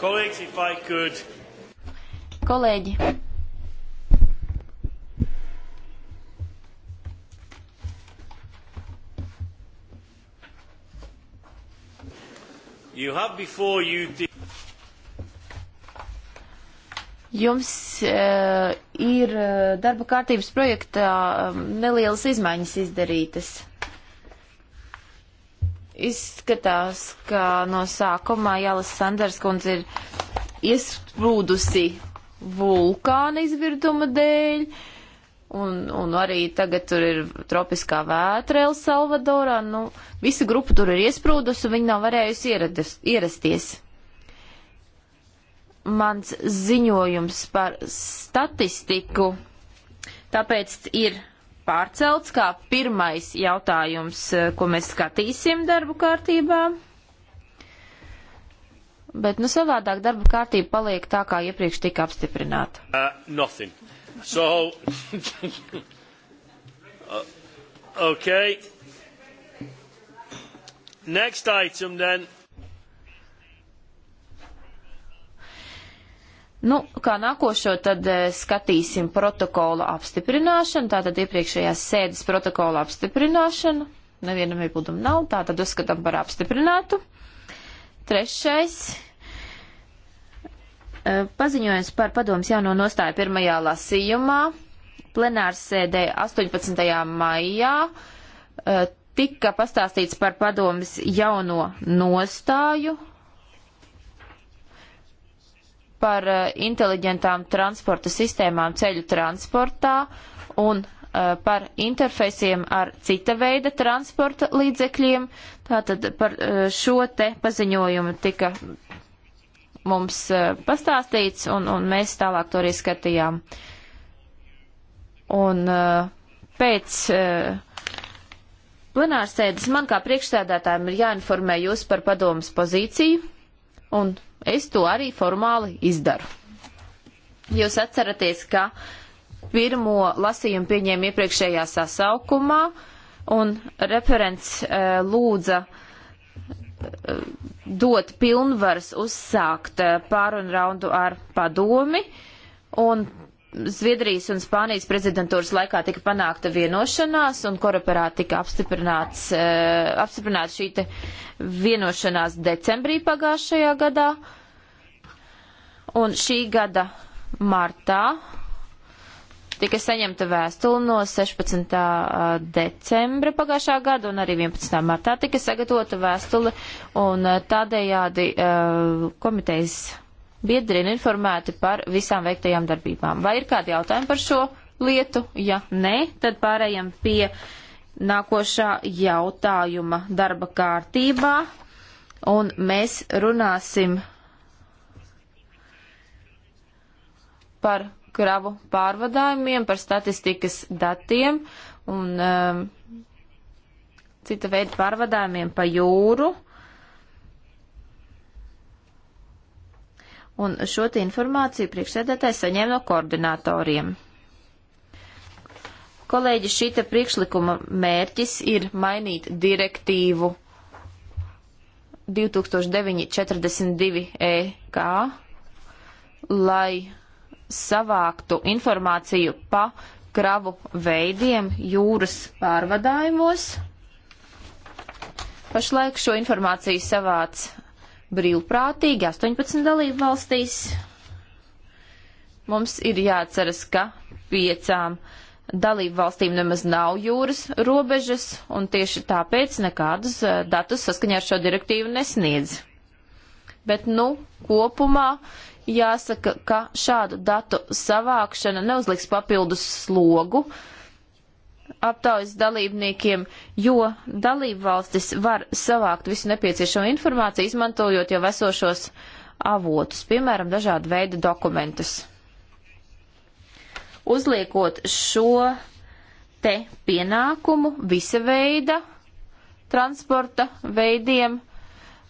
Kolēģi, if I could. Kolēģi. You have before you the... Jums uh, ir eh, darba kārtības projektā eh, nelielas izmaiņas izdarītas. Izskatās, ka no sākumā Jālis Sanders kundze ir iesprūdusi vulkāna izvirduma dēļ, un, un arī tagad tur ir tropiskā vētra El Salvadorā. Nu, visa grupa tur ir iesprūdusi, un viņi nav varējusi ieradis, ierasties. Mans ziņojums par statistiku tāpēc ir pārcelts kā pirmais jautājums, eh, ko mēs skatīsim darbu kārtībā. Bet, nu, savādāk darba kārtība paliek tā, kā iepriekš tika apstiprināta. Uh, nothing. so, uh, okay. Next item then. Nu, kā nākošo, tad eh, skatīsim protokola apstiprināšanu, tātad iepriekšējās sēdes protokola apstiprināšanu. Nevienam iebildumu nav, tātad uzskatām par apstiprinātu. Trešais eh, paziņojums par padomus jauno nostāju pirmajā lasījumā. Plenārs sēdē 18. maijā eh, tika pastāstīts par padomus jauno nostāju par eh, inteliģentām transporta sistēmām ceļu transportā un eh, par interfejsiem ar cita veida transporta līdzekļiem. Tātad par eh, šo te paziņojumu tika mums pastāstīts, un, un mēs tālāk to arī skatījām. Un pēc plenārsēdes man kā priekšstādātājiem ir jāinformē jūs par padomas pozīciju, un es to arī formāli izdaru. Jūs atceraties, ka pirmo lasījumu pieņēma iepriekšējā sasaukumā un referents e, lūdza e, dot pilnvaras uzsākt e, pārunu raundu ar padomi un Zviedrijas un Spānijas prezidentūras laikā tika panākta vienošanās un koreperā tika apstiprināts, uh, eh, apstiprināts šī vienošanās decembrī pagājušajā gadā. Un šī gada martā tika saņemta vēstule no 16. Eh, decembra pagājušā gada un arī 11. martā tika sagatavota vēstule un eh, tādējādi uh, komitejas biedri ir informēti par visām veiktajām darbībām. Vai ir kādi jautājumi par šo lietu? Ja nē, tad pārējiem pie nākošā jautājuma darba kārtībā, un mēs runāsim par kravu pārvadājumiem, par statistikas datiem un um, cita veida pārvadājumiem pa jūru. Un šo te informāciju priekšsēdētāji saņēma no koordinatoriem. Kolēģi, šīta priekšlikuma mērķis ir mainīt direktīvu 2009-42 EK, lai savāktu informāciju pa kravu veidiem jūras pārvadājumos. Pašlaik šo informāciju savāc brīvprātīgi 18 dalību valstīs. Mums ir jāatceras, ka piecām dalību valstīm nemaz nav jūras robežas, un tieši tāpēc nekādus eh, datus saskaņā ar šo direktīvu nesniedz. Bet, nu, kopumā jāsaka, ka šādu datu savākšana neuzliks papildus slogu uh, aptaujas dalībniekiem, jo dalību valstis var savākt visu nepieciešamo informāciju, izmantojot jau esošos avotus, piemēram, dažādu veidu dokumentus. Uzliekot šo te pienākumu visa veida transporta veidiem,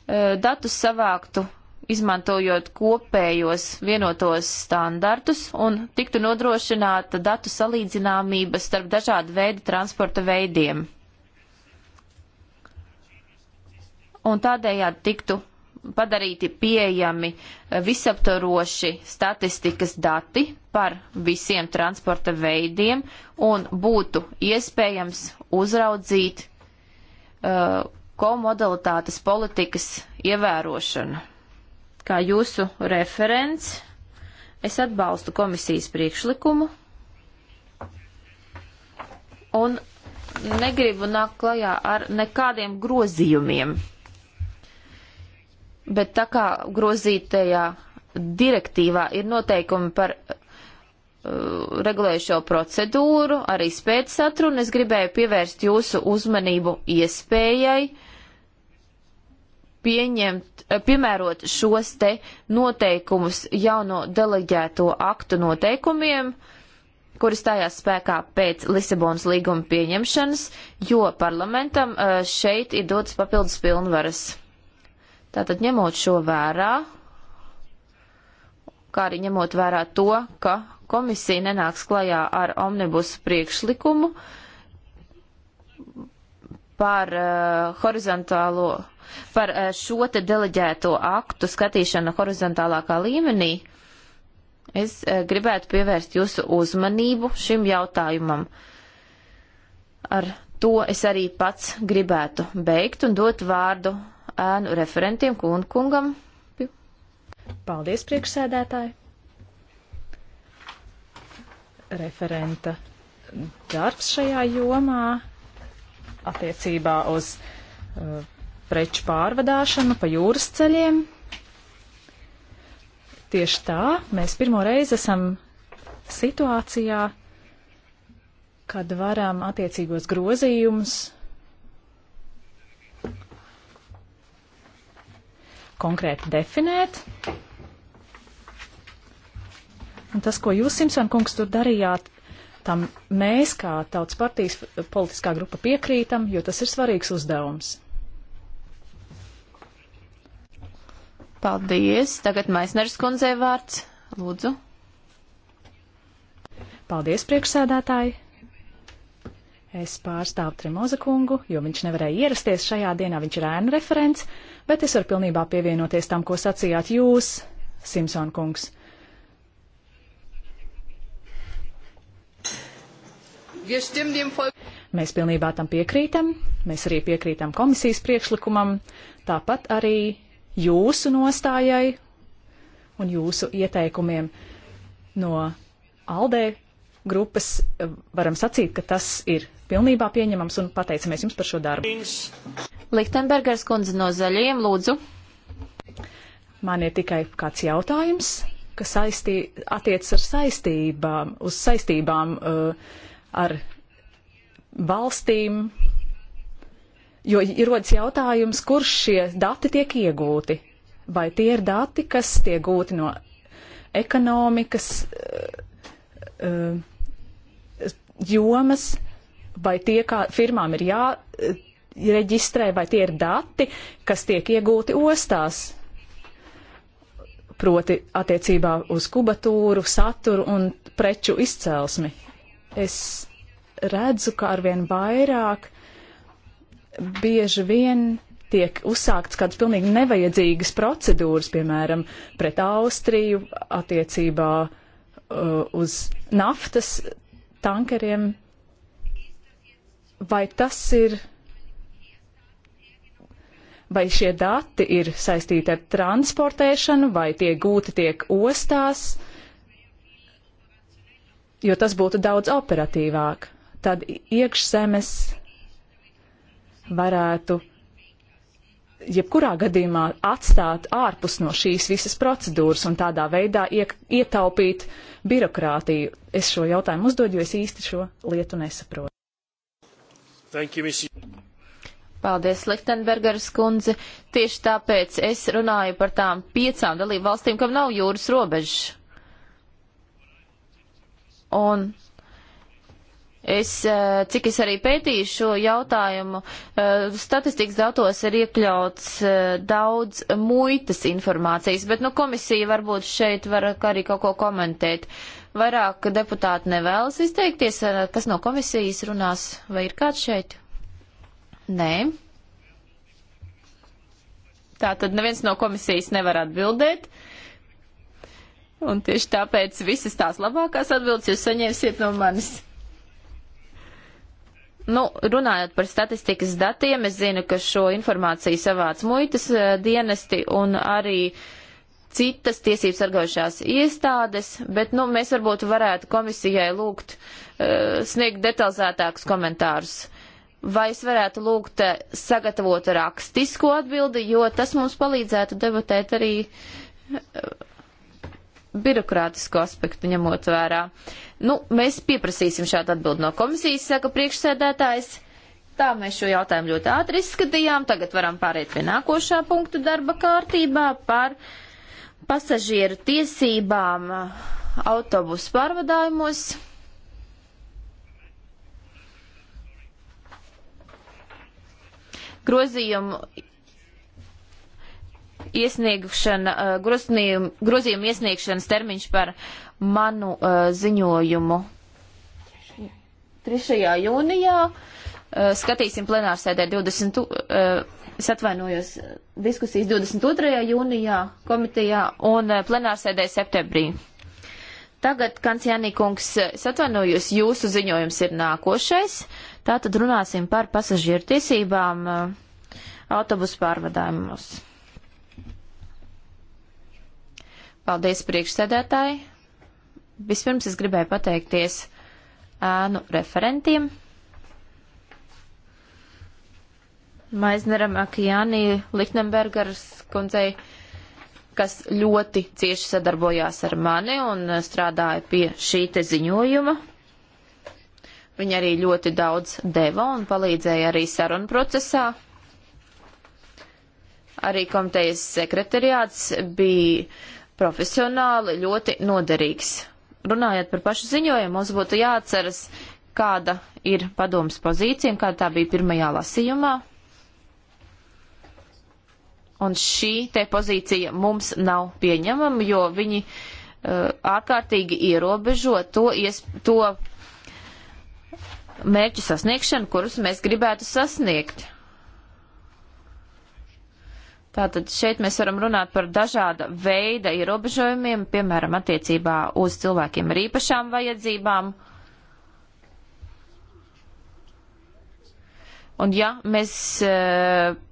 eh, datus savāktu izmantojot kopējos vienotos standartus un tiktu nodrošināta datu salīdzināmība starp dažādu veidu transporta veidiem. Un tādējādi tiktu padarīti pieejami visaptoroši statistikas dati par visiem transporta veidiem un būtu iespējams uzraudzīt uh, komodalitātes politikas ievērošanu. Kā jūsu referents, es atbalstu komisijas priekšlikumu un negribu nākt klajā ar nekādiem grozījumiem. Bet tā kā grozītajā direktīvā ir noteikumi par uh, regulējušo procedūru, arī spēc satru, un es gribēju pievērst jūsu uzmanību iespējai uh, pieņemt, eh, piemērot šos te noteikumus jauno deleģēto aktu noteikumiem, kuri stājās spēkā pēc Lisabonas līguma pieņemšanas, jo parlamentam eh, šeit ir dotas papildus pilnvaras. Tātad ņemot šo vērā, kā arī ņemot vērā to, ka komisija nenāks klajā ar omnibusu priekšlikumu par uh, horizontālo par eh, šo te deleģēto aktu skatīšanu horizontālākā līmenī, es eh, gribētu pievērst jūsu uzmanību šim jautājumam. Ar to es arī pats gribētu beigt un dot vārdu ēnu referentiem Kunkungam. Paldies, priekšsēdētāji! Referenta darbs šajā jomā attiecībā uz uh, preču pārvadāšanu pa jūras ceļiem. Tieši tā, mēs pirmo reizi esam situācijā, kad varam attiecīgos grozījumus konkrēti definēt. Un tas, ko jūs, Simpson kungs, tur darījāt, tam mēs, kā tautas partijas politiskā grupa, piekrītam, jo tas ir svarīgs uzdevums. Paldies. Tagad Maisners kundzei vārds. Lūdzu. Paldies, priekšsēdētāji. Es pārstāvu Tremoza kungu, jo viņš nevarēja ierasties šajā dienā, viņš ir ēna referents, bet es varu pilnībā pievienoties tam, ko sacījāt jūs, Simpson kungs. Mēs pilnībā tam piekrītam, mēs arī piekrītam komisijas priekšlikumam, tāpat arī jūsu nostājai un jūsu ieteikumiem no Aldē grupas. Eh, varam sacīt, ka tas ir pilnībā pieņemams un pateicamies jums par šo darbu. Lichtenbergers kundze no zaļiem, lūdzu. Man ir tikai kāds jautājums, kas saistī, attiecas ar saistībām, uz saistībām uh, ar valstīm, Jo rodas jautājums, kurš šie dati tiek iegūti. Vai tie ir dati, kas tiek gūti no ekonomikas uh, uh, jomas, vai tie, kā firmām ir jāreģistrē, vai tie ir dati, kas tiek iegūti ostās. Proti attiecībā uz kubatūru, saturu un preču izcelsmi. Es redzu, ka arvien vairāk bieži vien tiek uzsāktas kādas pilnīgi nevajadzīgas procedūras, piemēram, pret Austriju attiecībā uh, uz naftas tankeriem. Vai tas ir vai šie dati ir saistīti ar transportēšanu, vai tie gūti tiek ostās, jo tas būtu daudz operatīvāk. Tad iekšzemes varētu jebkurā gadījumā atstāt ārpus no šīs visas procedūras un tādā veidā iek, ietaupīt birokrātiju? Es šo jautājumu uzdodu, jo es īsti šo lietu nesaprotu. Thank you, Mr. Paldies, Lichtenbergeras kundze. Tieši tāpēc es runāju par tām piecām dalību valstīm, kam nav jūras robežas. Un Es, eh, cik es arī pētīju šo jautājumu, eh, statistikas datos ir iekļauts eh, daudz muitas informācijas, bet nu, komisija varbūt šeit var arī kaut ko komentēt. Vairāk deputāti nevēlas izteikties, kas no komisijas runās, vai ir kāds šeit? Nē. Tā tad neviens no komisijas nevar atbildēt. Un tieši tāpēc visas tās labākās atbildes jūs saņemsiet no manis. Nu, runājot par statistikas datiem, es zinu, ka šo informāciju savāc muitas eh, dienesti un arī citas tiesības sargājušās iestādes, bet nu, mēs varbūt varētu komisijai lūgt uh, sniegt detalizētākus komentārus. Vai es varētu lūgt eh, sagatavot rakstisku atbildi, jo tas mums palīdzētu debatēt arī uh, birokrātisko aspektu ņemot vērā. Uh, Nu, mēs pieprasīsim šādu atbildi no komisijas, saka priekšsēdētājs. Tā mēs šo jautājumu ļoti ātri izskatījām. Tagad varam pāriet pie nākošā punktu darba kārtībā par pasažieru tiesībām autobusu pārvadājumos. Grozījumu iesniegšana, eh, grozījumu iesniegšanas termiņš par uh, manu uh, ziņojumu 3. jūnijā. Uh, skatīsim plenārsēdē 20. Uh, eh, es atvainojos diskusijas 22. jūnijā komitejā un uh, plenārsēdē septembrī. Tagad, Kancijanī kungs, es atvainojos, jūsu ziņojums ir nākošais. Tātad runāsim par pasažieru tiesībām autobusu pārvadājumos. Paldies priekšsēdētāji! Vispirms es gribēju pateikties ēnu referentiem. Maizneram Akijānī Lichtenbergers kundzei, kas ļoti cieši sadarbojās ar mani un strādāja pie šī te ziņojuma. Viņa arī ļoti daudz deva un palīdzēja arī sarunu procesā. Arī komitejas sekretariāts bija profesionāli ļoti noderīgs runājot par pašu ziņojumu, mums būtu jāatceras, kāda ir padomas pozīcija un kāda tā bija pirmajā lasījumā. Un šī te pozīcija mums nav pieņemama, jo viņi uh, ārkārtīgi ierobežo to, ies, to mērķu sasniegšanu, kurus mēs gribētu sasniegt. Tātad šeit mēs varam runāt par dažāda veida ierobežojumiem, piemēram, attiecībā uz cilvēkiem ar īpašām vajadzībām. Un ja mēs e,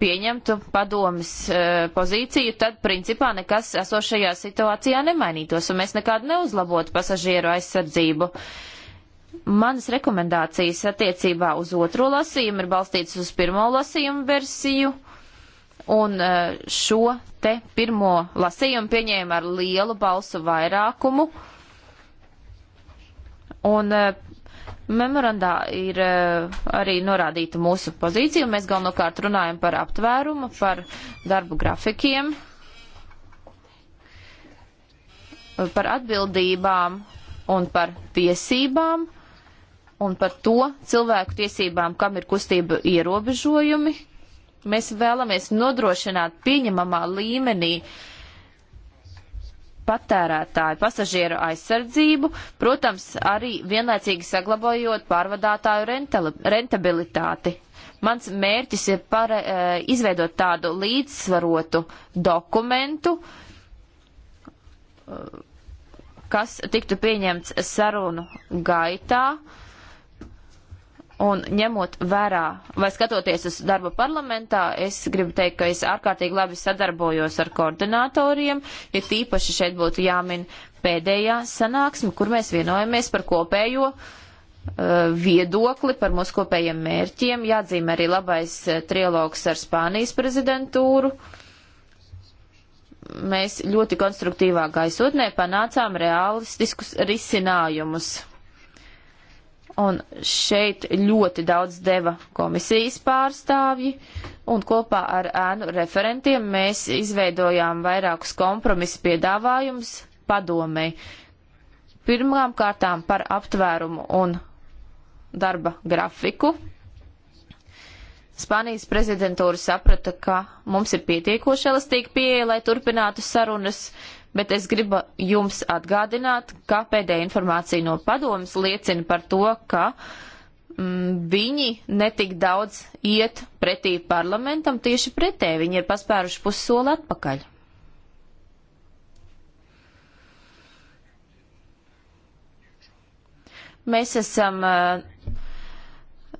pieņemtu padomas e, pozīciju, tad principā nekas esošajā situācijā nemainītos un mēs nekādu neuzlabotu pasažieru aizsardzību. Manas rekomendācijas attiecībā uz otro lasījumu ir balstītas uz pirmo lasījumu versiju un e, šo te pirmo lasījumu pieņēma ar lielu balsu vairākumu. Un e, memorandā ir e, arī norādīta mūsu pozīcija, un mēs galvenokārt runājam par aptvērumu, par darbu grafikiem, par atbildībām un par tiesībām un par to cilvēku tiesībām, kam ir kustība ierobežojumi, Mēs vēlamies nodrošināt pieņemamā līmenī patērētāju pasažieru aizsardzību, protams, arī vienlaicīgi saglabājot pārvadātāju rentabilitāti. Mans mērķis ir par, e, izveidot tādu līdzsvarotu dokumentu, e, kas tiktu pieņemts sarunu gaitā. Uh, Un ņemot vērā vai skatoties uz darbu parlamentā, es gribu teikt, ka es ārkārtīgi labi sadarbojos ar koordinatoriem, ja tīpaši šeit būtu jāmin pēdējā sanāksme, kur mēs vienojamies par kopējo uh, viedokli par mūsu kopējiem mērķiem. Jāatzīmē arī labais uh, trialogs ar Spānijas prezidentūru. Mēs ļoti konstruktīvā gaisotnē panācām reālistiskus risinājumus Un šeit ļoti daudz deva komisijas pārstāvji, un kopā ar ēnu referentiem mēs izveidojām vairākus kompromisu piedāvājumus padomei. Pirmām kārtām par aptvērumu un darba grafiku. Spānijas prezidentūra saprata, ka mums ir pietiekoši elastīga pieeja, lai turpinātu sarunas. Uh, bet es gribu jums atgādināt, ka pēdējā informācija no padomas liecina par to, ka mm, viņi netik daudz iet pretī parlamentam, tieši pretēji viņi ir paspēruši pussoli atpakaļ. Mēs esam uh,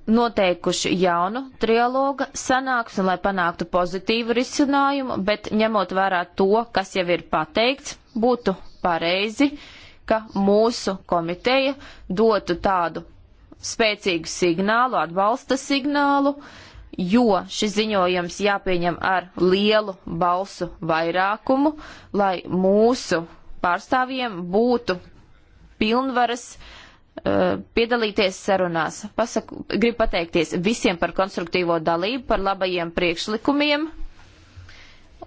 noteikuši jaunu trialoga sanāksmi, lai panāktu pozitīvu risinājumu, bet ņemot vērā to, kas jau ir pateikts, būtu pareizi, ka mūsu komiteja dotu tādu spēcīgu signālu, atbalsta signālu, jo šis ziņojums jāpieņem ar lielu balsu vairākumu, lai mūsu pārstāvjiem būtu pilnvaras uh, piedalīties sarunās. Pasaku, gribu pateikties visiem par konstruktīvo dalību, par labajiem priekšlikumiem.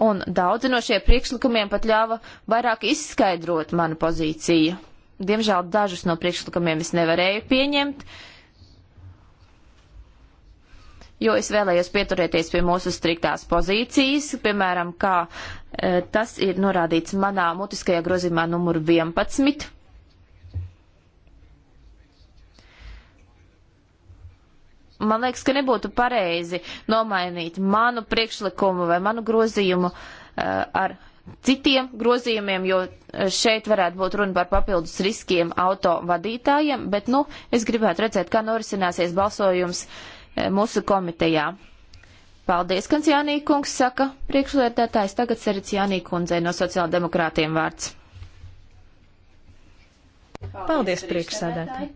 Un daudzi no šiem priekšlikumiem pat ļāva vairāk izskaidrot manu pozīciju. Diemžēl dažus no priekšlikumiem es nevarēju pieņemt, jo es vēlējos pieturēties pie mūsu striktās pozīcijas, piemēram, kā e, tas ir norādīts manā mutiskajā grozījumā numur 11 man liekas, ka nebūtu pareizi nomainīt manu priekšlikumu vai manu grozījumu eh, ar citiem grozījumiem, jo eh, šeit varētu būt runa par papildus riskiem auto vadītājiem, bet, nu, es gribētu redzēt, kā norisināsies balsojums eh, mūsu komitejā. Paldies, Kans Jānīkungs, saka priekšlietētājs. Tagad Serits Jānīkundzei no sociāldemokrātiem vārds. Paldies, Paldies priekšsēdētāji.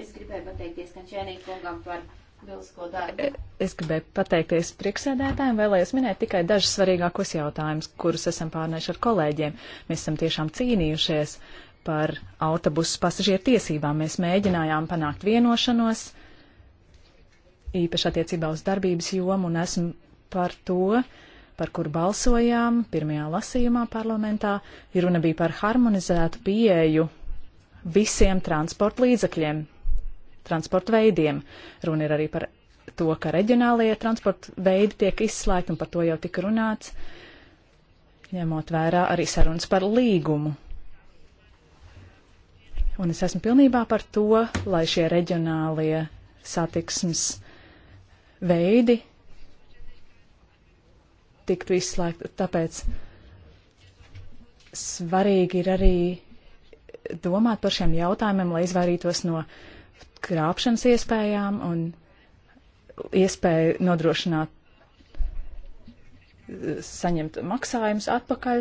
Es gribēju pateikties Kančēnīgi kungam par lielisko darbu. E, es gribēju pateikties priekšsēdētājiem, vēlējos minēt tikai dažus svarīgākos jautājumus, kurus esam pārnējuši ar kolēģiem. Mēs esam tiešām cīnījušies par autobusu pasažieru tiesībām. Mēs mēģinājām panākt vienošanos, īpaši attiecībā uz darbības jomu, un esmu par to, par kur balsojām pirmajā lasījumā parlamentā, ir runa bija par harmonizētu pieeju visiem transporta līdzakļiem transporta veidiem. Runa ir arī par to, ka reģionālajie transporta veidi tiek izslēgti, un par to jau tika runāts, ņemot vērā arī sarunas par līgumu. Un es esmu pilnībā par to, lai šie reģionālie satiksmes veidi tiktu izslēgti. Tāpēc svarīgi ir arī domāt par šiem jautājumiem, lai izvairītos no uh, krāpšanas iespējām un iespēju nodrošināt saņemt maksājumus atpakaļ.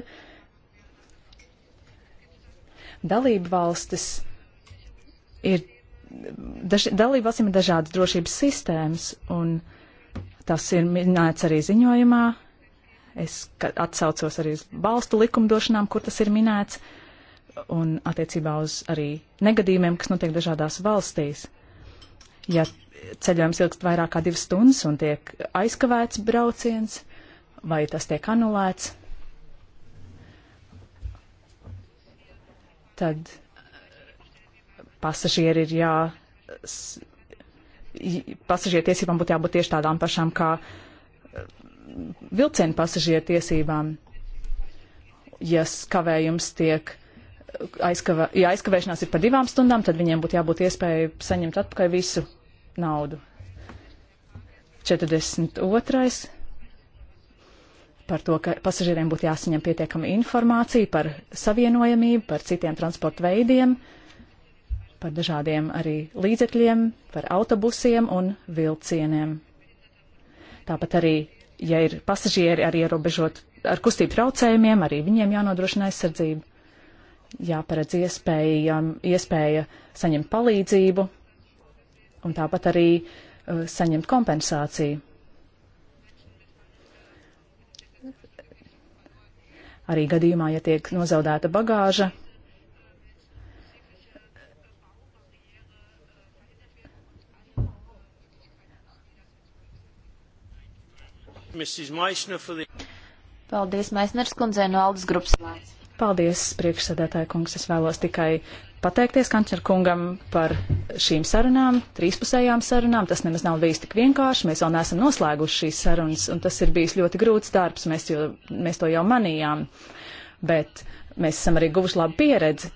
Dalību valstis ir, daž, dalību valstīm ir dažādas drošības sistēmas, un tas ir minēts arī ziņojumā. Es atsaucos arī uz balstu likumdošanām, kur tas ir minēts. Uh, un attiecībā uz arī negadījumiem, kas notiek dažādās valstīs. Ja ceļojums ilgst vairāk kā divas stundas un tiek aizkavēts brauciens, vai tas tiek anulēts, tad pasažieri ir jā. Pasažieru tiesībām būtu jābūt tieši tādām pašām kā uh, vilcienu pasažieru tiesībām. Ja kavējums tiek aizkava, ja aizkavēšanās ir par divām stundām, tad viņiem būtu jābūt iespēja saņemt atpakaļ visu naudu. 42. par to, ka pasažieriem būtu jāsaņem pietiekama informācija par savienojamību, par citiem transporta veidiem, par dažādiem arī līdzekļiem, par autobusiem un vilcieniem. Tāpat arī, ja ir pasažieri ar ierobežot ar kustību traucējumiem, arī viņiem jānodrošina aizsardzība jāparedz iespēja, iespēja saņemt palīdzību un tāpat arī uh, saņemt kompensāciju. Arī gadījumā, ja tiek nozaudēta bagāža, Paldies, Maisners kundzei no Aldas grupas. Paldies, priekšsēdētāja kungs. Es vēlos tikai pateikties kancleru kungam par šīm sarunām, trīspusējām sarunām. Tas nemaz nav bijis tik vienkārši. Mēs vēl neesam noslēguši šīs sarunas, un tas ir bijis ļoti grūts darbs. Mēs, jo, mēs to jau manījām, bet mēs esam arī guvuši labu pieredzi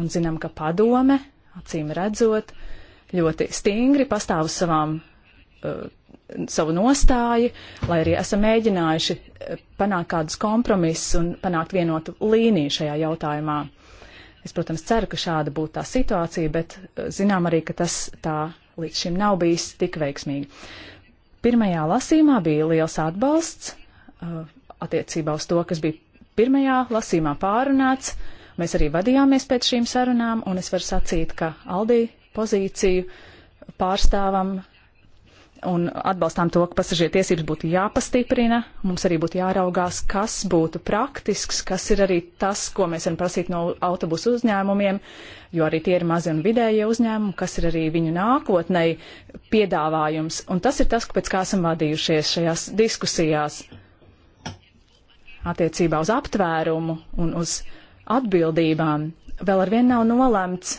un zinām, ka padome, acīm redzot, ļoti stingri pastāv uz savām uh, savu nostāju, lai arī esam mēģinājuši eh, panākt kādus kompromisus un panākt vienotu līniju šajā jautājumā. Es, protams, ceru, ka šāda būtu tā situācija, bet eh, zinām arī, ka tas tā līdz šim nav bijis tik veiksmīgi. Pirmajā lasīmā bija liels atbalsts eh, attiecībā uz to, kas bija pirmajā lasīmā pārunāts. Mēs arī vadījāmies pēc šīm sarunām, un es varu sacīt, ka Aldī pozīciju pārstāvam un atbalstām to, ka pasažieru tiesības būtu jāpastiprina. Mums arī būtu jāraugās, kas būtu praktisks, kas ir arī tas, ko mēs varam prasīt no autobusu uzņēmumiem, jo arī tie ir mazi un vidējie uzņēmumi, kas ir arī viņu nākotnei piedāvājums. Un tas ir tas, pēc kā esam vadījušies šajās diskusijās attiecībā uz aptvērumu un uz atbildībām. Vēl arvien nav nolemts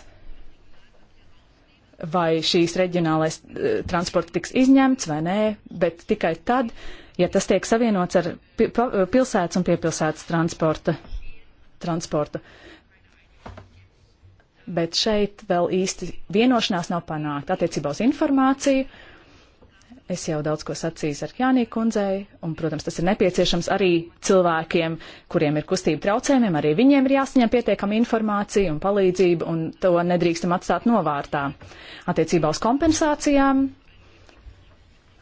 vai šīs reģionālais eh, transports tiks izņemts vai nē, bet tikai tad, ja tas tiek savienots ar eh, pilsētas un piepilsētas transporta, transportu. Bet šeit vēl īsti vienošanās nav panākta attiecībā uz informāciju. Uh, Es jau daudz ko sacīju ar Jānī kundzei, un, protams, tas ir nepieciešams arī cilvēkiem, kuriem ir kustība traucējumiem, arī viņiem ir jāsaņem pietiekama informācija un palīdzība, un to nedrīkstam atstāt novārtā. Attiecībā uz kompensācijām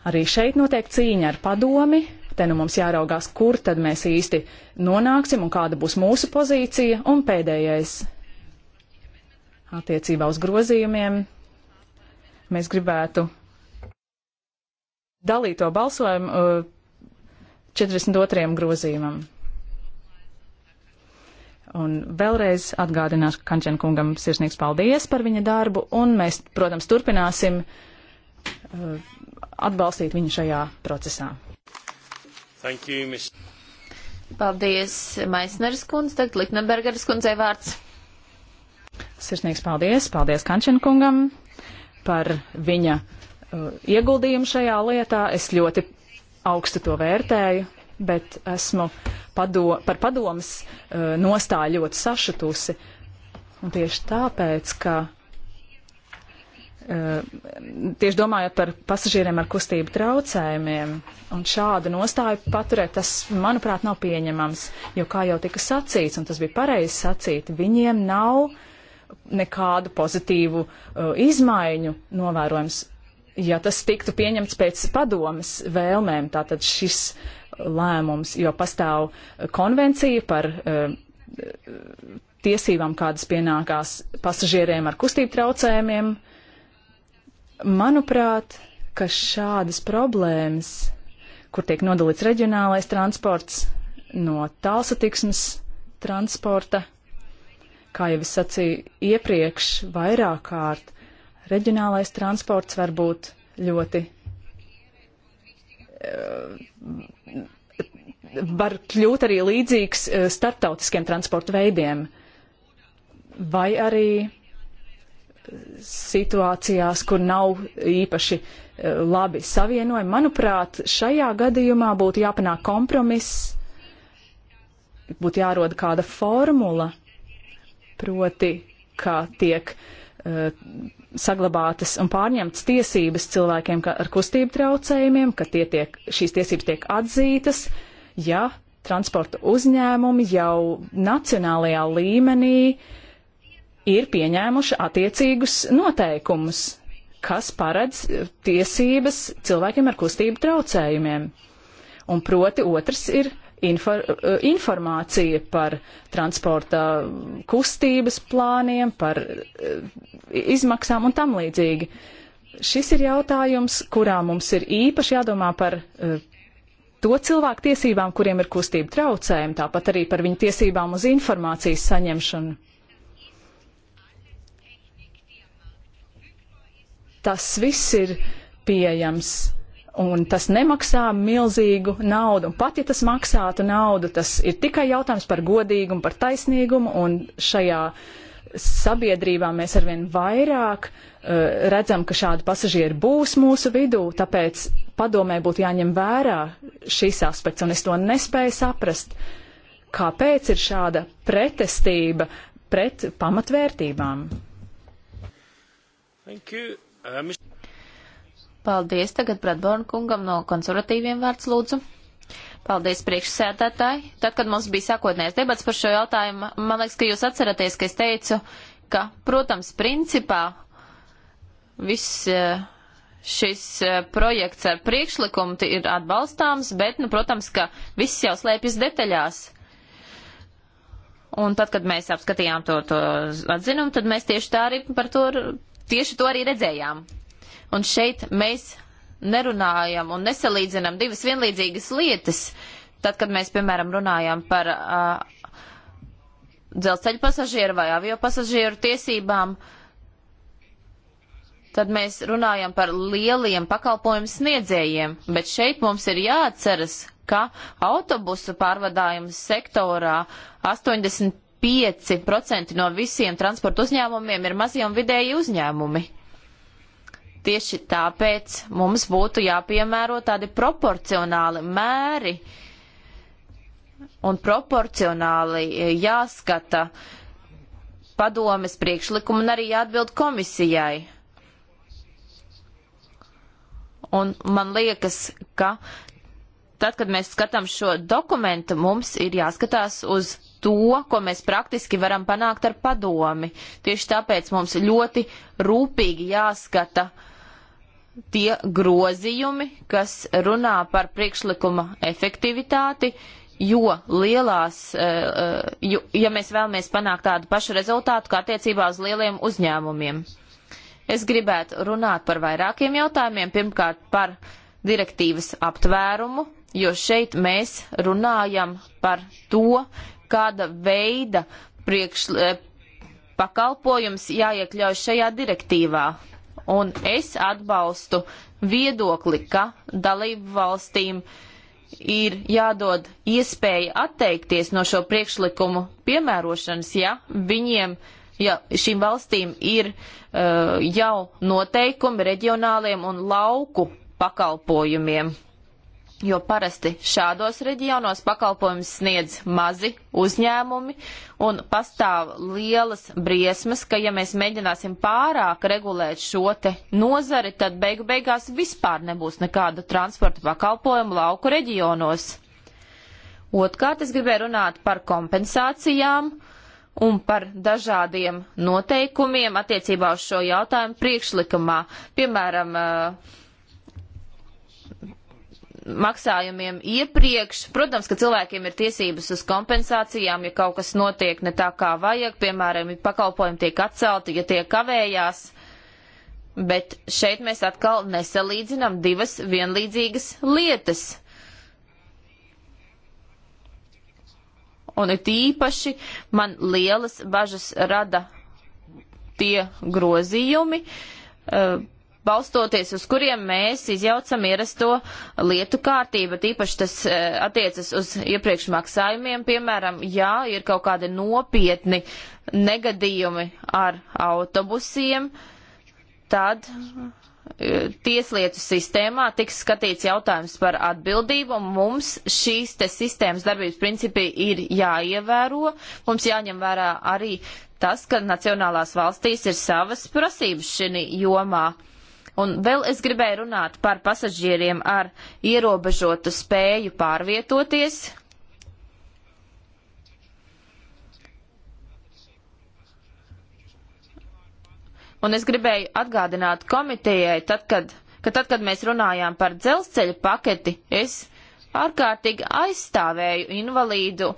arī šeit notiek cīņa ar padomi, te nu mums jāraugās, kur tad mēs īsti nonāksim un kāda būs mūsu pozīcija, un pēdējais attiecībā uz grozījumiem mēs gribētu dalīto balsojumu 42. Uh, grozījumam. Un vēlreiz atgādināšu Kančēna kungam sirsnīgs paldies par viņa darbu, un mēs, protams, turpināsim uh, atbalstīt viņu šajā procesā. Thank you, Ms. Paldies, Maisneris kundze, tagad Liknebergeris kundzei vārds. Sirsnīgs paldies, paldies Kančēna kungam par viņa Uh, ieguldījumu šajā lietā. Es ļoti augstu to vērtēju, bet esmu pado par padomas uh, nostāju ļoti sašutusi. Un tieši tāpēc, ka uh, tieši domājot par pasažieriem ar kustību traucējumiem un šādu nostāju paturēt, tas, manuprāt, nav pieņemams, jo, kā jau tika sacīts, un tas bija pareizi sacīt, viņiem nav nekādu pozitīvu uh, izmaiņu novērojams ja tas tiktu pieņemts pēc padomas vēlmēm, tātad šis lēmums, jo pastāv konvencija par uh, tiesībām, kādas pienākās pasažieriem ar kustību traucējumiem. Manuprāt, ka šādas problēmas, kur tiek nodalīts reģionālais transports no tālsatiksmes transporta, kā jau es sacīju iepriekš vairāk kārt, Reģionālais transports var būt ļoti. Eh, var kļūt arī līdzīgs eh, starptautiskiem transporta veidiem. Vai arī eh, situācijās, kur nav īpaši labi savienojumi. Manuprāt, šajā gadījumā būtu jāpanāk kompromiss, būtu jāroda kāda formula, proti, kā tiek uh, saglabātas un pārņemtas tiesības cilvēkiem ar kustību traucējumiem, ka tiek, šīs tiesības tiek atzītas, ja transporta uzņēmumi jau nacionālajā līmenī ir pieņēmuši attiecīgus noteikumus, kas paredz tiesības cilvēkiem ar kustību traucējumiem. Un proti otrs ir infor, eh, informācija par transporta kustības plāniem, par eh, izmaksām un tam līdzīgi. Šis ir jautājums, kurā mums ir īpaši jādomā par eh, to cilvēku tiesībām, kuriem ir kustība traucējumi, tāpat arī par viņu tiesībām uz informācijas saņemšanu. Tas viss ir pieejams un tas nemaksā milzīgu naudu. Un pat ja tas maksātu naudu, tas ir tikai jautājums par godīgumu, par taisnīgumu, un šajā sabiedrībā mēs arvien vairāk uh, redzam, ka šādi pasažieri būs mūsu vidū, tāpēc padomē būtu jāņem vērā šīs aspekts, un es to nespēju saprast, kāpēc ir šāda pretestība pret pamatvērtībām. Thank you. Uh, Mr. Paldies tagad Bradborn kungam no konservatīviem vārds lūdzu. Paldies priekšsēdētāji. Tad, kad mums bija sākotnējais debats par šo jautājumu, man liekas, ka jūs atceraties, ka es teicu, ka, protams, principā viss eh, šis eh, projekts ar priekšlikumu ir atbalstāms, bet, nu, protams, ka viss jau slēpjas detaļās. Un tad, kad mēs apskatījām to, to atzinumu, tad mēs tieši tā arī par to, tieši to arī redzējām. Un šeit mēs nerunājam un nesalīdzinam divas vienlīdzīgas lietas. Tad, kad mēs, piemēram, runājam par uh, dzelzceļa pasažieru vai avio pasažieru tiesībām, tad mēs runājam par lieliem pakalpojumu sniedzējiem. Bet šeit mums ir jāatceras, ka autobusu pārvadājumu sektorā 85% no visiem transporta uzņēmumiem ir mazie un vidēji uzņēmumi. Tieši tāpēc mums būtu jāpiemēro tādi proporcionāli mēri un proporcionāli e, jāskata padomes priekšlikumu un arī jāatbild komisijai. Un man liekas, ka tad, kad mēs skatām šo dokumentu, mums ir jāskatās uz to, ko mēs praktiski varam panākt ar padomi. Tieši tāpēc mums ļoti rūpīgi jāskata uh, tie grozījumi, kas runā par priekšlikuma efektivitāti, jo lielās, eh, eh, jo, ja mēs vēlamies panākt tādu pašu rezultātu kā attiecībā uz lieliem uzņēmumiem. Es gribētu runāt par vairākiem jautājumiem. Pirmkārt, par direktīvas aptvērumu, jo šeit mēs runājam par to, kāda veida priekš, eh, pakalpojums jāiekļauj šajā direktīvā. Un es atbalstu viedokli, ka dalību valstīm ir jādod iespēja atteikties no šo priekšlikumu piemērošanas, ja viņiem, ja šīm valstīm ir uh, jau noteikumi reģionāliem un lauku pakalpojumiem jo parasti šādos reģionos pakalpojums sniedz mazi uzņēmumi un pastāv lielas briesmas, ka ja mēs mēģināsim pārāk regulēt šo te nozari, tad beigu beigās vispār nebūs nekādu transporta pakalpojumu lauku reģionos. Otkārt es gribēju runāt par kompensācijām un par dažādiem noteikumiem attiecībā uz šo jautājumu priekšlikumā. Piemēram, uh, maksājumiem iepriekš. Protams, ka cilvēkiem ir tiesības uz kompensācijām, ja kaut kas notiek ne tā, kā vajag, piemēram, ja pakalpojumi tiek atcelti, ja tie kavējās. Bet šeit mēs atkal nesalīdzinām divas vienlīdzīgas lietas. Un it īpaši man lielas bažas rada tie grozījumi. Uh, balstoties uz kuriem mēs izjaucam ierasto lietu kārtību. Tīpaši tas eh, attiecas uz iepriekš maksājumiem, piemēram, ja ir kaut kādi nopietni negadījumi ar autobusiem, tad eh, tieslietu sistēmā tiks skatīts jautājums par atbildību, un mums šīs te sistēmas darbības principi ir jāievēro. Mums jāņem vērā arī tas, ka nacionālās valstīs ir savas prasības šī jomā. Un vēl es gribēju runāt par pasažieriem ar ierobežotu spēju pārvietoties. Un es gribēju atgādināt komitejai, tad, kad, ka tad, kad mēs runājām par dzelzceļa paketi, es ārkārtīgi aizstāvēju invalīdu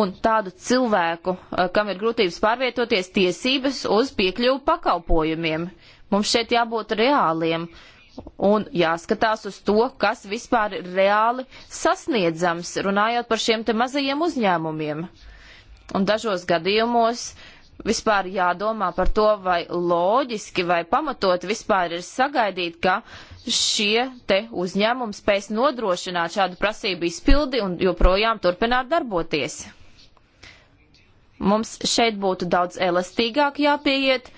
un tādu cilvēku, eh, kam ir grūtības pārvietoties, tiesības uz piekļuvu pakalpojumiem. Uh, Mums šeit jābūt reāliem un jāskatās uz to, kas vispār ir reāli sasniedzams, runājot par šiem te mazajiem uzņēmumiem. Un dažos gadījumos vispār jādomā par to, vai loģiski vai pamatot vispār ir sagaidīt, ka šie te uzņēmumi spēs nodrošināt šādu prasību izpildi un joprojām turpināt darboties. Mums šeit būtu daudz elastīgāk jāpieiet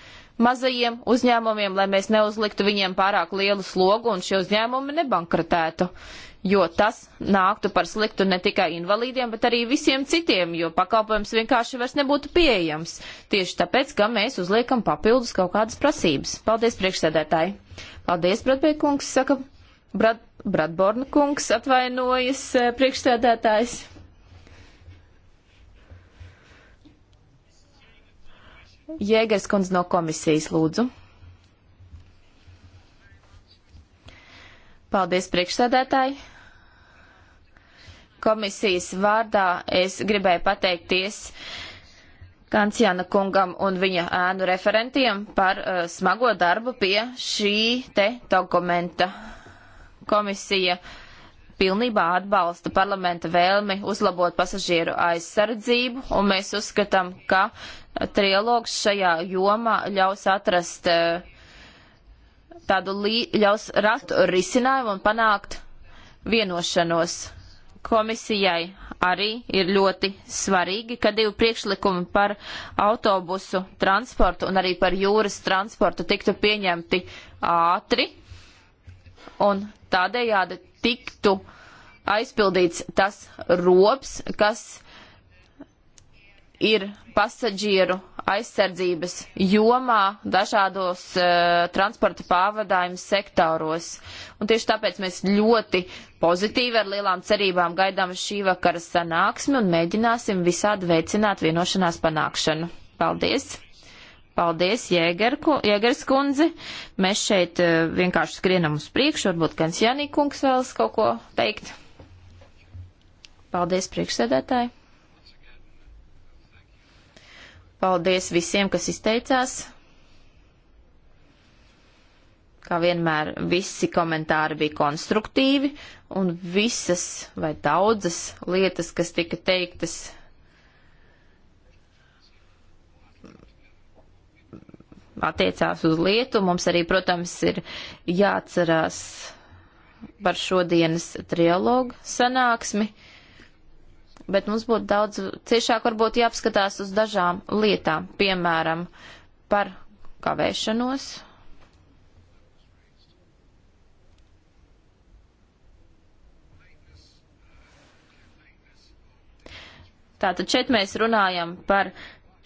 mazajiem uzņēmumiem, lai mēs neuzliktu viņiem pārāk lielu slogu un šie uzņēmumi nebankrotētu, jo tas nāktu par sliktu ne tikai invalīdiem, bet arī visiem citiem, jo pakalpojums vienkārši vairs nebūtu pieejams. Tieši tāpēc, ka mēs uzliekam papildus kaut kādas prasības. Paldies, priekšsēdētāji! Paldies, Bratbēkungs, saka Brad, Bradborna kungs, atvainojas eh, priekšsēdētājs. Jēgers kundze no komisijas lūdzu. Paldies priekšsēdētāji. Komisijas vārdā es gribēju pateikties Kanciāna kungam un viņa ēnu referentiem par uh, smago darbu pie šī te dokumenta. Komisija pilnībā atbalsta parlamenta vēlmi uzlabot pasažieru aizsardzību, un mēs uzskatām, ka trialogs šajā jomā ļaus atrast eh, tādu lī, ļaus rast risinājumu un panākt vienošanos. Komisijai arī ir ļoti svarīgi, ka divi priekšlikumi par autobusu transportu un arī par jūras transportu tiktu pieņemti ātri un tādējādi tiktu aizpildīts tas robs, kas ir pasažieru aizsardzības jomā dažādos uh, transporta pārvadājumu sektoros. Un tieši tāpēc mēs ļoti pozitīvi ar lielām cerībām gaidām šī vakara sanāksmi un mēģināsim visādi veicināt vienošanās panākšanu. Paldies! Paldies, Jēgers kundze! Mēs šeit uh, vienkārši skrienam uz priekšu, varbūt Kansjanī kungs vēlas kaut ko teikt. Paldies, priekšsēdētāji! Paldies visiem, kas izteicās. Kā vienmēr, visi komentāri bija konstruktīvi, un visas vai daudzas lietas, kas tika teiktas, attiecās uz lietu. Mums arī, protams, ir jāatcerās par šodienas trialogu sanāksmi bet mums būtu daudz ciešāk varbūt jāapskatās uz dažām lietām, piemēram, par kavēšanos. Tātad šeit mēs runājam par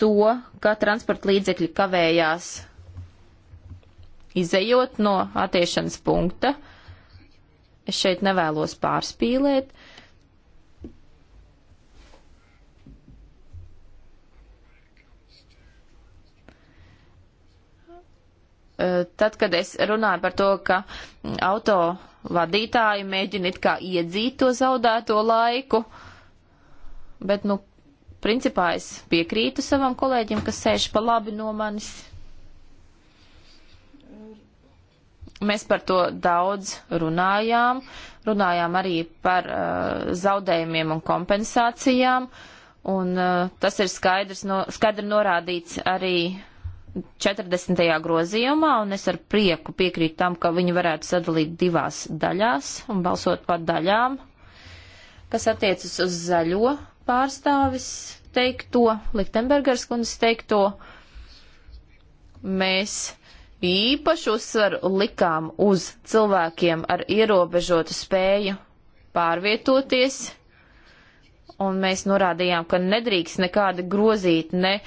to, ka transporta līdzekļi kavējās izējot no attiešanas punkta. Es šeit nevēlos pārspīlēt. Uh, Eh, tad, kad es runāju par to, ka mm, auto vadītāji mēģina it kā iedzīt to zaudēto laiku, bet, nu, principā es piekrītu savam kolēģim, kas sēž pa labi no manis. Mēs par to daudz runājām, runājām arī par uh, zaudējumiem un kompensācijām, un uh, tas ir skaidrs, no, skaidri norādīts arī 40. grozījumā, un es ar prieku piekrītu tam, ka viņi varētu sadalīt divās daļās un balsot par daļām, kas attiecas uz zaļo pārstāvis teikto, Liktenbergers kundzes teikto. Mēs īpašu uzsvaru likām uz cilvēkiem ar ierobežotu spēju pārvietoties, un mēs norādījām, ka nedrīkst nekādi grozīt ne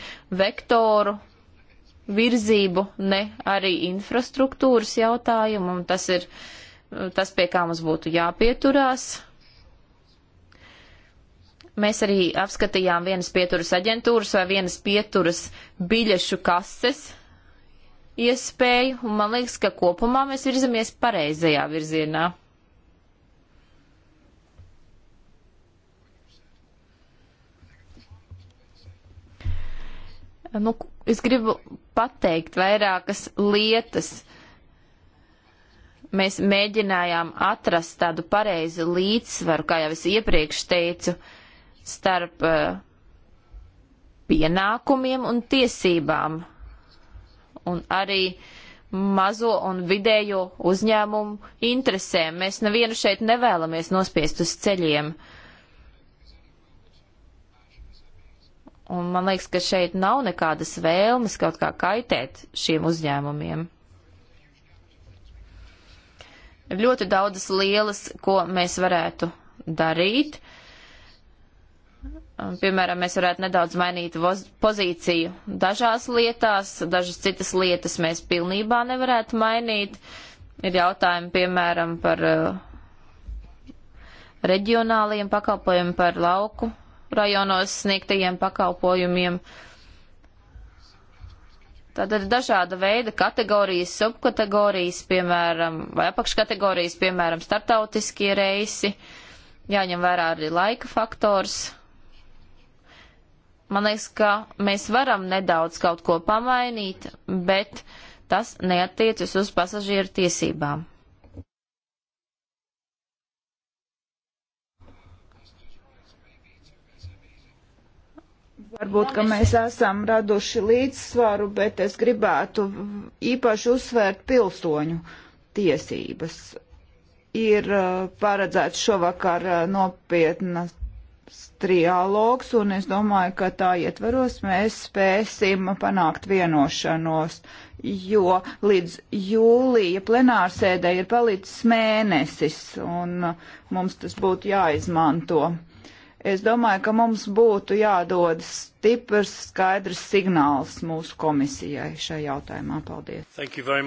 vektoru, virzību, ne arī infrastruktūras jautājumu, un tas ir tas, pie kā mums būtu jāpieturās. Mēs arī apskatījām vienas pieturas aģentūras vai vienas pieturas biļešu kases iespēju, un man liekas, ka kopumā mēs virzamies pareizajā virzienā. Nu, es gribu pateikt vairākas lietas. Mēs mēģinājām atrast tādu pareizi līdzsvaru, kā jau es iepriekš teicu, starp uh, pienākumiem un tiesībām. Un arī mazo un vidējo uzņēmumu interesēm. Mēs nevienu šeit nevēlamies nospiest uz ceļiem. Uh, Un man liekas, ka šeit nav nekādas vēlmes kaut kā kaitēt šiem uzņēmumiem. Ir ļoti daudzas lielas, ko mēs varētu darīt. Piemēram, mēs varētu nedaudz mainīt pozīciju dažās lietās, dažas citas lietas mēs pilnībā nevarētu mainīt. Ir jautājumi, piemēram, par uh, reģionāliem pakalpojumiem, par lauku rajonos sniegtajiem pakalpojumiem. Tātad ir dažāda veida kategorijas, subkategorijas, piemēram, vai apakškategorijas, piemēram, startautiskie reisi. Jāņem vērā arī laika faktors. Man liekas, ka mēs varam nedaudz kaut ko pamainīt, bet tas neatiecas uz pasažieru tiesībām. Varbūt, ka mēs esam raduši līdzsvaru, bet es gribētu īpaši uzsvērt pilsoņu tiesības. Ir uh, paredzēts šovakar uh, nopietnas trialogs, un es domāju, ka tā ietvaros mēs spēsim panākt vienošanos, jo līdz jūlija plenārsēdē ir palicis mēnesis, un uh, mums tas būtu jāizmanto. Es domāju, ka mums būtu jādod stiprs, skaidrs signāls mūsu komisijai šajā jautājumā. Paldies.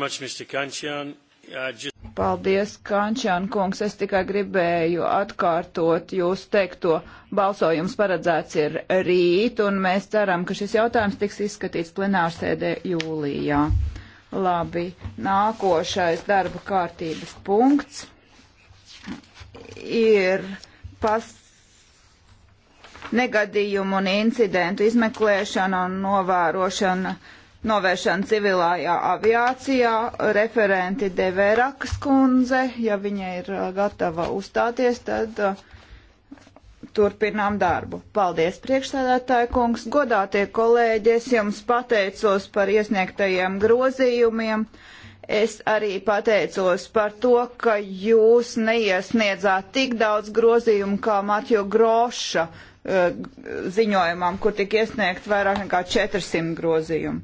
Much, Kančian. Uh, just... Paldies, Kančāna kungs. Es tikai gribēju atkārtot jūs teikto. Balsojums paredzēts ir rīt, un mēs ceram, ka šis jautājums tiks izskatīts plenārsēdē jūlijā. Labi, nākošais darba kārtības punkts ir pas negadījumu un incidentu izmeklēšana un novērošana, novēršana civilājā aviācijā. Referenti Deverakas kundze, ja viņa ir uh, gatava uzstāties, tad uh, turpinām darbu. Paldies, priekšsēdētāja kungs, godātie kolēģi, es jums pateicos par iesniegtajiem grozījumiem. Es arī pateicos par to, ka jūs neiesniedzāt tik daudz grozījumu kā Matjo Groša ziņojumam, kur tika iesniegt vairāk nekā 400 grozījumu.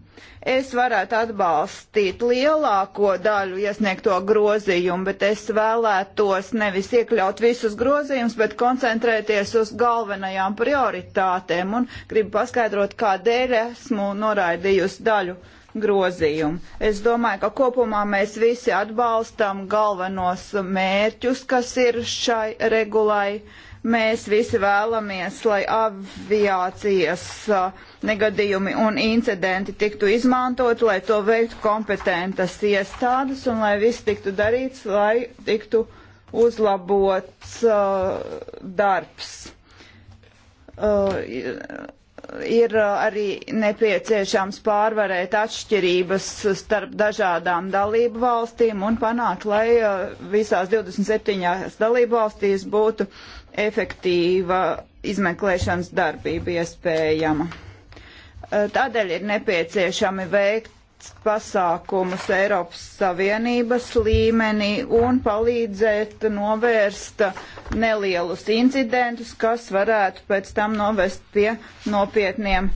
Es varētu atbalstīt lielāko daļu iesniegto grozījumu, bet es vēlētos nevis iekļaut visus grozījumus, bet koncentrēties uz galvenajām prioritātēm un gribu paskaidrot, kādēļ esmu noraidījusi daļu grozījumu. Es domāju, ka kopumā mēs visi atbalstam galvenos mērķus, kas ir šai regulai Mēs visi vēlamies, lai aviācijas negadījumi un incidenti tiktu izmantot, lai to veiktu kompetentas iestādes un lai viss tiktu darīts, lai tiktu uzlabots uh, darbs. Uh, ir uh, arī nepieciešams pārvarēt atšķirības starp dažādām dalību valstīm un panākt, lai uh, visās 27 dalību valstīs būtu efektīva izmeklēšanas darbība iespējama. Uh, tādēļ ir nepieciešami veikt pasākumus Eiropas Savienības līmenī un palīdzēt novērst nelielus incidentus, kas varētu pēc tam novest pie nopietniem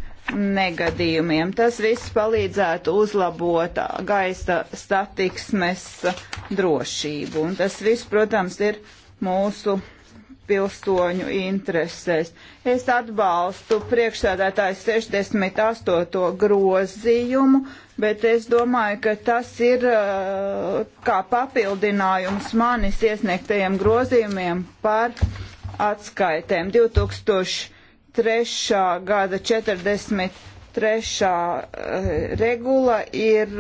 negadījumiem. Tas viss palīdzētu uzlabot gaisa statiksmes drošību. Un tas viss, protams, ir mūsu pilsoņu interesēs. Es atbalstu priekšsēdētājs 68. grozījumu, bet es domāju, ka tas ir uh, kā papildinājums manis iesniegtajiem grozījumiem par atskaitēm. 2003. gada 43. Uh, regula ir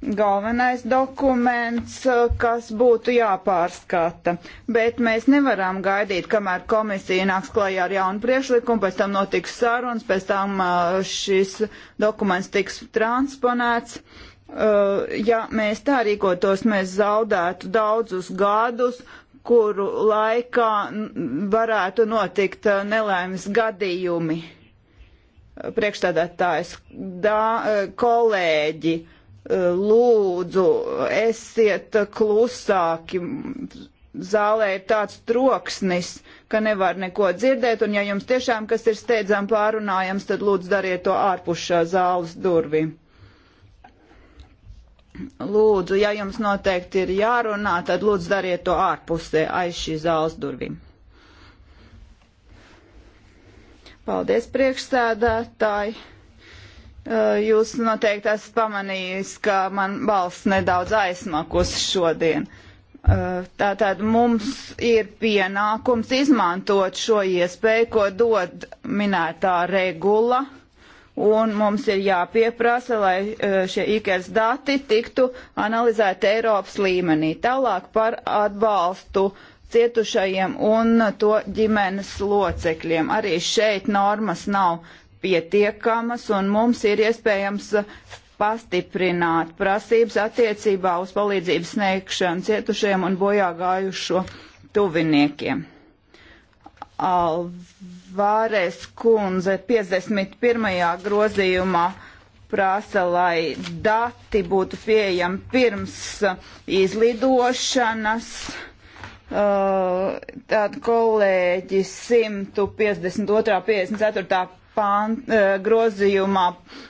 galvenais dokuments, eh, kas būtu jāpārskata. Bet mēs nevaram gaidīt, kamēr komisija nāks klajā ar jaunu priekšlikumu, pēc tam notiks sarunas, pēc tam eh, šis dokuments tiks transponēts. Eh, ja mēs tā rīkotos, mēs zaudētu daudzus gadus, kuru laikā varētu notikt nelaimes gadījumi. Priekšstādātājs, kolēģi, uh, lūdzu, esiet klusāki. Zālē ir tāds troksnis, ka nevar neko dzirdēt, un ja jums tiešām kas ir steidzām pārunājams, tad lūdzu dariet to ārpus šā zāles durvīm. Lūdzu, ja jums noteikti ir jārunā, tad lūdzu dariet to ārpusē aiz šī zāles durvīm. Paldies, priekšsēdētāji! Eh, jūs noteikti esat pamanījis, ka man balss nedaudz aizsmakus šodien. Eh, tātad mums ir pienākums izmantot šo iespēju, ko dod minētā regula un mums ir jāpieprasa, lai eh, šie IKS dati tiktu analizēti Eiropas līmenī. Tālāk par atbalstu cietušajiem un to ģimenes locekļiem. Arī šeit normas nav pietiekamas un mums ir iespējams pastiprināt prasības attiecībā uz palīdzības sniegšanu cietušiem un bojā gājušo tuviniekiem. Alvārēs kundze 51. grozījumā prasa, lai dati būtu pieejami pirms izlidošanas. Tātad uh, kolēģi 152. 54 pan, eh, grozījumā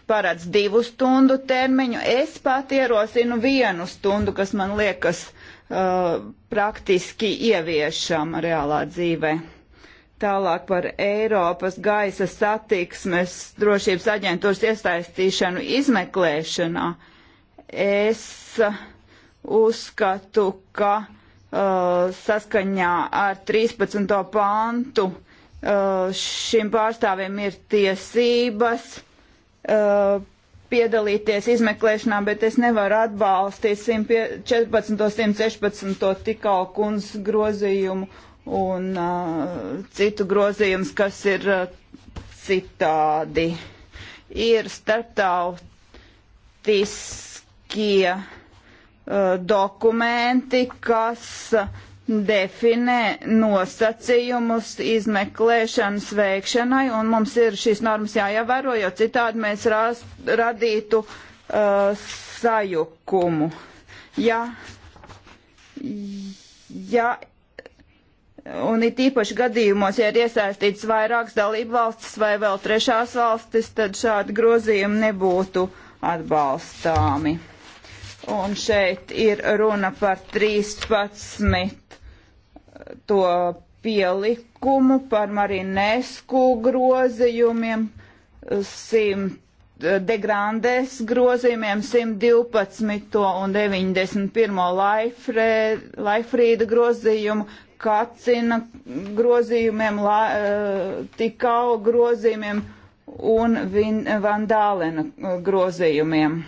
paredz divu stundu termiņu. Es pat ierosinu vienu stundu, kas man liekas uh, praktiski ieviešama reālā dzīvē. Tālāk par Eiropas gaisa satiksmes drošības aģentūras iesaistīšanu izmeklēšanā. Es eh, uzskatu, ka uh, saskaņā ar 13. pantu uh, Uh, šim pārstāvim ir tiesības uh, piedalīties izmeklēšanā, bet es nevaru atbalstīt 114. 116. tikau kundzes grozījumu un uh, citu grozījumus, kas ir uh, citādi. Ir starptautiskie uh, dokumenti, kas uh, definē nosacījumus izmeklēšanas veikšanai, un mums ir šīs normas jāievēro, jo citādi mēs rast, radītu uh, sajukumu. Ja, ja Un it īpaši gadījumos, ja ir iesaistīts vairākas dalību valstis vai vēl trešās valstis, tad šādi grozījumi nebūtu atbalstāmi. Un šeit ir runa par 13 to pielikumu par Marinesku grozījumiem, 100 Degrandes grozījumiem 112. un 91. Laifrē, Laifrīda grozījumu, Kacina grozījumiem, la, eh, Tikau grozījumiem un Vin, Vandālena eh, grozījumiem.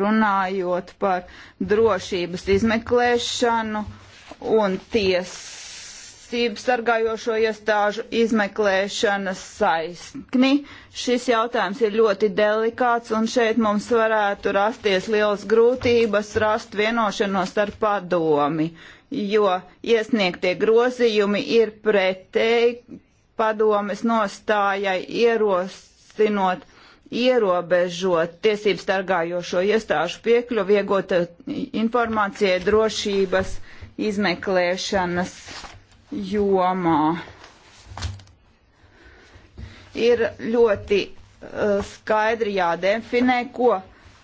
Runājot par drošības izmeklēšanu, uh, un tiesību sargājošo iestāžu izmeklēšanas saistni. Šis jautājums ir ļoti delikāts, un šeit mums varētu rasties lielas grūtības rast vienošanos ar padomi, jo iesniegtie grozījumi ir pretēji padomes nostājai ierosinot ierobežot tiesību stargājošo iestāžu piekļuvi iegūt informācijai drošības uh, izmeklēšanas jomā. Ir ļoti uh, skaidri jādefinē, ko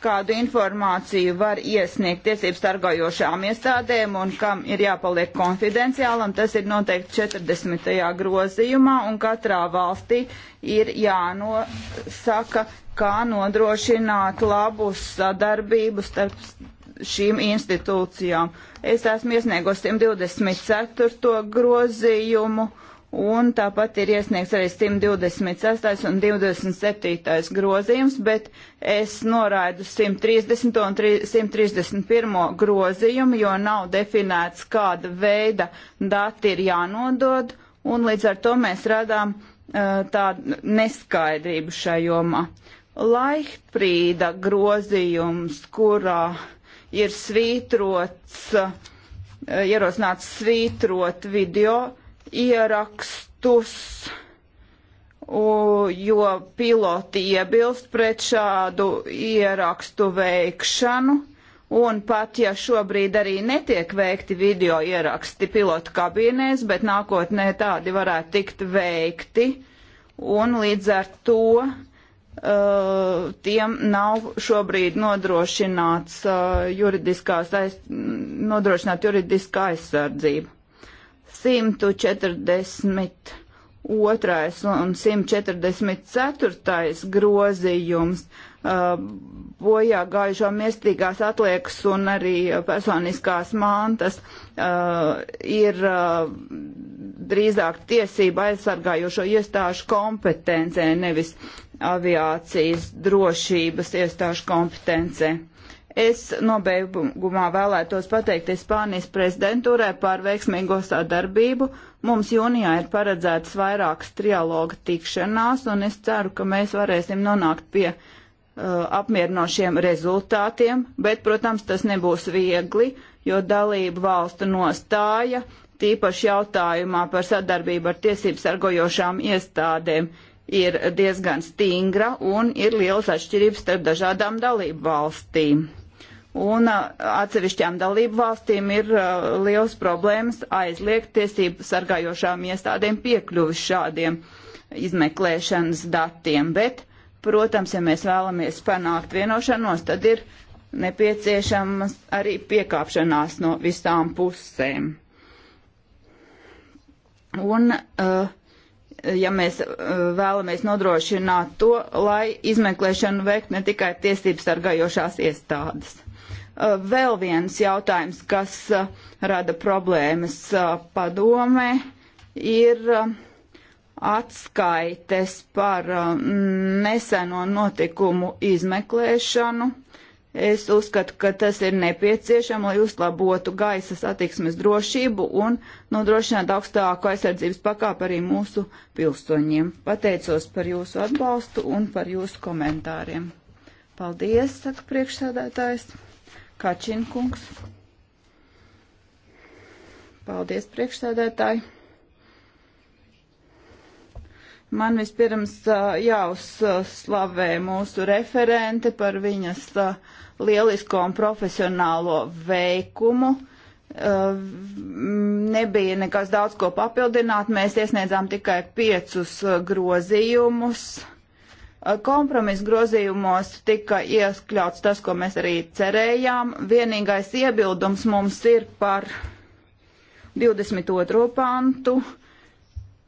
kādu informāciju var iesniegt tiesību stargojošām iestādēm un kam ir jāpaliek konfidenciālam, tas ir noteikti 40. grozījumā un katrā valstī ir jānosaka, kā nodrošināt labu sadarbību starp šīm institūcijām. Es esmu iesniegusi 124. grozījumu un tāpat ir iesniegts arī 126. un 27. grozījums, bet es noraidu 130. un 131. grozījumu, jo nav definēts, kāda veida dati ir jānodod, un līdz ar to mēs radām tādu neskaidrību šajomā. Laihprīda grozījums, kurā ir svītrots, eh, ierosināts svītrot video ierakstus, jo piloti iebilst pret šādu ierakstu veikšanu. Un pat ja šobrīd arī netiek veikti video ieraksti pilotu kabīnēs, bet nākotnē tādi varētu tikt veikti, un līdz ar to uh, Uh, tiem nav šobrīd nodrošināts uh, juridiskās aiz, nodrošināt juridiskā aizsardzība. 140 otrais un 144. grozījums uh, bojā gājušo miestīgās atliekas un arī personiskās mantas uh, ir uh, drīzāk tiesība aizsargājošo iestāžu kompetencē, nevis aviācijas drošības iestāžu kompetence. Es nobeigumā vēlētos pateikties Spānijas prezidentūrai par veiksmīgo sadarbību. Mums jūnijā ir paredzētas vairākas trialoga tikšanās, un es ceru, ka mēs varēsim nonākt pie uh, apmierinošiem rezultātiem, bet, protams, tas nebūs viegli, jo dalību valstu nostāja, tīpaši jautājumā par sadarbību ar tiesību sargojošām iestādēm, ir diezgan stingra un ir lielas atšķirības starp dažādām dalību valstīm. Un atsevišķām dalību valstīm ir uh, liels problēmas aizliegt tiesību sargājošām iestādēm piekļuvis šādiem izmeklēšanas datiem. Bet, protams, ja mēs vēlamies panākt vienošanos, tad ir nepieciešamas arī piekāpšanās no visām pusēm. Un uh, ja mēs uh, vēlamies nodrošināt to, lai izmeklēšanu veikt ne tikai tiesības sargājošās iestādes. Uh, vēl viens jautājums, kas uh, rada problēmas padomē, ir atskaites par neseno notikumu izmeklēšanu Es uzskatu, ka tas ir nepieciešams, lai uzlabotu gaisa satiksmes drošību un nodrošinātu augstāku aizsardzības pakāpi arī mūsu pilsoņiem. Pateicos par jūsu atbalstu un par jūsu komentāriem. Paldies, saka priekšsādātājs Kačinkungs. Paldies, priekšsādātāji. Man vispirms jāuzslavē mūsu referente par viņas uh, lielisko un profesionālo veikumu. Uh, nebija nekas daudz ko papildināt, mēs iesniedzām tikai piecus uh, grozījumus. Uh, Kompromisa grozījumos tika ieskļauts tas, ko mēs arī cerējām. Vienīgais iebildums mums ir par 22. pantu,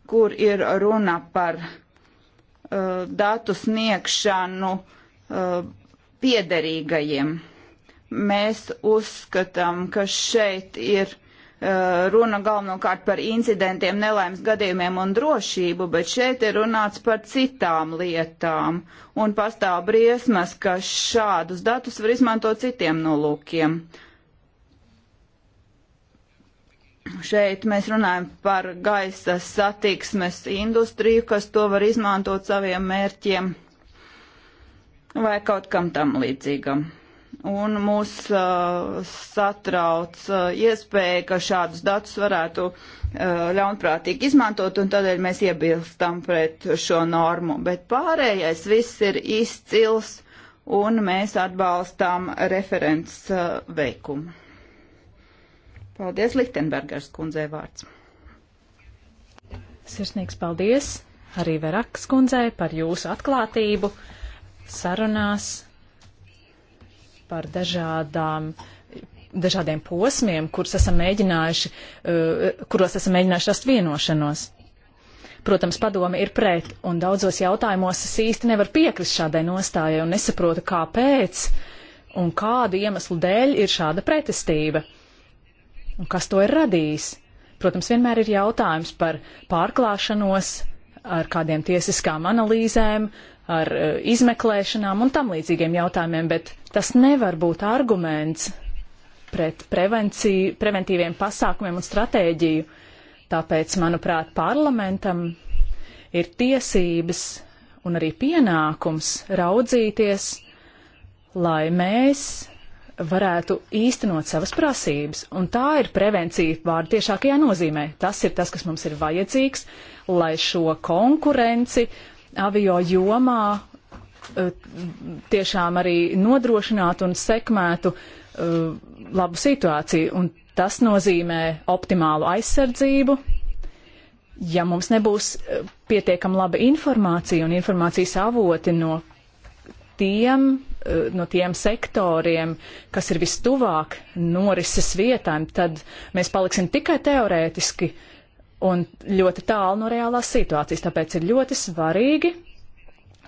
kur ir runa par uh, datu sniegšanu uh, piederīgajiem. Mēs uzskatām, ka šeit ir uh, runa galvenokārt par incidentiem, nelaimes gadījumiem un drošību, bet šeit ir runāts par citām lietām. Un pastāv briesmas, ka šādus datus var izmantot citiem nolūkiem. Šeit mēs runājam par gaisa satiksmes industriju, kas to var izmantot saviem mērķiem vai kaut kam tam līdzīgam. Un mūs uh, satrauc uh, iespēja, ka šādus datus varētu uh, ļaunprātīgi izmantot, un tādēļ mēs iebilstam pret šo normu. Bet pārējais viss ir izcils, un mēs atbalstām referents uh, veikumu. Paldies, Lichtenbergers kundzē vārds. Sirsnīgs paldies arī Veraks kundzei par jūsu atklātību. Uh, sarunās par dažādām dažādiem posmiem, kurus esam mēģinājuši, eh, kuros esam mēģinājuši rast vienošanos. Protams, padome ir pret, un daudzos jautājumos es īsti nevaru piekrist šādai nostājai un nesaprotu, kāpēc un kādu iemeslu dēļ ir šāda pretestība. Un kas to ir radījis? Protams, vienmēr ir jautājums par pārklāšanos ar kādiem tiesiskām analīzēm, uh, ar e, izmeklēšanām un tam līdzīgiem jautājumiem, bet tas nevar būt arguments pret preventīviem pasākumiem un stratēģiju. Tāpēc, manuprāt, parlamentam ir tiesības un arī pienākums raudzīties, lai mēs varētu īstenot savas prasības. Un tā ir prevencija vārdu tiešākajā nozīmē. Tas ir tas, kas mums ir vajadzīgs, lai šo konkurenci, avio jomā eh, tiešām arī nodrošinātu un sekmētu eh, labu situāciju. Un tas nozīmē optimālu aizsardzību. Ja mums nebūs eh, pietiekam laba informācija un informācijas avoti no tiem, no tiem sektoriem, kas ir vistuvāk norises vietām, tad mēs paliksim tikai teorētiski uh, un ļoti tālu no reālās situācijas. Tāpēc ir ļoti svarīgi,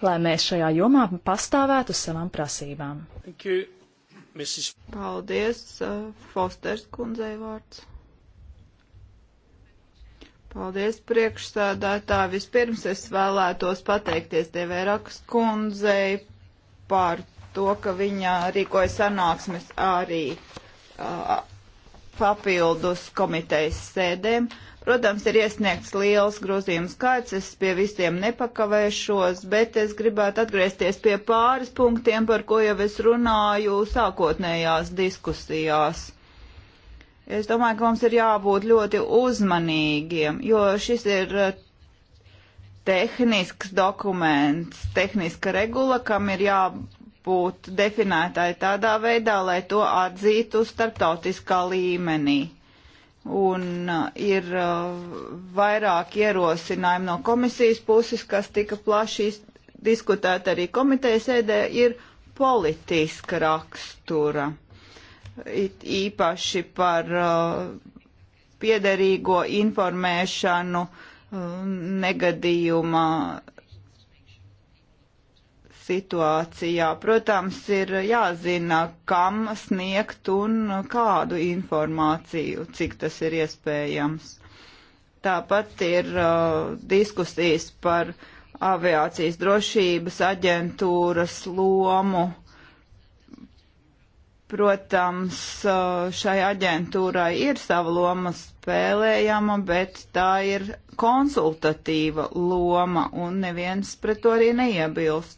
lai mēs šajā jomā pastāvētu uz savām prasībām. Paldies, uh, Fosters kundzei vārds. Paldies, priekšsādātāji. Vispirms es vēlētos pateikties Deverakas kundzei par to, ka viņa rīkoja sanāksmes arī uh, papildus komitejas sēdēm. Uh, Protams, ir iesniegts liels grozījums skaits, es pie visiem nepakavēšos, bet es gribētu atgriezties pie pāris punktiem, par ko jau es runāju sākotnējās diskusijās. Es domāju, ka mums ir jābūt ļoti uzmanīgiem, jo šis ir eh, tehnisks dokuments, tehniska regula, kam ir jābūt definētai tādā veidā, lai to atzītu starptautiskā līmenī un uh, ir uh, vairāk ierosinājumi no komisijas puses, kas tika plaši diskutēta arī komitejas sēdē, ir politiska rakstura. It īpaši par uh, piederīgo informēšanu negadījuma situācijā. Protams, ir jāzina, kam sniegt un kādu informāciju, cik tas ir iespējams. Tāpat ir uh, diskusijas par aviācijas drošības aģentūras lomu. Protams, uh, šai aģentūrai ir sava loma spēlējama, bet tā ir konsultatīva loma, un neviens pret to arī neiebilst.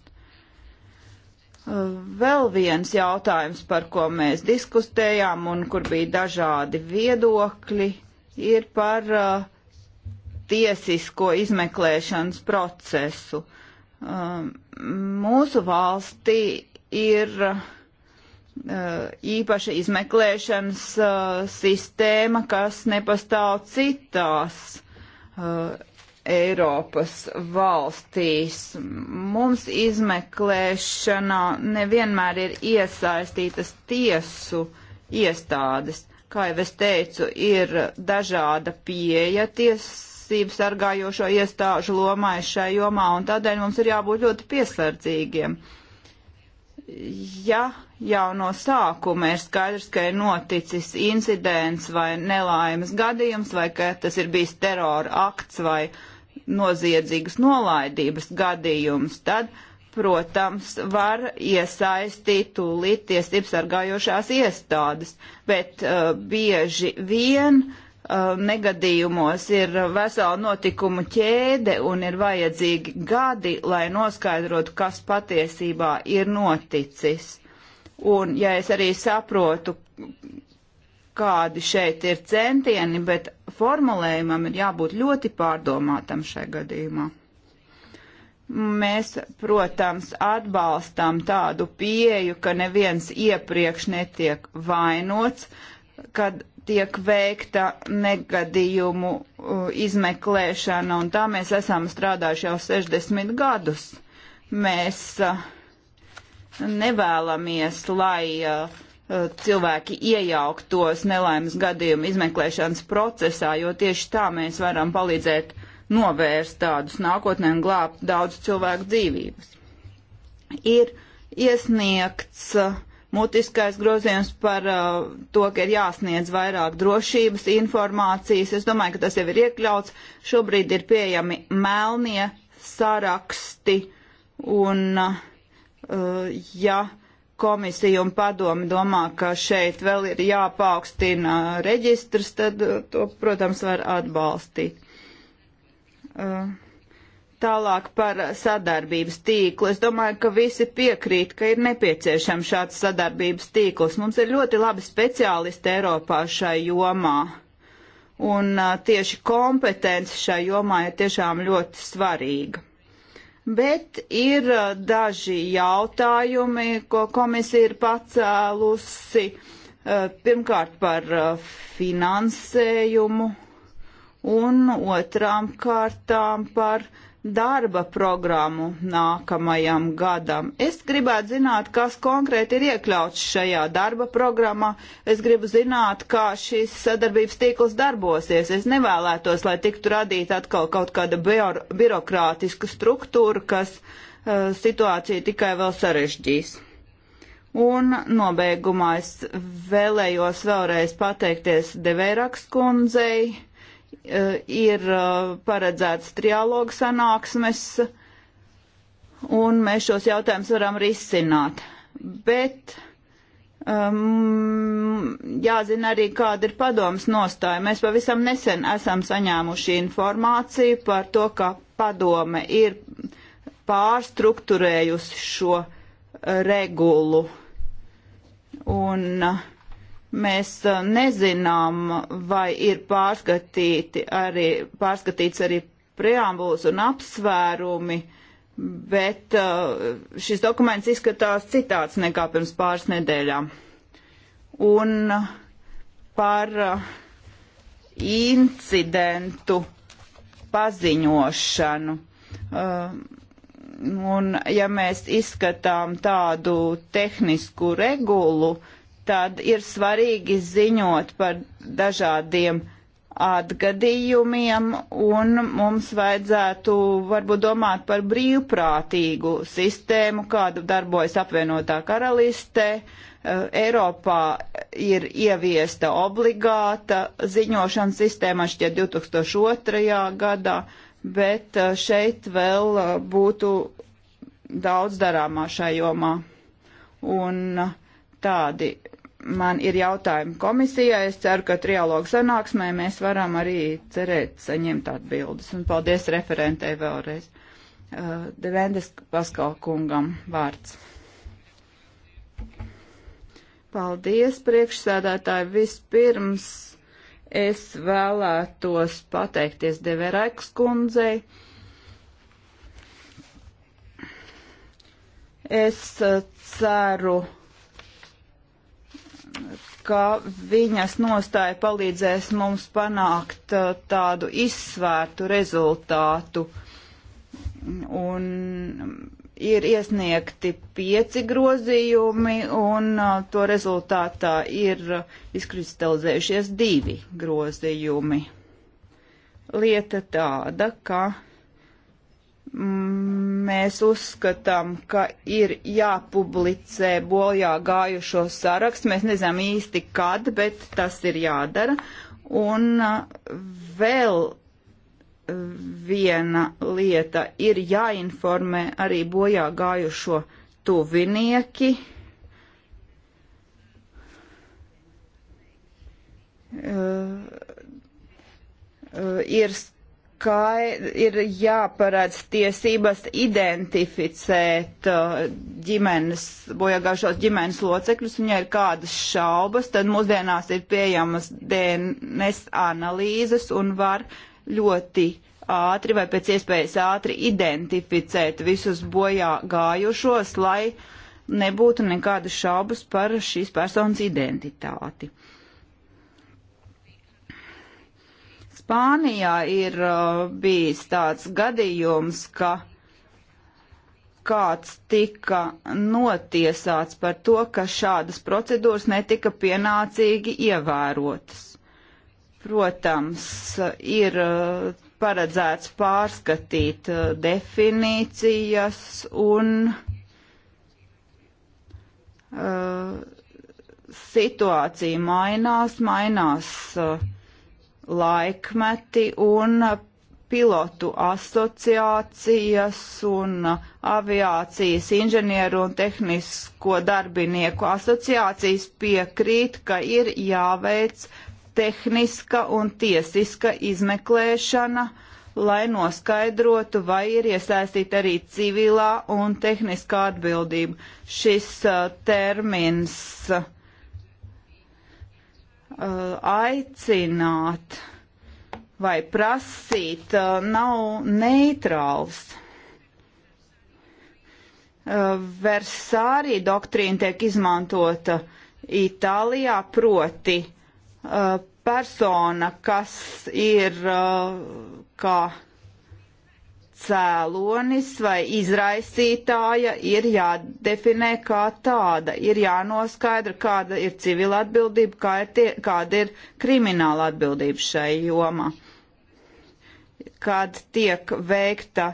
Vēl viens jautājums, par ko mēs diskutējām un kur bija dažādi viedokļi, ir par uh, tiesisko izmeklēšanas procesu. Uh, mūsu valstī ir uh, īpaša izmeklēšanas uh, sistēma, kas nepastāv citās uh, Eiropas valstīs. Mums izmeklēšanā nevienmēr ir iesaistītas tiesu iestādes. Kā jau es teicu, ir dažāda pieeja tiesību sargājošo iestāžu lomai šai jomā, un tādēļ mums ir jābūt ļoti piesardzīgiem. Ja jau no sākuma ir skaidrs, ka ir noticis incidents vai nelaimes gadījums, vai ka tas ir bijis terora akts vai uh, noziedzīgas nolaidības gadījums, tad, protams, var iesaistīt tūlīt tiesības sargājošās iestādes, bet uh, bieži vien uh, negadījumos ir vesela notikumu ķēde un ir vajadzīgi gadi, lai noskaidrotu, kas patiesībā ir noticis. Un, ja es arī saprotu, kādi šeit ir centieni, bet formulējumam ir jābūt ļoti pārdomātam šai gadījumā. Mēs, protams, atbalstam tādu pieju, ka neviens iepriekš netiek vainots, kad tiek veikta negadījumu uh, izmeklēšana, un tā mēs esam strādājuši jau 60 gadus. Mēs uh, nevēlamies, lai uh, cilvēki iejauktos nelaimes gadījumu izmeklēšanas procesā, jo tieši tā mēs varam palīdzēt novērst tādus nākotnē un glābt daudz cilvēku dzīvības. Ir iesniegts uh, mutiskais grozījums par uh, to, ka ir jāsniedz vairāk drošības informācijas. Es domāju, ka tas jau ir iekļauts. Šobrīd ir pieejami melnie saraksti un, uh, ja komisija un padoma domā, ka šeit vēl ir jāpaukstina reģistrs, tad uh, to, protams, var atbalstīt. Uh, tālāk par sadarbības tīklu. Es domāju, ka visi piekrīt, ka ir nepieciešams šāds sadarbības tīkls. Mums ir ļoti labi speciālisti Eiropā šai jomā. Un uh, tieši kompetence šai jomā ir tiešām ļoti svarīga bet ir uh, daži jautājumi, ko komisija ir pacēlusi. Uh, pirmkārt par uh, finansējumu un otrām kārtām par uh, darba programmu nākamajam gadam. Es gribētu zināt, kas konkrēti ir iekļauts šajā darba programmā. Es gribu zināt, kā šis sadarbības tīkls darbosies. Es nevēlētos, lai tiktu radīta atkal kaut kāda birokrātiska struktūra, kas uh, situāciju tikai vēl sarežģīs. Un nobeigumā es vēlējos vēlreiz pateikties Deveraks kundzei Eh, ir eh, paredzēts trialogu sanāksmes, un mēs šos jautājumus varam risināt. Bet um, jāzina arī, kāda ir padomas nostāja. Mēs pavisam nesen esam saņēmuši informāciju par to, ka padome ir pārstruktūrējusi šo regulu. Un uh, Mēs uh, nezinām, vai ir pārskatīti arī, pārskatīts arī preambulas un apsvērumi, bet uh, šis dokuments izskatās citāds nekā pirms pāris nedēļām. Un uh, par incidentu paziņošanu. Un ja mēs izskatām tādu tehnisku regulu, Tad ir svarīgi ziņot par dažādiem atgadījumiem, un mums vajadzētu varbūt domāt par brīvprātīgu sistēmu, kādu darbojas apvienotā karalistē. Eh, Eiropā ir ieviesta obligāta ziņošanas sistēma šķiet 2002. gadā, bet eh, šeit vēl eh, būtu daudz darāmā šajomā. Un tādi man ir jautājumi komisijai. Es ceru, ka trialogu sanāksmē mēs varam arī cerēt saņemt atbildes. Un paldies referentei vēlreiz. Uh, Devendes Paskal kungam vārds. Paldies, priekšsēdētāji. Vispirms es vēlētos pateikties Deveraikas kundzei. Es uh, ceru, ka viņas nostāja palīdzēs mums panākt uh, tādu izsvērtu rezultātu. Un um, ir iesniegti pieci grozījumi, un uh, to rezultātā ir uh, izkristalizējušies divi grozījumi. Lieta tāda, ka Mēs uzskatām, ka ir jāpublicē bojā gājušo saraksts. Mēs nezinām īsti kad, bet tas ir jādara. Un vēl viena lieta ir jāinformē arī bojā gājušo tuvinieki. Uh, uh, ir kā ir jāparāds tiesības identificēt uh, ģimenes, bojagājušos ģimenes locekļus, un ja ir kādas šaubas, tad mūsdienās ir pieejamas DNS analīzes un var ļoti ātri vai pēc iespējas ātri identificēt visus bojāgājušos, lai nebūtu nekādas šaubas par šīs personas identitāti. Spānijā ir uh, bijis tāds gadījums, ka kāds tika notiesāts par to, ka šādas procedūras netika pienācīgi ievērotas. Protams, ir uh, paredzēts pārskatīt uh, definīcijas un uh, situācija mainās, mainās uh, laikmeti un pilotu asociācijas un aviācijas inženieru un tehnisko darbinieku asociācijas piekrīt, ka ir jāveic tehniska un tiesiska izmeklēšana, lai noskaidrotu, vai ir iesaistīta arī civilā un tehniskā atbildība. Šis uh, termins uh, Uh, aicināt vai prasīt uh, nav neitrāls. Uh, Versārī doktrīna tiek izmantota Itālijā proti persona, kas ir kā cēlonis vai izraisītāja ir jādefinē kā tāda, ir jānoskaidra, kāda ir civila atbildība, kā ir tie, kāda ir krimināla atbildība šai jomā. Kad tiek veikta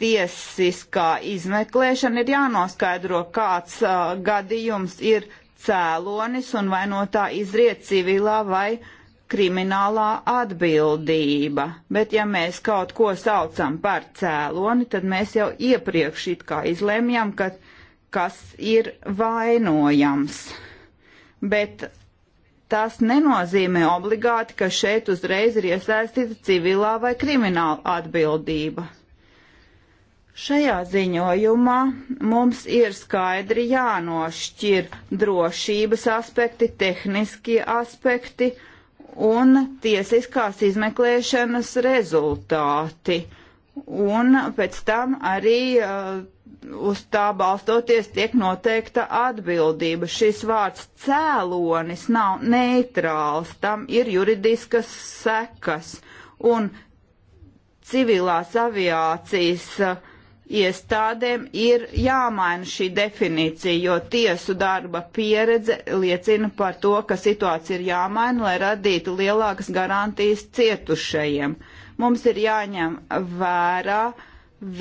tiesiskā izmeklēšana, ir jānoskaidro, kāds uh, gadījums ir cēlonis un vai no tā izriet civilā vai uh, kriminālā atbildība, bet ja mēs kaut ko saucam par cēloni, tad mēs jau iepriekš it kā izlēmjam, ka kas ir vainojams. Bet tas nenozīmē obligāti, ka šeit uzreiz ir iesaistīta civilā vai krimināla atbildība. Šajā ziņojumā mums ir skaidri jānošķir drošības aspekti, tehniskie aspekti un tiesiskās izmeklēšanas rezultāti. Un pēc tam arī uh, uz tā balstoties tiek noteikta atbildība. Šis vārds cēlonis nav neitrāls, tam ir juridiskas sekas. Un civilās aviācijas uh, iestādēm ir jāmaina šī definīcija, jo tiesu darba pieredze liecina par to, ka situācija ir jāmaina, lai radītu lielākas garantijas cietušajiem. Mums ir jāņem vērā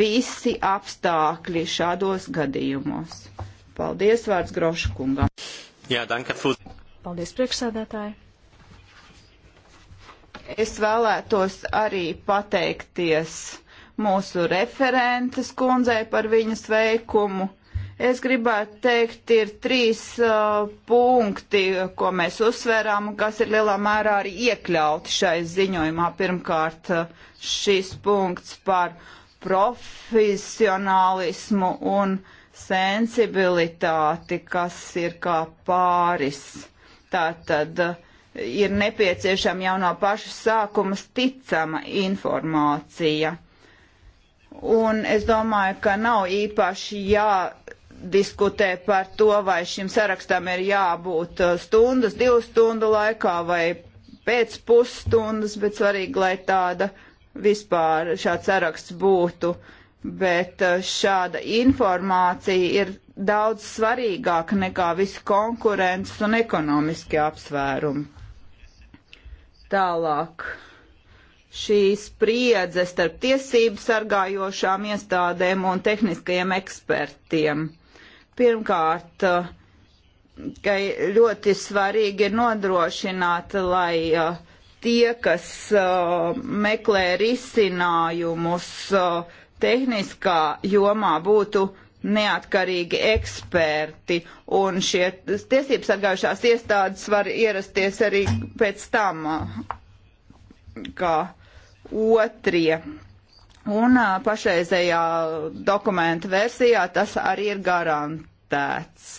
visi apstākļi šādos gadījumos. Paldies vārds Groškungam. Jā, danka, fūd. Paldies priekšsēdētāji. Es vēlētos arī pateikties mūsu referentes kundzei par viņas veikumu. Es gribētu teikt, ir trīs uh, punkti, ko mēs uzsverām, kas ir lielā mērā arī iekļauti šai ziņojumā. Pirmkārt, uh, šis punkts par profesionālismu un sensibilitāti, kas ir kā pāris. Tātad uh, ir nepieciešama jau no paša sākuma ticama informācija. Un es domāju, ka nav īpaši jādiskutē par to, vai šim sarakstam ir jābūt uh, stundas, divu stundu laikā vai pēc pusstundas, bet svarīgi, lai tāda vispār šāds saraksts būtu. Bet uh, šāda informācija ir daudz svarīgāka nekā visi konkurences un ekonomiskie apsvērumi. Tālāk šī spriedze starp tiesību sargājošām iestādēm un tehniskajiem ekspertiem. Pirmkārt, ka ļoti svarīgi ir nodrošināt, lai uh, tie, kas uh, meklē risinājumus uh, tehniskā jomā, būtu neatkarīgi eksperti, un šie tiesības sargājušās iestādes var ierasties arī pēc tam, kā otrie. Un pašreizējā dokumenta versijā tas arī ir garantēts.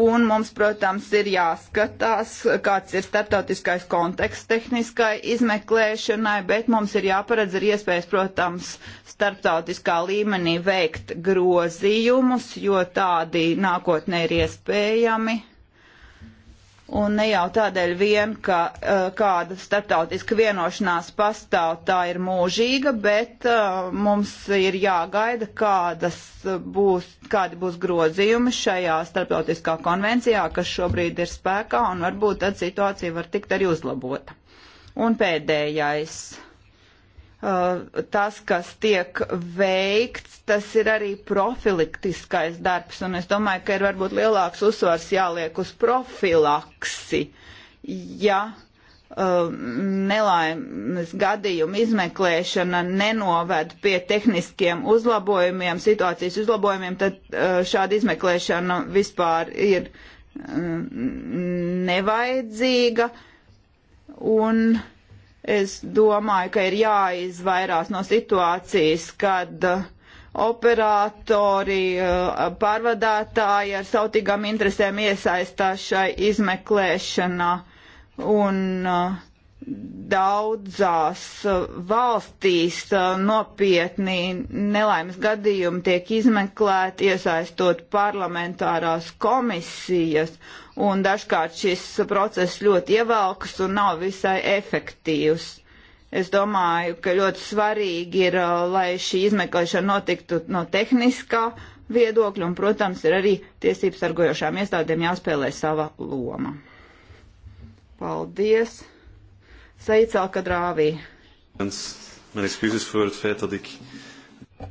Un mums, protams, ir jāskatās, kāds ir starptautiskais konteksts tehniskai izmeklēšanai, bet mums ir jāparedz ir iespējas, protams, starptautiskā līmenī veikt grozījumus, jo tādi nākotnē ir iespējami. Un ne jau tādēļ vien, ka uh, kāda starptautiska vienošanās pastāv, tā ir mūžīga, bet uh, mums ir jāgaida, kādas eh, būs, kādi būs grozījumi šajā starptautiskā konvencijā, kas šobrīd ir spēkā, un varbūt tad situācija var tikt arī uzlabota. Un pēdējais. Uh, Uh, tas, kas tiek veikts, tas ir arī profilaktiskais darbs, un es domāju, ka ir varbūt lielāks uzsvars jāliek uz profilaksi, ja um, nelaimes gadījumu izmeklēšana nenoved pie tehniskiem uzlabojumiem, situācijas uzlabojumiem, tad uh, šāda izmeklēšana vispār ir um, nevajadzīga. Un uh, Es domāju, ka ir jāizvairās no situācijas, kad uh, operatori, uh, pārvadātāji ar sautīgām interesēm iesaistās šai izmeklēšanā un uh, daudzās uh, valstīs uh, nopietni nelaimes gadījumi tiek izmeklēti, iesaistot parlamentārās komisijas, un dažkārt šis process ļoti ievelkas un nav visai efektīvs. Es domāju, ka ļoti svarīgi ir, uh, lai šī izmeklēšana notiktu no tehniskā viedokļa, un, protams, ir arī tiesības sargojošām iestādēm jāspēlē sava loma. Paldies! Saits Alkadrāvī.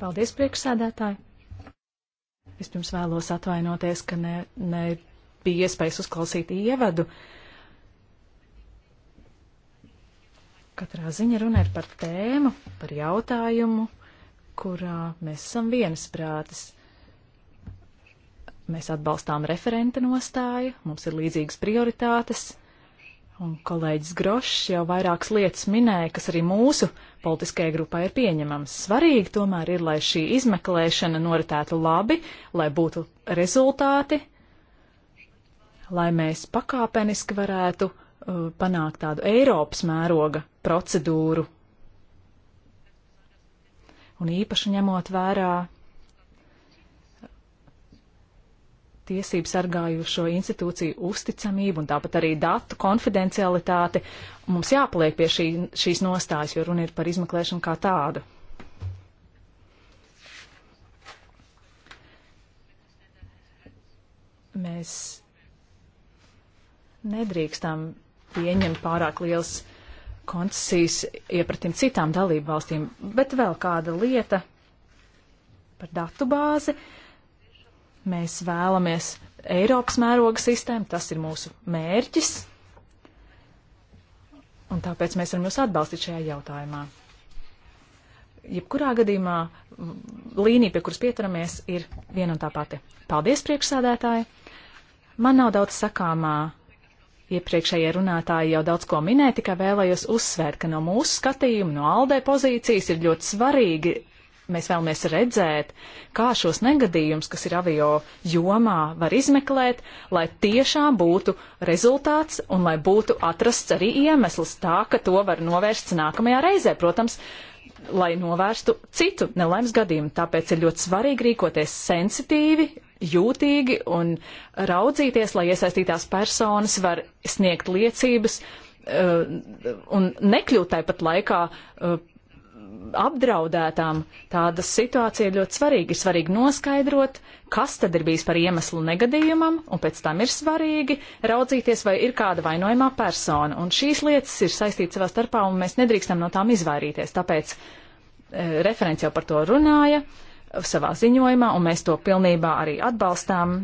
Paldies, priekšsēdētāji. Vispirms vēlos atvainoties, ka ne, ne bija iespējas uzklausīt ievadu. Katrā ziņa runa ir par tēmu, par jautājumu, kurā mēs esam viensprātis. Mēs atbalstām referenta nostāju, mums ir līdzīgas prioritātes, Un kolēģis Grošs jau vairākas lietas minēja, kas arī mūsu politiskajai grupai ir pieņemams. Svarīgi tomēr ir, lai šī izmeklēšana noritētu labi, lai būtu rezultāti, lai mēs pakāpeniski varētu uh, panākt tādu Eiropas mēroga procedūru. Un īpaši ņemot vērā tiesību sargājušo institūciju uzticamību un tāpat arī datu konfidencialitāti. Mums jāpaliek pie šī, šīs nostājas, jo runa ir par izmeklēšanu kā tādu. Mēs nedrīkstam pieņemt pārāk liels koncesijas iepratim citām dalību valstīm, bet vēl kāda lieta par datu bāzi. Uh, Mēs vēlamies Eiropas mēroga sistēmu, tas ir mūsu mērķis. Un tāpēc mēs varam jūs atbalstīt šajā jautājumā. Jebkurā gadījumā līnija, pie kuras pieturamies, ir viena un tā pati. Paldies, priekšsēdētāji! Man nav daudz sakāmā. Iepriekšējie runātāji jau daudz ko minēja, tikai vēlējos uzsvērt, ka no mūsu skatījuma, no Aldē pozīcijas ir ļoti svarīgi mēs vēlamies redzēt, kā šos negadījumus, kas ir avio jomā, var izmeklēt, lai tiešām būtu rezultāts un lai būtu atrasts arī iemesls tā, ka to var novērst nākamajā reizē, protams, lai novērstu citu nelaimes gadījumu. Tāpēc ir ļoti svarīgi rīkoties sensitīvi, jūtīgi un raudzīties, lai iesaistītās personas var sniegt liecības eh, un nekļūt tāpat laikā eh, apdraudētām. Tāda situācija ir ļoti svarīga. Ir svarīgi noskaidrot, kas tad ir bijis par iemeslu negadījumam, un pēc tam ir svarīgi raudzīties, vai ir kāda vainojumā persona. Un šīs lietas ir saistītas savā starpā, un mēs nedrīkstam no tām izvairīties. Tāpēc e, referents jau par to runāja e, savā ziņojumā, un mēs to pilnībā arī atbalstām.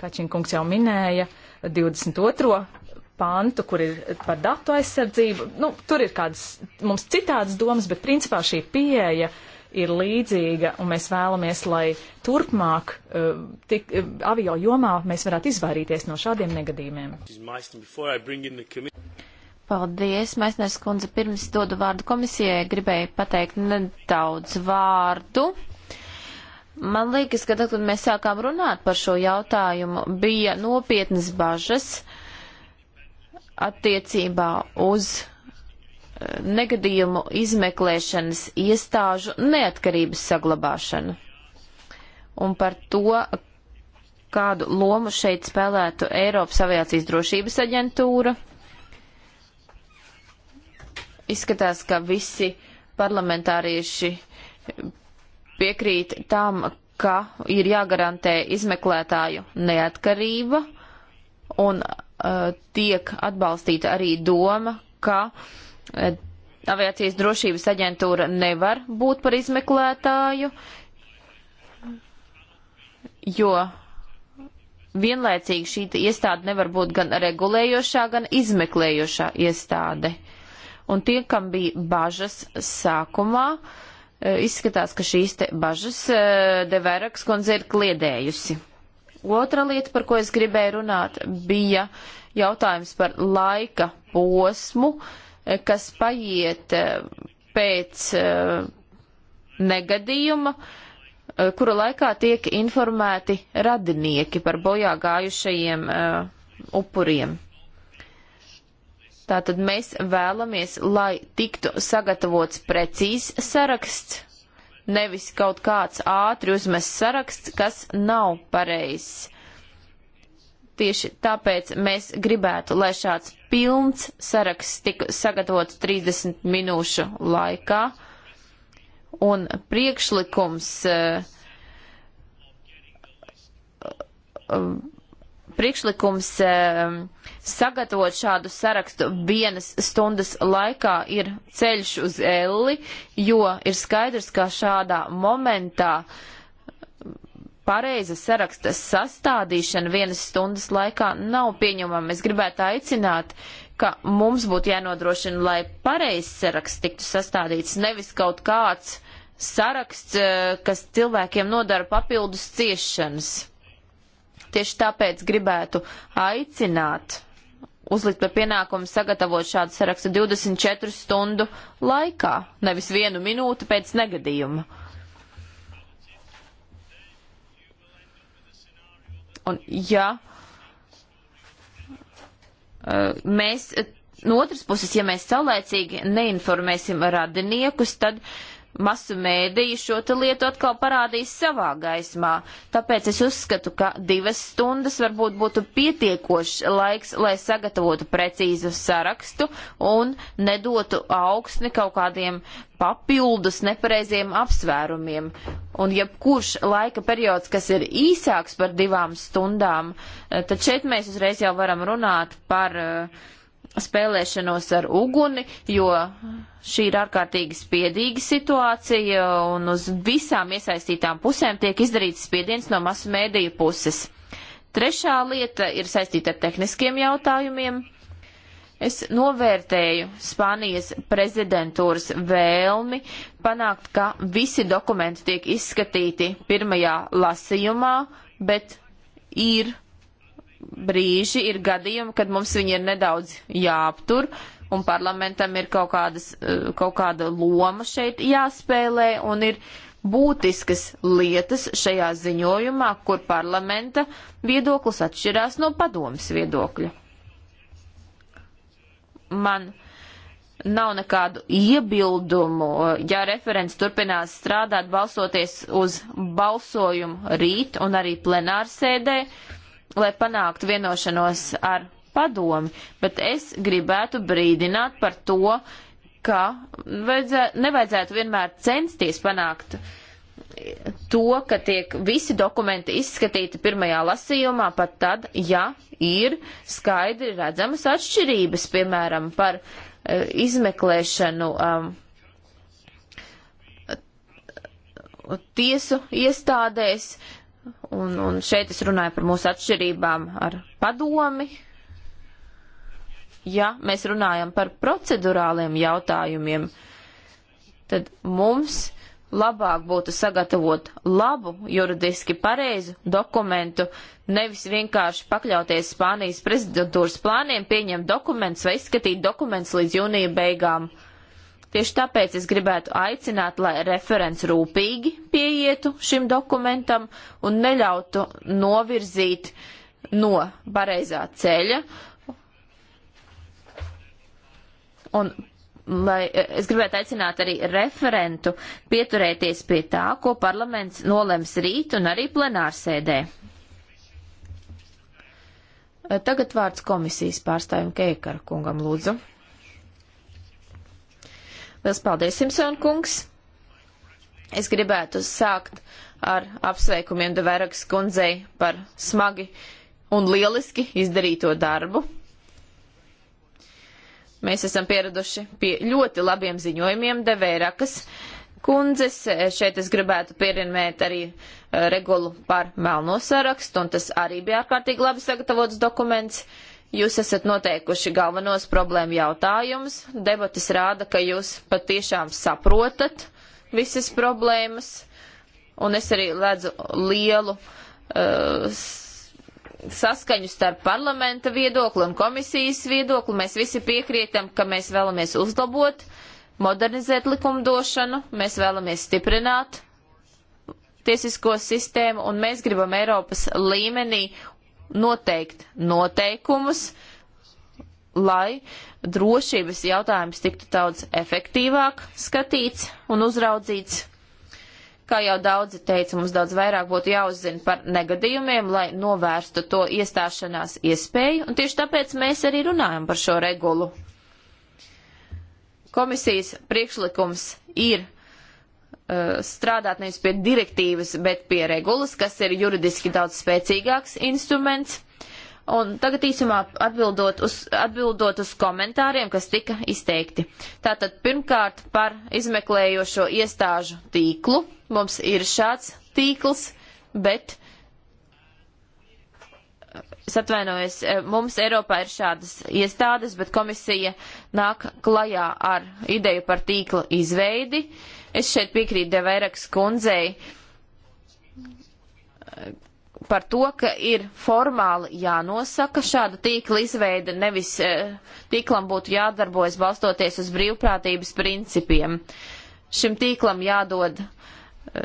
Kačinkungs jau minēja 22 pantu, kur ir par datu aizsardzību. Nu, tur ir kādas mums citādas domas, bet principā šī pieeja ir līdzīga, un mēs vēlamies, lai turpmāk uh, tik, uh, avio jomā mēs varētu izvairīties no šādiem negadījumiem. Paldies, Maisners kundze. Pirms dodu vārdu komisijai, gribēju pateikt nedaudz vārdu. Man liekas, ka tad, kad mēs sākām runāt par šo jautājumu, bija nopietnas bažas attiecībā uz eh, negadījumu izmeklēšanas iestāžu neatkarības saglabāšanu un par to, kādu lomu šeit spēlētu Eiropas aviācijas drošības aģentūra. Izskatās, ka visi parlamentārieši piekrīt tam, ka ir jāgarantē izmeklētāju neatkarība un Eh, tiek atbalstīta arī doma, ka eh, aviācijas drošības aģentūra nevar būt par izmeklētāju, jo vienlaicīgi šī iestāde nevar būt gan regulējošā, gan izmeklējošā iestāde. Un tie, kam bija bažas sākumā, eh, izskatās, ka šīs te bažas Deveraks kundze ir kliedējusi. Otra lieta, par ko es gribēju runāt, bija jautājums par laika posmu, eh, kas paiet eh, pēc eh, negadījuma, kura laikā tiek informēti radinieki par bojā gājušajiem upuriem. Tātad mēs vēlamies, lai tiktu sagatavots precīzs saraksts nevis kaut kāds ātri uzmest saraksts, kas nav pareizs. Tieši tāpēc mēs gribētu, lai šāds pilns saraksts tika sagatavots 30 minūšu laikā, un priekšlikums uh, uh, priekšlikums sagatavot šādu sarakstu vienas stundas laikā ir ceļš uz elli, jo ir skaidrs, ka šādā momentā pareiza saraksta sastādīšana vienas stundas laikā nav pieņemama. Es gribētu aicināt, ka mums būtu jānodrošina, lai pareizs saraksts tiktu sastādīts, nevis kaut kāds saraksts, eh, kas cilvēkiem nodara papildus ciešanas. Tieši tāpēc gribētu aicināt uzlikt par pienākumu sagatavot šādu sarakstu 24 stundu laikā, nevis vienu minūti pēc negadījuma. Un ja eh, mēs, no otras puses, ja mēs saulēcīgi neinformēsim radiniekus, tad uh, masu mēdīju šo lietu atkal parādīs savā gaismā. Tāpēc es uzskatu, ka divas stundas varbūt būtu pietiekošs laiks, lai sagatavotu precīzu sarakstu un nedotu augsni kaut kādiem papildus nepareiziem apsvērumiem. Un jebkurš laika periods, kas ir īsāks par divām stundām, eh, tad šeit mēs uzreiz jau varam runāt par uh, spēlēšanos ar uguni, jo šī ir ārkārtīgi spiedīga situācija un uz visām iesaistītām pusēm tiek izdarīts spiediens no masu mēdīju puses. Trešā lieta ir saistīta ar tehniskiem jautājumiem. Es novērtēju Spānijas prezidentūras vēlmi panākt, ka visi dokumenti tiek izskatīti pirmajā lasījumā, bet ir brīži ir gadījumi, kad mums viņi ir nedaudz jāaptur, un parlamentam ir kaut, kādas, eh, kaut kāda loma šeit jāspēlē, un ir būtiskas lietas šajā ziņojumā, kur parlamenta viedoklis atšķirās no padomas viedokļa. Man nav nekādu iebildumu, ja referents turpinās strādāt balsoties uz balsojumu rīt un arī plenārsēdē. Ar lai panāktu vienošanos ar padomi, bet es gribētu brīdināt par to, ka vajadzē, nevajadzētu vienmēr censties panākt to, ka tiek visi dokumenti izskatīti pirmajā lasījumā, pat tad, ja ir skaidri redzamas atšķirības, piemēram, par uh, izmeklēšanu. Um, tiesu iestādēs, Un, un šeit es runāju par mūsu atšķirībām ar padomi. Ja mēs runājam par procedurāliem jautājumiem, tad mums labāk būtu sagatavot labu, juridiski pareizu dokumentu, nevis vienkārši pakļauties Spānijas prezidentūras plāniem, pieņemt dokumentus vai izskatīt dokumentus līdz jūnija beigām. Uh, Tieši tāpēc es gribētu aicināt, lai referents rūpīgi pieietu šim dokumentam un neļautu novirzīt no pareizā ceļa. Un lai es gribētu aicināt arī referentu pieturēties pie tā, ko parlaments nolems rīt un arī plenārsēdē. Tagad vārds komisijas pārstāvim Keikara kungam lūdzu. Liels paldies, Simpson kungs! Es gribētu sākt ar apsveikumiem Deverakas kundzei par smagi un lieliski izdarīto darbu. Mēs esam pieraduši pie ļoti labiem ziņojumiem Deverakas kundzes. Šeit es gribētu pierinmēt arī eh, regulu par melno sarakstu, un tas arī bija ārkārtīgi labi sagatavots dokuments. Uh, Jūs esat noteikuši galvenos problēmu jautājumus. Debates rāda, ka jūs patiešām saprotat visas problēmas. Un es arī redzu lielu uh, saskaņu starp parlamenta viedokli un komisijas viedokli. Mēs visi piekrietam, ka mēs vēlamies uzlabot, modernizēt likumdošanu, mēs vēlamies stiprināt tiesisko sistēmu, un mēs gribam Eiropas līmenī noteikt noteikumus, lai drošības jautājums tiktu daudz efektīvāk skatīts un uzraudzīts. Kā jau daudzi teica, mums daudz vairāk būtu jāuzzina par negadījumiem, lai novērstu to iestāšanās iespēju, un tieši tāpēc mēs arī runājam par šo regulu. Komisijas priekšlikums ir Uh, strādāt nevis pie direktīvas, bet pie regulas, kas ir juridiski daudz spēcīgāks instruments. Un tagad īsumā atbildot uz, atbildot uz komentāriem, kas tika izteikti. Tātad pirmkārt par izmeklējošo iestāžu tīklu. Mums ir šāds tīkls, bet, es atvainojos, eh, mums Eiropā ir šādas iestādes, bet komisija nāk klajā ar ideju par tīkla izveidi. Uh, Es šeit piekrītu Devairaks kundzei eh, par to, ka ir formāli jānosaka šāda tīkla izveida, nevis eh, tīklam būtu jādarbojas balstoties uz brīvprātības principiem. Šim tīklam jādod eh,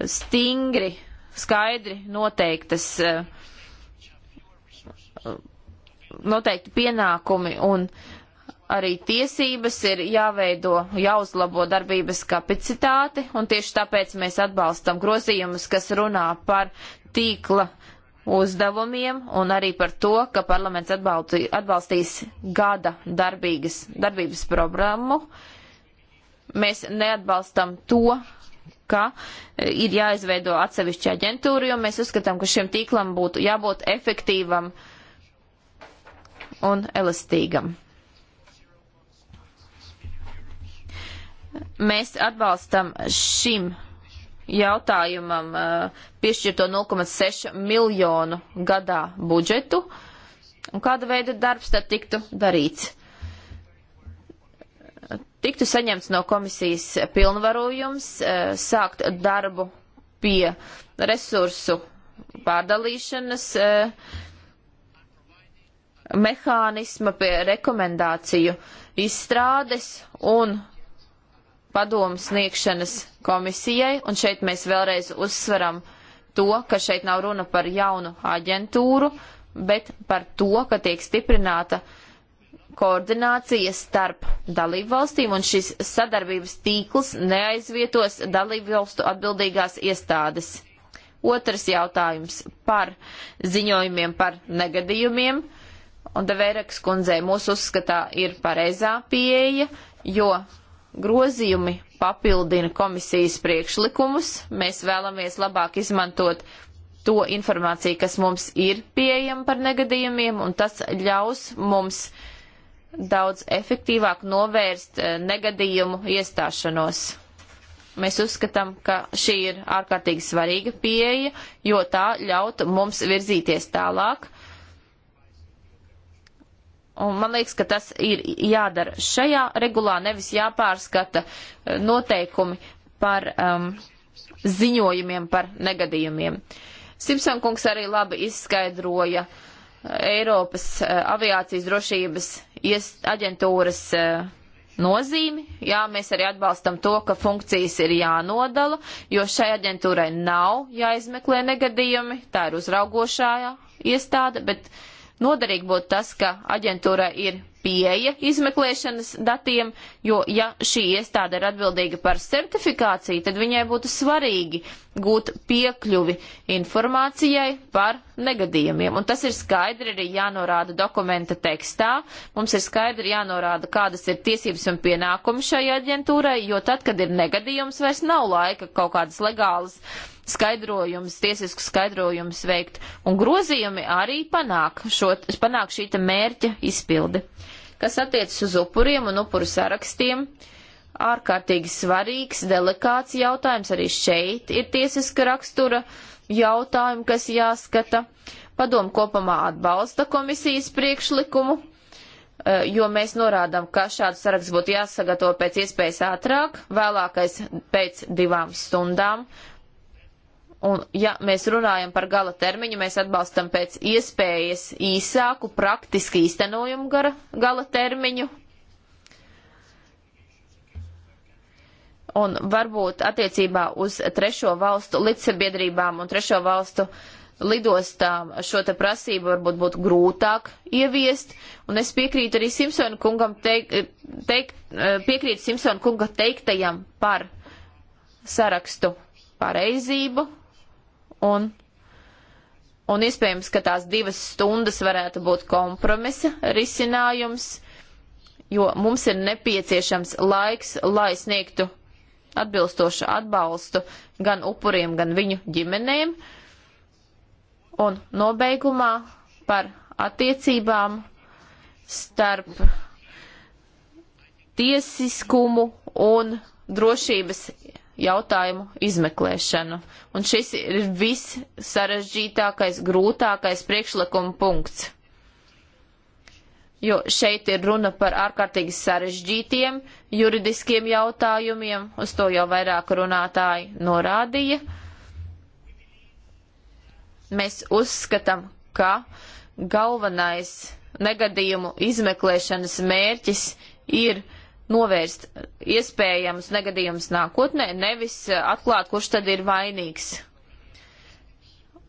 stingri, skaidri noteiktas, noteikti pienākumi un uh, arī tiesības, ir jāveido, jāuzlabo darbības kapacitāte, un tieši tāpēc mēs atbalstam grozījumus, kas runā par tīkla uzdevumiem un arī par to, ka parlaments atbalti, atbalstīs gada darbīgas, darbības programmu. Mēs neatbalstam to, ka e, ir jāizveido atsevišķa aģentūra, jo mēs uzskatām, ka šim tīklam būtu jābūt efektīvam un elastīgam. Mēs atbalstam šim jautājumam uh, piešķirto 0,6 miljonu gadā budžetu. Un kāda veida darbs tad tiktu darīts? Tiktu saņemts no komisijas pilnvarojums uh, sākt darbu pie resursu pārdalīšanas uh, mehānisma, pie rekomendāciju izstrādes un padomu sniegšanas komisijai, un šeit mēs vēlreiz uzsveram to, ka šeit nav runa par jaunu aģentūru, bet par to, ka tiek stiprināta koordinācija starp dalību valstīm, un šis sadarbības tīkls neaizvietos dalību valstu atbildīgās iestādes. Otrs jautājums par ziņojumiem par negadījumiem, un Devērakas kundzei mūsu uzskatā ir pareizā pieeja, jo grozījumi papildina komisijas priekšlikumus. Mēs vēlamies labāk izmantot to informāciju, kas mums ir pieejama par negadījumiem, un tas ļaus mums daudz efektīvāk novērst eh, negadījumu iestāšanos. Mēs uzskatām, ka šī ir ārkārtīgi svarīga pieeja, jo tā ļautu mums virzīties tālāk Un man liekas, ka tas ir jādara šajā regulā, nevis jāpārskata eh, noteikumi par um, ziņojumiem par negadījumiem. Simpson kungs arī labi izskaidroja eh, Eiropas uh, aviācijas drošības aģentūras uh, nozīmi. Jā, mēs arī atbalstam to, ka funkcijas ir jānodala, jo šai aģentūrai nav jāizmeklē negadījumi, tā ir uzraugošā iestāde, bet uh, Noderīgi būtu tas, ka aģentūrai ir pieeja izmeklēšanas datiem, jo ja šī iestāde ir atbildīga par certifikāciju, tad viņai būtu svarīgi gūt piekļuvi informācijai par negadījumiem. Un tas ir skaidri arī jānorāda dokumenta tekstā. Mums ir skaidri jānorāda, kādas ir tiesības un pienākumi šai aģentūrai, jo tad, kad ir negadījums, vairs nav laika kaut kādas legālas skaidrojums, tiesisku skaidrojums veikt, un grozījumi arī panāk, šo, panāk šīta mērķa izpildi. Kas attiecas uz upuriem un upuru sarakstiem, ārkārtīgi svarīgs, delikāts jautājums arī šeit ir tiesiska rakstura jautājumi, kas jāskata. Padomu kopumā atbalsta komisijas priekšlikumu, e, jo mēs norādām, ka šāds saraksts būtu jāsagatavo pēc iespējas ātrāk, vēlākais pēc divām stundām, Un, ja mēs runājam par gala termiņu, mēs atbalstam pēc iespējas īsāku, praktiski īstenojumu gara, gala termiņu. Un varbūt attiecībā uz trešo valstu līdzsabiedrībām un trešo valstu lidostām šo te prasību varbūt būtu grūtāk ieviest. Un es piekrītu arī Simpsona kungam teik, teik, piekrītu Simpsona kunga teiktajam par sarakstu pareizību, un, un iespējams, ka tās divas stundas varētu būt kompromisa risinājums, jo mums ir nepieciešams laiks, lai sniegtu atbilstošu atbalstu gan upuriem, gan viņu ģimenēm. Un nobeigumā par attiecībām starp tiesiskumu un drošības jautājumu izmeklēšanu. Un šis ir viss sarežģītākais, grūtākais priekšlikuma punkts. Jo šeit ir runa par ārkārtīgi sarežģītiem juridiskiem jautājumiem, uz to jau vairāk runātāji norādīja. Mēs uzskatām, ka galvenais negadījumu izmeklēšanas mērķis ir novērst iespējamus negadījumus nākotnē, nevis eh, atklāt, kurš tad ir vainīgs.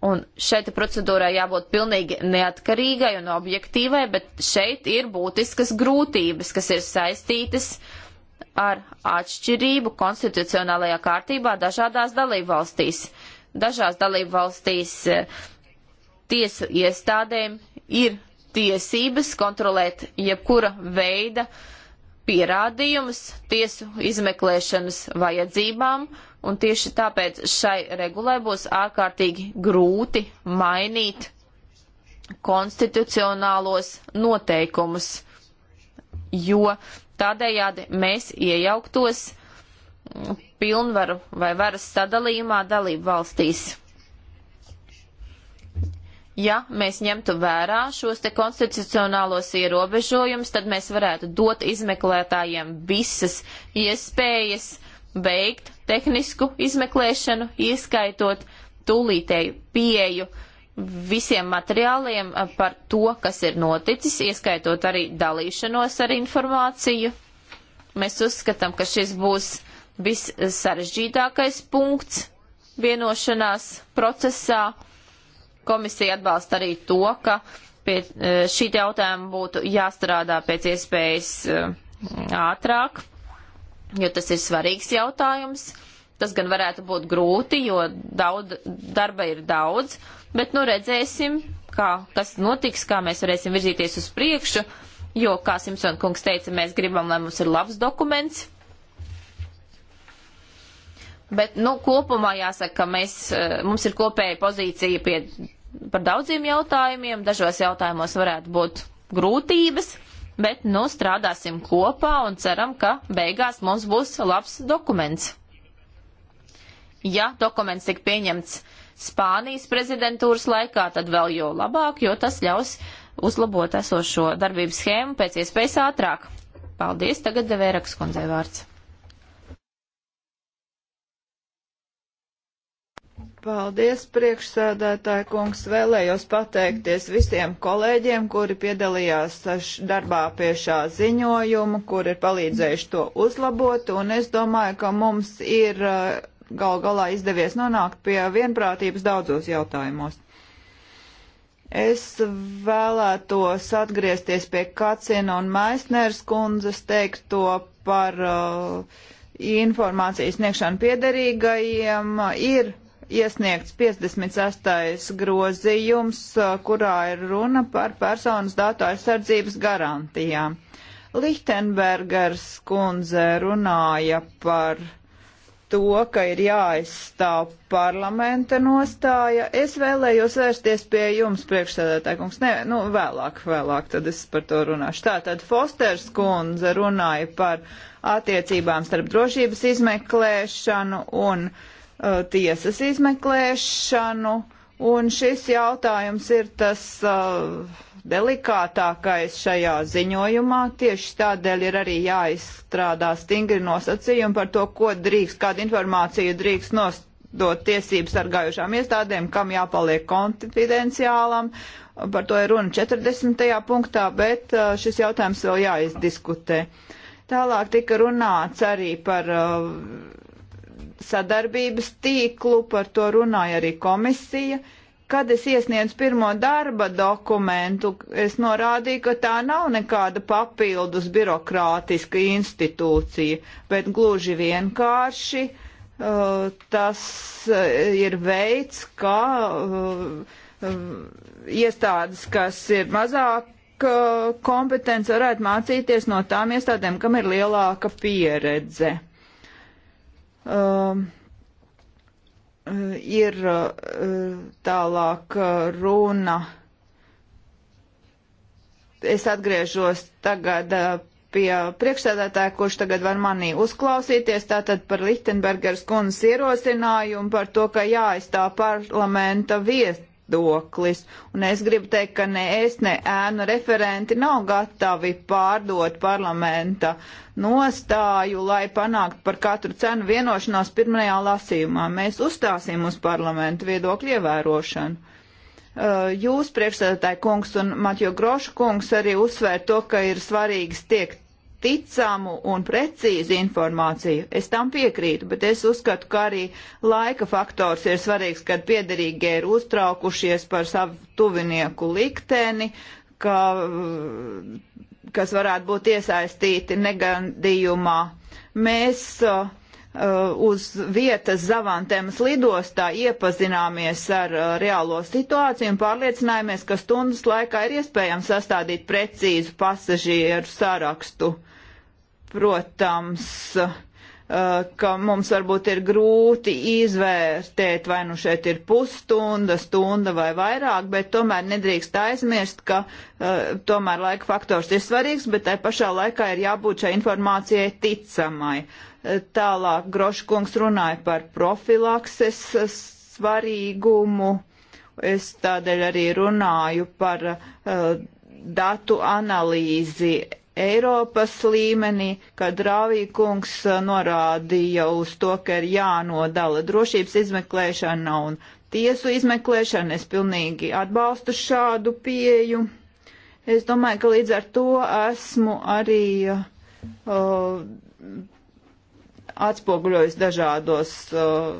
Un šeit procedūrai jābūt pilnīgi neatkarīgai un objektīvai, bet šeit ir būtiskas grūtības, kas ir saistītas ar atšķirību konstitucionālajā kārtībā dažādās dalībvalstīs. Dažās dalībvalstīs eh, tiesu iestādēm ir tiesības kontrolēt jebkura veida uh, pierādījumus tiesu izmeklēšanas vajadzībām, un tieši tāpēc šai regulai būs ārkārtīgi grūti mainīt konstitucionālos noteikumus, jo tādējādi mēs iejauktos pilnvaru vai varas sadalījumā dalību valstīs ja mēs ņemtu vērā šos te konstitucionālos ierobežojumus, tad mēs varētu dot izmeklētājiem visas iespējas veikt tehnisku izmeklēšanu, ieskaitot tūlītēju pieju visiem materiāliem par to, kas ir noticis, ieskaitot arī dalīšanos ar informāciju. Mēs uzskatām, ka šis būs viss sarežģītākais punkts vienošanās procesā Komisija atbalsta arī to, ka pie e, šī jautājuma būtu jāstrādā pēc iespējas e, ātrāk, jo tas ir svarīgs jautājums. Tas gan varētu būt grūti, jo daudz, darba ir daudz, bet nu redzēsim, kā, kas notiks, kā mēs varēsim virzīties uz priekšu, jo, kā Simpson kungs teica, mēs gribam, lai mums ir labs dokuments. Bet, nu, kopumā jāsaka, ka mēs, e, mums ir kopēja pozīcija pie par daudziem jautājumiem, dažos jautājumos varētu būt grūtības, bet nu strādāsim kopā un ceram, ka beigās mums būs labs dokuments. Ja dokuments tik pieņemts Spānijas prezidentūras laikā, tad vēl jo labāk, jo tas ļaus uzlabot esošo darbības schēmu pēc iespējas ātrāk. Paldies, tagad devēraks kundzei vārds. Paldies, priekšsēdētāji kungs. Vēlējos pateikties visiem kolēģiem, kuri piedalījās darbā pie šā ziņojuma, kur ir palīdzējuši to uzlabot, un es domāju, ka mums ir gal galā izdevies nonākt pie vienprātības daudzos jautājumos. Es vēlētos atgriezties pie Kacina un Maisners kundzes teikto par uh, informācijas sniegšanu piederīgajiem. Ir iesniegts 56. grozījums, kurā ir runa par personas datu aizsardzības garantijām. Lichtenbergers kundze runāja par to, ka ir jāaizstāv parlamenta nostāja. Es vēlējos vērsties pie jums, priekšsēdētāji kungs. Nē, nu vēlāk, vēlāk, tad es par to runāšu. Tātad Fosters kundze runāja par attiecībām starp drošības izmeklēšanu un uh, Uh, tiesas izmeklēšanu, un šis jautājums ir tas uh, delikātākais šajā ziņojumā. Tieši tādēļ ir arī jāizstrādā stingri nosacījumi par to, ko drīkst, kādu informāciju drīkst nostot tiesību sargājušām iestādēm, kam jāpaliek konfidenciālam. Par to ir runa 40. punktā, bet uh, šis jautājums vēl jāizdiskutē. Tālāk tika runāts arī par uh, sadarbības tīklu, par to runāja arī komisija. Kad es iesniedzu pirmo darba dokumentu, es norādīju, ka tā nav nekāda papildus birokrātiska institūcija, bet gluži vienkārši uh, tas uh, ir veids, kā uh, uh, iestādes, kas ir mazāk kompetence, varētu mācīties no tām iestādēm, kam ir lielāka pieredze. Um, uh, ir uh, tālāk uh, runa. Es atgriežos tagad pie priekšsēdētāja, kurš tagad var manī uzklausīties, tātad par Lichtenbergers kundas ierosinājumu par to, ka jāaizstāv parlamenta viet, viedoklis. Un es gribu teikt, ka ne es, ne ēnu referenti nav gatavi pārdot parlamenta nostāju, lai panāktu par katru cenu vienošanos pirmajā lasījumā. Mēs uzstāsim uz parlamentu viedokļu ievērošanu. Uh, jūs, priekšsēdētāji kungs un Matjo Groša kungs, arī uzsvēr to, ka ir svarīgi tiekt ticamu un precīzu informāciju. Es tam piekrītu, bet es uzskatu, ka arī laika faktors ir svarīgs, kad piederīgie ir uztraukušies par savu tuvinieku likteni, ka, kas varētu būt iesaistīti negandījumā. Mēs uh, uz vietas Zavantemas lidostā iepazināmies ar uh, reālo situāciju un pārliecinājāmies, ka stundas laikā ir iespējams sastādīt precīzu pasažieru sarakstu. Uh, Protams, eh, ka mums varbūt ir grūti izvērtēt, vai nu šeit ir pusstunda, stunda vai vairāk, bet tomēr nedrīkst aizmirst, ka eh, tomēr laika faktors ir svarīgs, bet tai pašā laikā ir jābūt šai informācijai ticamai. Eh, tālāk Groškungs runāja par profilakses svarīgumu. Es tādēļ arī runāju par uh, datu analīzi Eiropas līmenī, kad Rāvīkungs uh, norādīja uz to, ka ir jānodala drošības izmeklēšana un tiesu izmeklēšana. Es pilnīgi atbalstu šādu pieju. Es domāju, ka līdz ar to esmu arī uh, atspoguļojis dažādos uh,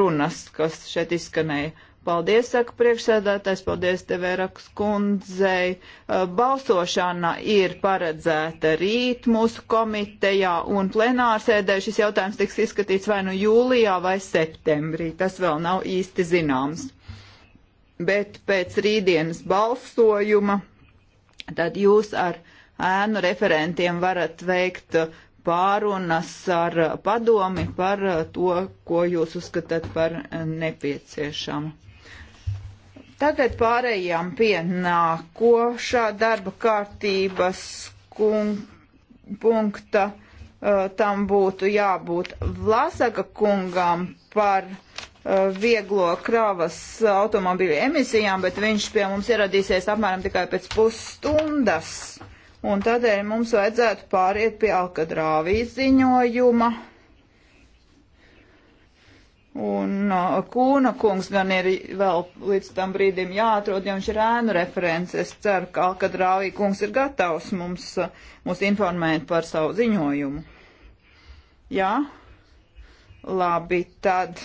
runas, kas šeit izskanēja. Paldies, saka priekšsēdētājs, paldies Teverakas kundzei. Uh, balsošana ir paredzēta rīt mūsu komitejā un plenārsēdē. Šis jautājums tiks izskatīts vai nu jūlijā vai septembrī. Tas vēl nav īsti zināms. Bet pēc rītdienas balsojuma tad jūs ar ēnu referentiem varat veikt pārunas ar padomi par to, ko jūs uzskatāt par nepieciešamu. Tagad pārējām pie nākošā darba kārtības punkta. Tam būtu jābūt Vlasaka kungam par vieglo kravas automobīļu emisijām, bet viņš pie mums ieradīsies apmēram tikai pēc pusstundas. Un tādēļ mums vajadzētu pāriet pie Alkadrāvī ziņojuma. Un uh, Kūna kungs gan ir vēl līdz tam brīdim jāatrod, ja viņš ir ēnu referents. Es ceru, ka Alkad Rāvī kungs ir gatavs mums, uh, mums informēt par savu ziņojumu. Jā? Labi, tad.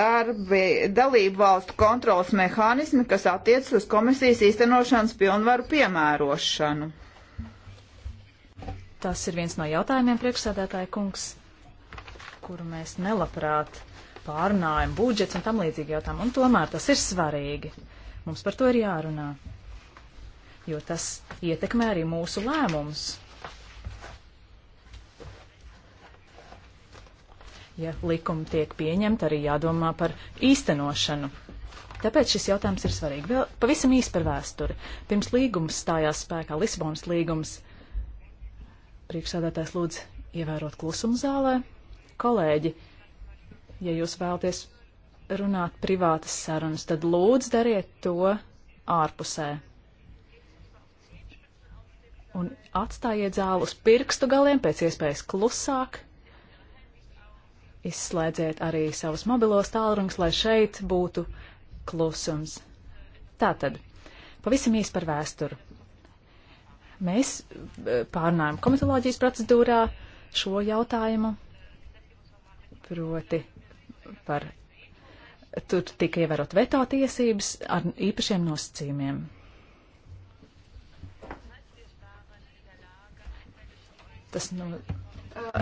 Darbi, dalību valstu kontrols mehānismi, kas attiec uz komisijas īstenošanas pilnvaru piemērošanu. Tas ir viens no jautājumiem, priekšsēdētāja kungs kuru mēs nelabprāt pārnājam, budžets un tam līdzīgi jautājumi, un tomēr tas ir svarīgi. Mums par to ir jārunā, jo tas ietekmē arī mūsu lēmumus. ja likumi tiek pieņemti, arī jādomā par īstenošanu. Tāpēc šis jautājums ir svarīgi. Vēl pavisam īsi par vēsturi. Pirms līgums stājās spēkā Lisabonas līgums, priekšsādātājs lūdz ievērot klusumu zālē. Kolēģi, ja jūs vēlaties runāt privātas sarunas, tad lūdzu dariet to ārpusē. Un atstājiet zāli uz pirkstu galiem pēc iespējas klusāk. Izslēdziet arī savus mobilos tālruņus, lai šeit būtu klusums. Tātad, pavisam īsi par vēsturu. Mēs eh, pārnājam komitoloģijas procedūrā šo jautājumu proti par tur tika ievērot veto tiesības ar īpašiem nosacījumiem. Tas nu,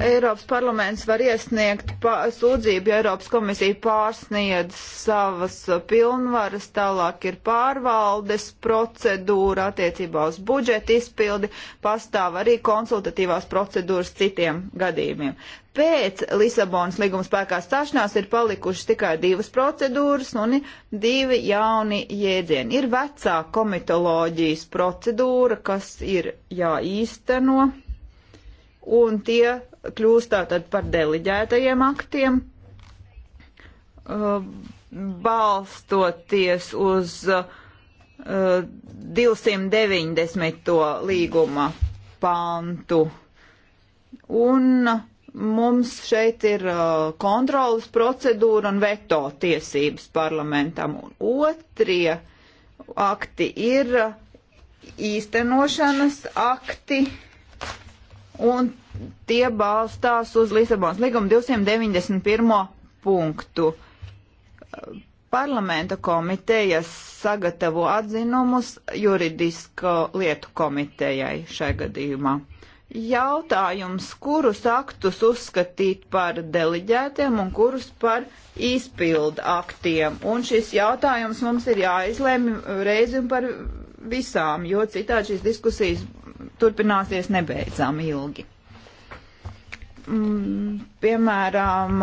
Eiropas parlaments var iesniegt sūdzību, ja Eiropas komisija pārsniedz savas pilnvaras, tālāk ir pārvaldes procedūra attiecībā uz budžeta izpildi, pastāv arī konsultatīvās procedūras citiem gadījumiem pēc Lisabonas līguma spēkā stāšanās ir palikušas tikai divas procedūras un divi jauni jēdzieni. Ir vecā komitoloģijas procedūra, kas ir jāīsteno, un tie kļūst tātad par deliģētajiem aktiem, uh, balstoties uz 290. Uh, līguma pantu. Un uh, Mums šeit ir uh, kontrolas procedūra un veto tiesības parlamentam. Un otrie akti ir uh, īstenošanas akti un tie balstās uz Lisabonas līguma 291. punktu. Parlamenta komitejas sagatavo atzinumus juridisko lietu komitejai šai gadījumā jautājums, kurus aktus uzskatīt par deliģētiem un kurus par izpildu aktiem. Un šis jautājums mums ir jāizlēm reizi un par visām, jo citādi šīs diskusijas turpināsies nebeidzām ilgi. Mm, piemēram,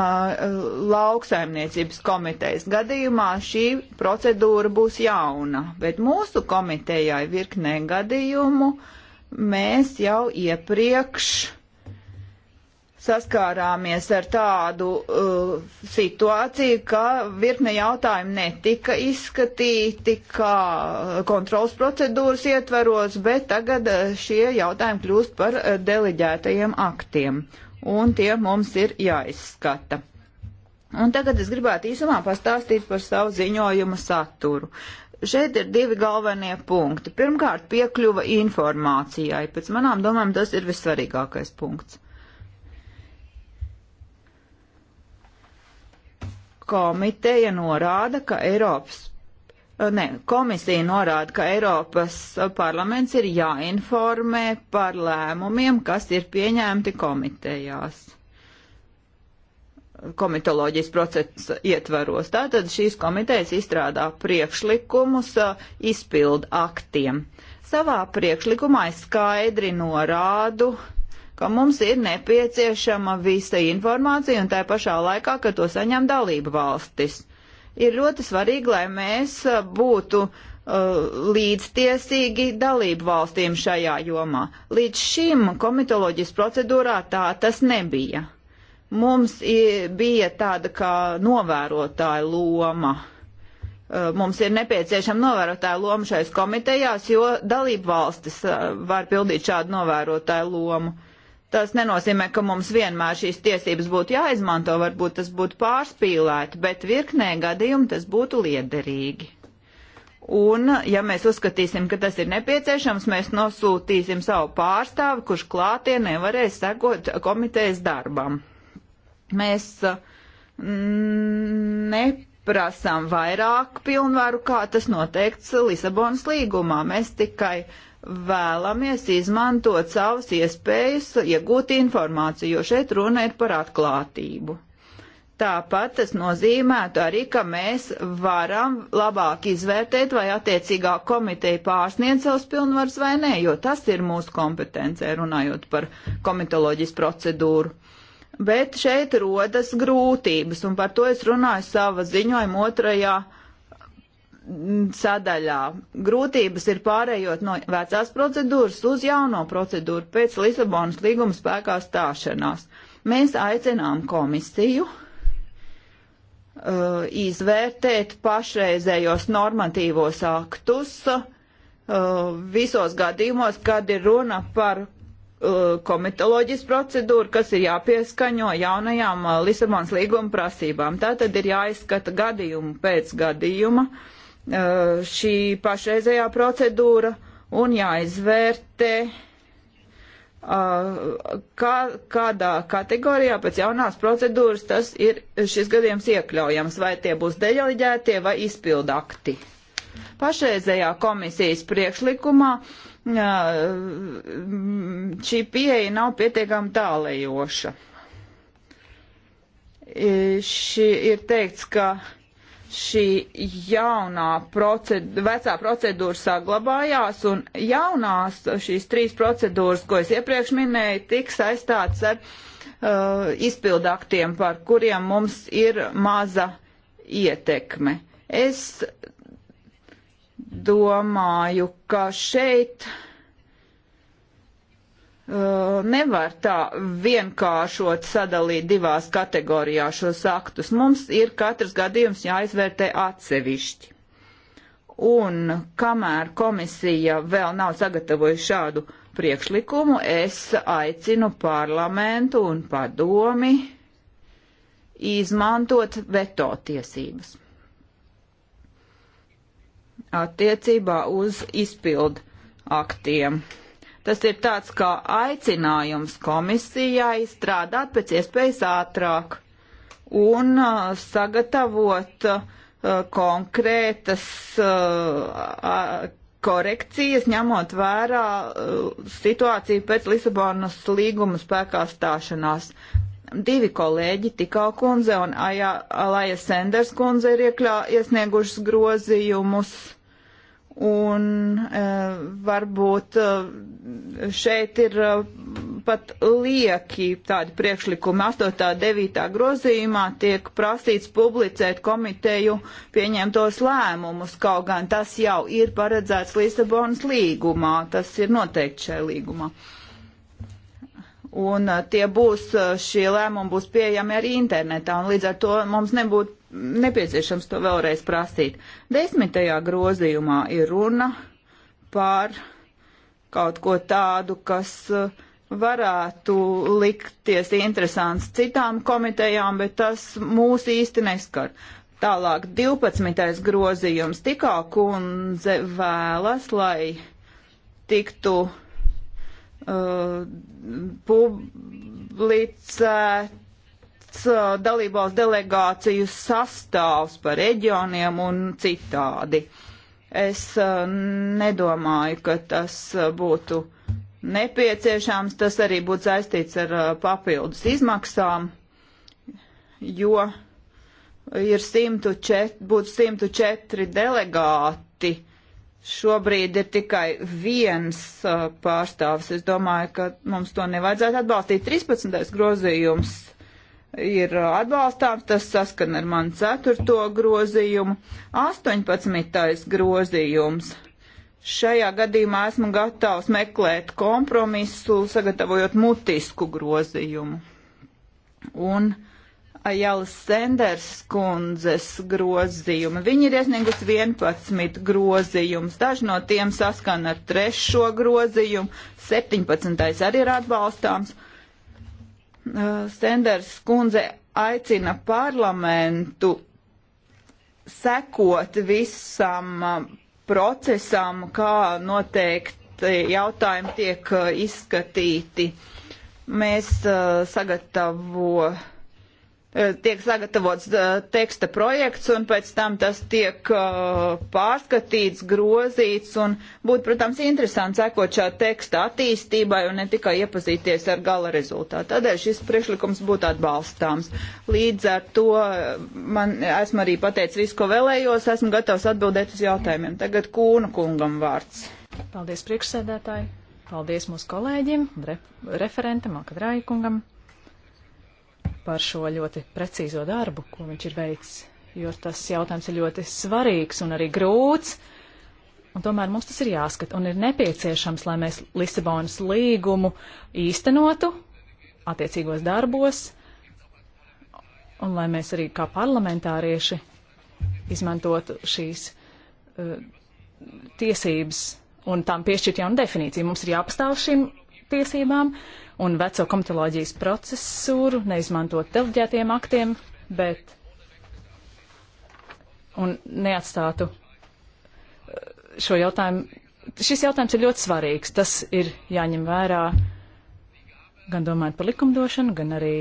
lauksaimniecības komitejas gadījumā šī procedūra būs jauna, bet mūsu komitejai virknē gadījumu uh, mēs jau iepriekš saskārāmies ar tādu uh, situāciju, ka virkne jautājumu netika izskatīti kā kontrols procedūras ietveros, bet tagad uh, šie jautājumi kļūst par uh, deleģētajiem aktiem, un tie mums ir jāizskata. Un tagad es gribētu īsumā pastāstīt par savu ziņojumu saturu. Šeit ir divi galvenie punkti. Pirmkārt, piekļuva informācijai. Pēc manām domām tas ir vissvarīgākais punkts. Komiteja norāda, ka Eiropas, ne, komisija norāda, ka Eiropas parlaments ir jāinformē par lēmumiem, kas ir pieņemti komitejās komitoloģijas procesa ietvaros. Tātad šīs komitejas izstrādā priekšlikumus uh, izpildu aktiem. Savā priekšlikumā es skaidri norādu, ka mums ir nepieciešama visa informācija un tā pašā laikā, ka to saņem dalību valstis. Ir ļoti svarīgi, lai mēs uh, būtu uh, līdztiesīgi dalību valstīm šajā jomā. Līdz šim komitoloģijas procedūrā tā tas nebija. Mums bija tāda kā novērotāja loma. E, mums ir nepieciešama novērotāja loma šais komitejās, jo dalību valstis e, var pildīt šādu novērotāju lomu. Tas nenozīmē, ka mums vienmēr šīs tiesības būtu jāizmanto, varbūt tas būtu pārspīlēti, bet virknē gadījumu tas būtu liederīgi. Un, ja mēs uzskatīsim, ka tas ir nepieciešams, mēs nosūtīsim savu pārstāvi, kurš klātienē varēs sekot komitejas darbam. Mēs uh, neprasām vairāk pilnvaru, kā tas noteikts Lisabonas līgumā. Mēs tikai vēlamies izmantot savas iespējas, iegūt informāciju, jo šeit runa ir par atklātību. Tāpat tas nozīmētu arī, ka mēs varam labāk izvērtēt, vai attiecīgā komiteja pārsniedz savus pilnvars vai nē, jo tas ir mūsu kompetencē, runājot par komitoloģijas procedūru. Bet šeit rodas grūtības, un par to es runāju sava ziņojuma otrajā mm, sadaļā. Grūtības ir pārējot no vecās procedūras uz jauno procedūru pēc Lisabonas līguma spēkā stāšanās. Mēs aicinām komisiju uh, izvērtēt pašreizējos normatīvos aktus uh, visos gadījumos, kad ir runa par Uh, komitoloģijas procedūra, kas ir jāpieskaņo jaunajām uh, Lisabonas līguma prasībām. Tā tad ir jāizskata gadījumu pēc gadījuma uh, šī pašreizējā procedūra un jāizvērtē, kā, kādā kategorijā pēc jaunās procedūras tas ir šis gadījums iekļaujams, vai tie būs deļaļģētie vai izpildakti. Pašreizējā komisijas priekšlikumā uh, šī pieeja nav pietiekami tālējoša. Šī ir teikts, ka šī jaunā procedūra, vecā procedūra saglabājās, un jaunās šīs trīs procedūras, ko es iepriekš minēju, tiks aizstāts ar uh, izpildaktiem, par kuriem mums ir maza ietekme. Es domāju, ka šeit uh, nevar tā vienkāršot sadalīt divās kategorijās šos aktus. Mums ir katrs gadījums jāizvērtē atsevišķi. Un kamēr komisija vēl nav sagatavojusi šādu priekšlikumu, es aicinu parlamentu un padomi izmantot veto tiesības attiecībā uz izpildu aktiem. Tas ir tāds kā aicinājums komisijai strādāt pēc iespējas ātrāk un uh, sagatavot uh, konkrētas uh, korekcijas, ņemot vērā uh, situāciju pēc Lisabonas līguma spēkā stāšanās. Divi kolēģi, Tikā kundze un Alāja Senders kundze, ir iekļā, iesniegušas grozījumus Un e, varbūt e, šeit ir e, pat lieki tādi priekšlikumi. 8. 9. grozījumā tiek prasīts publicēt komiteju pieņemtos lēmumus, kaut gan tas jau ir paredzēts Lisabonas līgumā, tas ir noteikti šajā līgumā. Un e, tie būs, šie lēmumi būs pieejami arī internetā, un līdz ar to mums nebūtu nepieciešams to vēlreiz prasīt. Desmitajā grozījumā ir runa par kaut ko tādu, kas uh, varētu likties interesants citām komitejām, bet tas mūs īsti neskar. Tālāk 12. grozījums tikā kundze vēlas, lai tiktu uh, publicēt pats dalībās delegāciju sastāvs par reģioniem un citādi. Es nedomāju, ka tas būtu nepieciešams. Tas arī būtu saistīts ar papildus izmaksām, jo ir 104, būtu 104 delegāti. Šobrīd ir tikai viens pārstāvs. Es domāju, ka mums to nevajadzētu atbalstīt. 13. grozījums ir atbalstāms, tas saskan ar manu ceturto grozījumu. 18. grozījums. Šajā gadījumā esmu gatavs meklēt kompromisu, sagatavojot mutisku grozījumu. Un Ajālas Senders kundzes grozījumi. Viņi ir iesniegusi 11 grozījumus. Daži no tiem saskan ar trešo grozījumu, 17. arī ir atbalstāms Uh, Stenders kundze aicina parlamentu sekot visam uh, procesam, kā noteikti jautājumi tiek uh, izskatīti. Mēs sagatavojam E, tiek sagatavots e, teksta projekts un pēc tam tas tiek e, pārskatīts, grozīts un būtu, protams, interesanti sekot šā teksta attīstībai un ne tikai iepazīties ar gala rezultātu. Tādēļ šis priekšlikums būtu atbalstāms. Līdz ar to man esmu arī pateicis visu, ko vēlējos, esmu gatavs atbildēt uz jautājumiem. Tagad Kūna kungam vārds. Paldies priekšsēdētāji, paldies mūsu kolēģim, re referentam, Alkadraji kungam par šo ļoti precīzo darbu, ko viņš ir veicis, jo tas jautājums ir ļoti svarīgs un arī grūts. Un tomēr mums tas ir jāskat un ir nepieciešams, lai mēs Lisabonas līgumu īstenotu attiecīgos darbos un lai mēs arī kā parlamentārieši izmantotu šīs uh, tiesības un tām piešķirt jaunu definīciju. Mums ir jāpastāv šīm tiesībām, uh, un veco komitoloģijas procesūru, neizmantot deleģētiem aktiem, bet un neatstātu eh, šo jautājumu. Šis jautājums ir ļoti svarīgs. Tas ir jāņem vērā gan domājot par likumdošanu, gan arī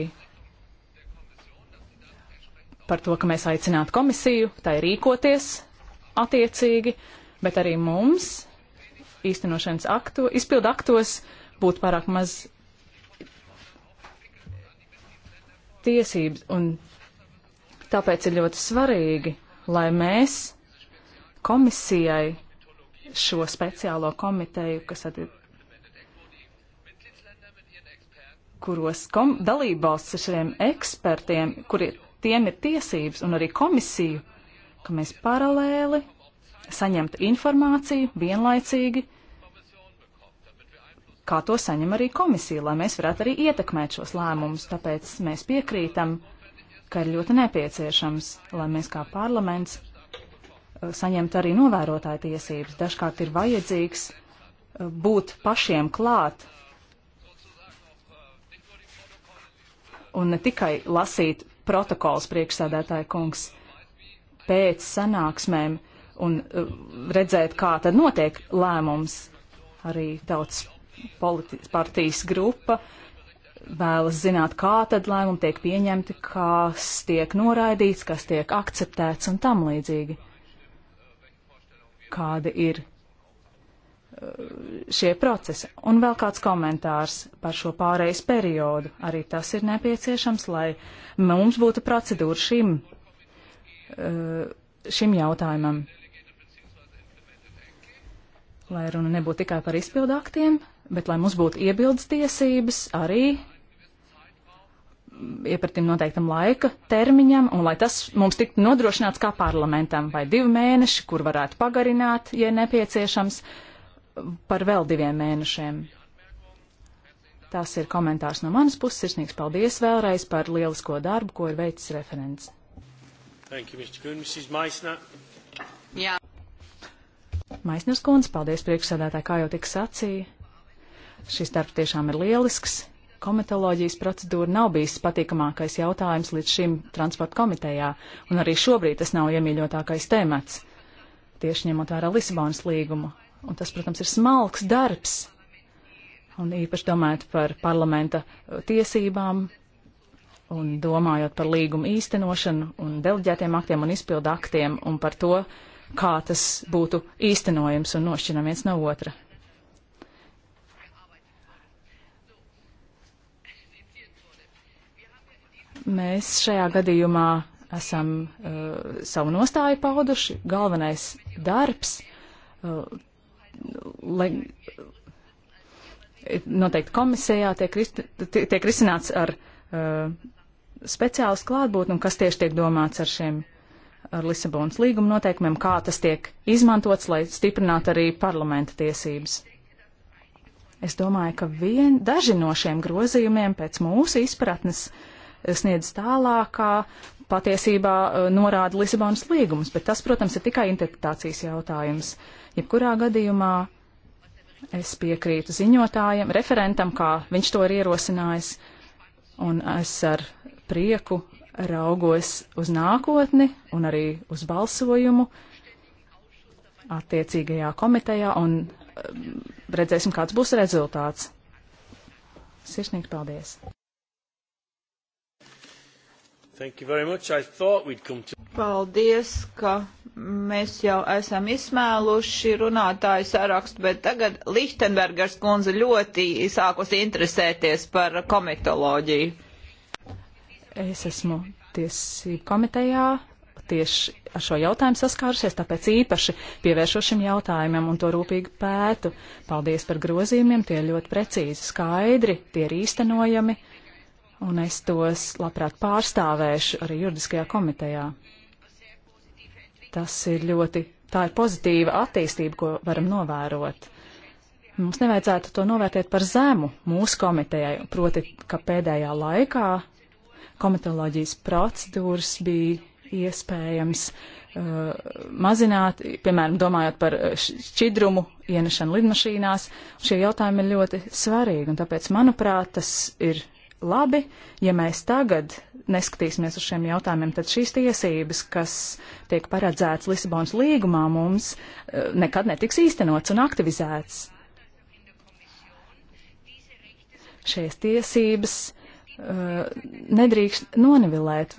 par to, ka mēs aicinātu komisiju, tai rīkoties attiecīgi, bet arī mums īstenošanas akto, izpildu aktos būtu pārāk maz tiesības, un tāpēc ir ļoti svarīgi, lai mēs komisijai šo speciālo komiteju, kas atbild kuros kom, dalībvalsts ar šiem ekspertiem, kuriem ir tiesības un arī komisiju, ka mēs paralēli saņemtu informāciju vienlaicīgi kā to saņem arī komisija, lai mēs varētu arī ietekmēt šos lēmumus. Tāpēc mēs piekrītam, ka ir ļoti nepieciešams, lai mēs kā parlaments uh, saņemtu arī novērotāju tiesības. Dažkārt ir vajadzīgs uh, būt pašiem klāt un ne tikai lasīt protokols priekšsēdētāja kungs pēc sanāksmēm un uh, redzēt, kā tad notiek lēmums arī tautas partijas grupa vēlas zināt, kā tad lēmumi tiek pieņemti, kas tiek noraidīts, kas tiek akceptēts un tam līdzīgi. Kādi ir uh, šie procesi? Un vēl kāds komentārs par šo pārejas periodu. Arī tas ir nepieciešams, lai mums būtu procedūra šim, uh, šim jautājumam lai runa nebūtu tikai par izpildu aktiem, bet lai mums būtu iebildes tiesības arī iepratim noteiktam laika termiņam, un lai tas mums tiktu nodrošināts kā parlamentam, vai divi mēneši, kur varētu pagarināt, ja nepieciešams, par vēl diviem mēnešiem. Tas ir komentārs no manas puses. Sirsnīgs paldies vēlreiz par lielisko darbu, ko ir veicis referents. Thank you, Mr. Kuhn. Mrs. Meissner. Jā. Maisners kundze, paldies priekšsēdētāji, kā jau tik sacīja. Šis darbs tiešām ir lielisks. Komitoloģijas procedūra nav bijis patīkamākais jautājums līdz šim transporta komitejā, un arī šobrīd tas nav iemīļotākais temats, tieši ņemot vērā Lisabonas līgumu. Un tas, protams, ir smalks darbs, un īpaši domājot par parlamenta uh, tiesībām, un domājot par līgumu īstenošanu un deleģētiem aktiem un izpildu aktiem un par to, uh, kā tas būtu īstenojams un nošķiram viens no otra. Mēs šajā gadījumā esam uh, savu nostāju pauduši. Galvenais darbs, uh, lai, eh, noteikti komisijā tiek, tiek risināts ar uh, speciālistu klātbūtni un kas tieši tiek domāts ar šiem ar Lisabonas līguma noteikumiem, kā tas tiek izmantots, lai stiprinātu arī parlamenta tiesības. Es domāju, ka vien daži no šiem grozījumiem pēc mūsu izpratnes sniedz tālākā patiesībā uh, norāda Lisabonas līgums, bet tas, protams, ir tikai interpretācijas jautājums. Jebkurā gadījumā es piekrītu ziņotājiem, referentam, kā viņš to ir ierosinājis, un es ar prieku raugos uz nākotni un arī uz balsojumu attiecīgajā komitejā un um, redzēsim, kāds būs rezultāts. Sirsnīgi paldies! To... Paldies, ka mēs jau esam izsmēluši runātāju sarakstu, bet tagad Lichtenbergers kundze ļoti sākus interesēties par komitoloģiju. Es esmu tiesību komitejā tieši ar šo jautājumu saskārusies, tāpēc īpaši pievēršu šim jautājumam un to rūpīgi pētu. Paldies par grozījumiem, tie ir ļoti precīzi, skaidri, tie ir īstenojami, un es tos labprāt pārstāvēšu arī juridiskajā komitejā. Tas ir ļoti, tā ir pozitīva attīstība, ko varam novērot. Mums nevajadzētu to novērtēt par zemu mūsu komitejai, proti, ka pēdējā laikā komitoloģijas procedūras bija iespējams uh, mazināt, piemēram, domājot par uh, šķidrumu ienešanu lidmašīnās. Šie jautājumi ir ļoti svarīgi, un tāpēc, manuprāt, tas ir labi, ja mēs tagad neskatīsimies uz šiem jautājumiem, tad šīs tiesības, kas tiek paredzētas Lisabonas līgumā, mums uh, nekad netiks īstenots un aktivizēts. Šīs tiesības Uh, nedrīkst nonivilēt.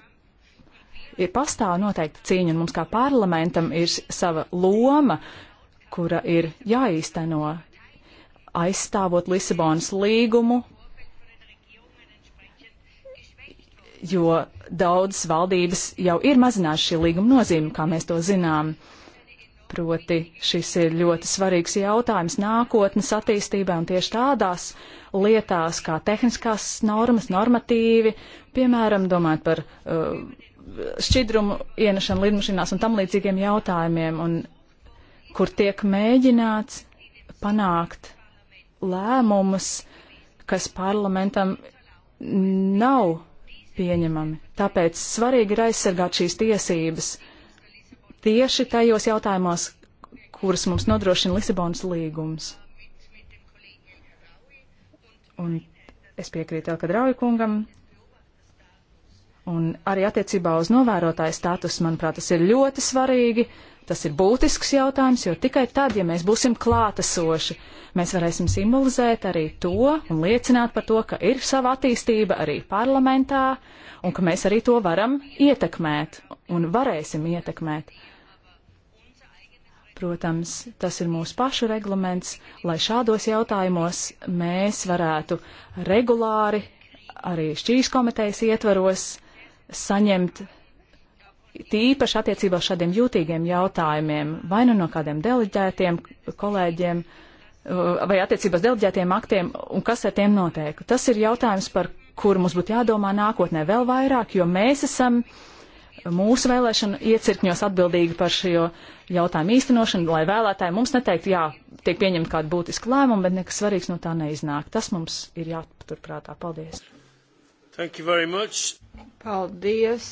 Ir pastāv noteikti cīņa, un mums kā parlamentam ir sava loma, kura ir jāīsteno aizstāvot Lisabonas līgumu, jo daudzas valdības jau ir mazinājušas šī līguma nozīmi, kā mēs to zinām. Proti šis ir ļoti svarīgs jautājums nākotnes attīstībai un tieši tādās uh, lietās kā tehniskās normas, normatīvi, piemēram, domājot par uh, šķidrumu ienešanu lidmašīnās un tam līdzīgiem jautājumiem, un kur tiek mēģināts panākt lēmumus, kas parlamentam nav pieņemami. Tāpēc svarīgi ir aizsargāt šīs tiesības tieši tajos jautājumos, kuras mums nodrošina Lisabonas līgums. Un es piekrītu Elkadrauju kungam. Un arī attiecībā uz novērotāju status, manuprāt, tas ir ļoti svarīgi. Tas ir būtisks jautājums, jo tikai tad, ja mēs būsim klātesoši, mēs varēsim simbolizēt arī to un liecināt par to, ka ir sava attīstība arī parlamentā un ka mēs arī to varam ietekmēt un varēsim ietekmēt. Protams, tas ir mūsu pašu reglaments, lai šādos jautājumos mēs varētu regulāri arī šķīs komitejas ietvaros saņemt tīpaši attiecībā uz šādiem jūtīgiem jautājumiem, vai nu no kādiem deleģētiem kolēģiem, vai attiecībā uz deleģētiem aktiem, un kas ar tiem notiek. Tas ir jautājums, par kuru mums būtu jādomā nākotnē vēl vairāk, jo mēs esam uh, mūsu vēlēšanu iecirkņos atbildīgi par šo jautājumu īstenošanu, lai vēlētāji mums neteiktu, jā, tiek pieņemta kāda būtiska lēmuma, bet nekas svarīgs no tā neiznāk. Tas mums ir jāpaturprātā. Paldies! Thank you very much! Paldies!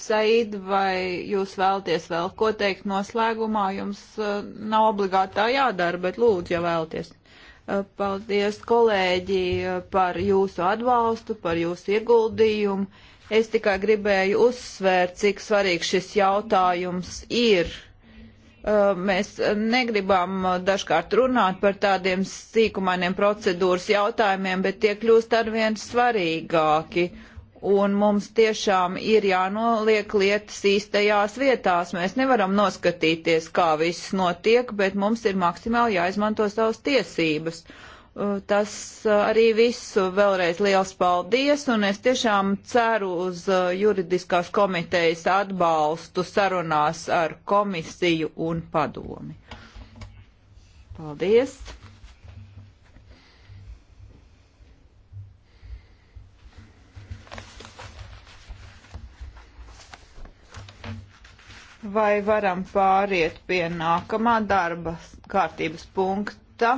Said, vai jūs vēlaties vēl ko teikt noslēgumā? Jums uh, nav obligāti tā jādara, bet lūdzu, ja vēlaties. Uh, paldies, kolēģi, uh, par jūsu atbalstu, par jūsu ieguldījumu. Es tikai gribēju uzsvērt, cik svarīgs šis jautājums ir. Uh, mēs negribam uh, dažkārt runāt par tādiem sīkumainiem procedūras jautājumiem, bet tie kļūst arvien svarīgāki. Un mums tiešām ir jānoliek lietas īstajās vietās. Mēs nevaram noskatīties, kā viss notiek, bet mums ir maksimāli jāizmanto savas tiesības. Uh, Eh, tas eh, arī visu vēlreiz liels paldies, un es tiešām ceru uz eh, juridiskās komitejas atbalstu sarunās ar komisiju un padomi. Paldies! Vai varam pāriet pie nākamā darba kārtības punkta?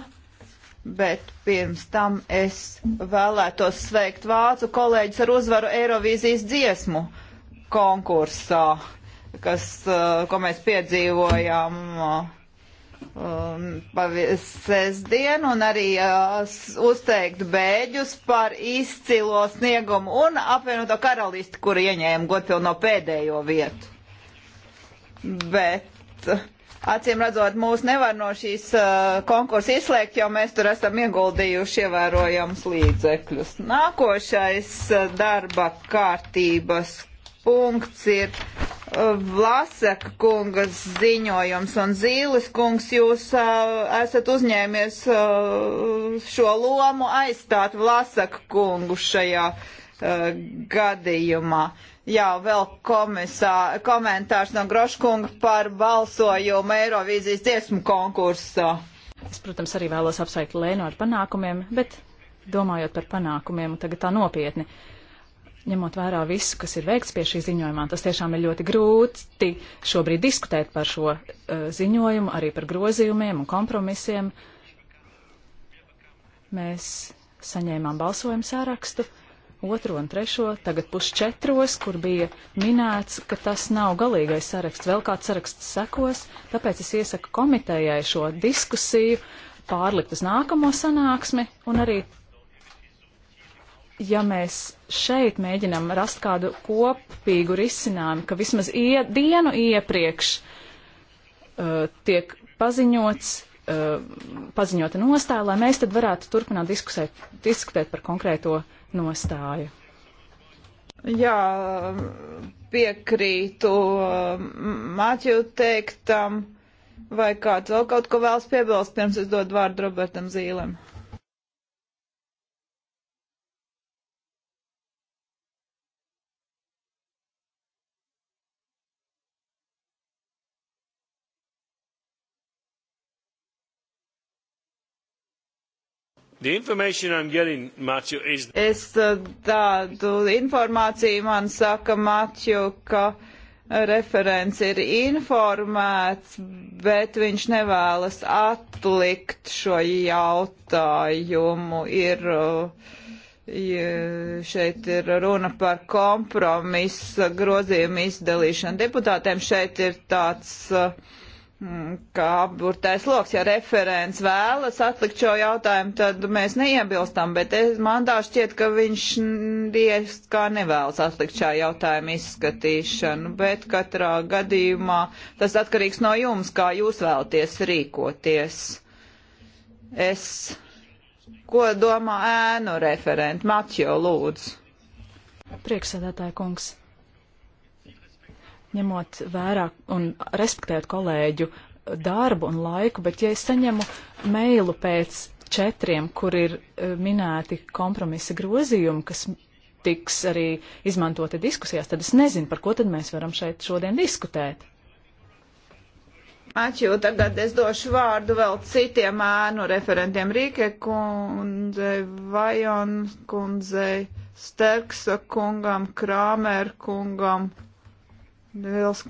bet pirms tam es vēlētos sveikt vācu kolēģis ar uzvaru Eirovīzijas dziesmu konkursā, kas, eh, ko mēs piedzīvojām eh, sestdien un arī eh, uzteikt bēģus par izcilo sniegumu un apvienoto karalisti, kur ieņēma godpilno pēdējo vietu. Bet Acīm redzot, mūs nevar no šīs uh, konkursa izslēgt, jo mēs tur esam ieguldījuši ievērojams līdzekļus. Nākošais uh, darba kārtības punkts ir uh, Vlasek kungas ziņojums un Zīles kungs, jūs uh, esat uzņēmies uh, šo lomu aizstāt Vlasek kungu šajā ziņojumā Eh, gadījumā. Jā, vēl komisā, komentārs no Groškunga par balsojumu Eirovīzijas dziesmu konkursā. Es, protams, arī vēlos apsveikt Lēnu ar panākumiem, bet domājot par panākumiem, tagad tā nopietni, ņemot vērā visu, kas ir veikts pie šī ziņojumā, tas tiešām ir ļoti grūti šobrīd diskutēt par šo uh, ziņojumu, arī par grozījumiem un kompromisiem. Mēs saņēmām balsojumu sārakstu. Uh, otro un trešo, tagad pusčetros, kur bija minēts, ka tas nav galīgais saraksts, vēl kāds saraksts sekos, tāpēc es iesaku komitejai šo diskusiju pārlikt uz nākamo sanāksmi un arī, ja mēs šeit mēģinam rast kādu kopīgu risinājumu, ka vismaz ie, dienu iepriekš uh, tiek paziņots, uh, paziņota nostāja, lai mēs tad varētu turpināt diskusēt, diskutēt par konkrēto nostāju. Jā, piekrītu Maķu teiktam, vai kāds vēl kaut ko vēlas piebilst, pirms es dodu vārdu Robertam Zīlem. Getting, Matthew, is... Es uh, tādu informāciju man saka, Matju, ka referents ir informēts, bet viņš nevēlas atlikt šo jautājumu. Ir, uh, šeit ir runa par kompromisa grozījumu izdalīšanu deputātiem. Šeit ir tāds uh, Mm, kā burtais loks. Ja referents vēlas atlikt šo jautājumu, tad mēs neiebilstam, bet es, man tā šķiet, ka viņš diez kā nevēlas atlikt šā jautājuma izskatīšanu, bet katrā gadījumā tas atkarīgs no jums, kā jūs vēlaties rīkoties. Es, ko domā ēnu referenti, Mačjo lūdzu. Prieksēdētāja kungs ņemot vērā un respektēt kolēģu darbu un laiku, bet ja es saņemu meilu pēc četriem, kur ir e, minēti kompromisa grozījumi, kas tiks arī izmantoti diskusijās, tad es nezinu, par ko tad mēs varam šeit šodien diskutēt. Aču, tagad es došu vārdu vēl citiem ēnu referentiem Rīke kundzei, Vajon kundzei, Sterksa kungam, Krāmer kungam. Vils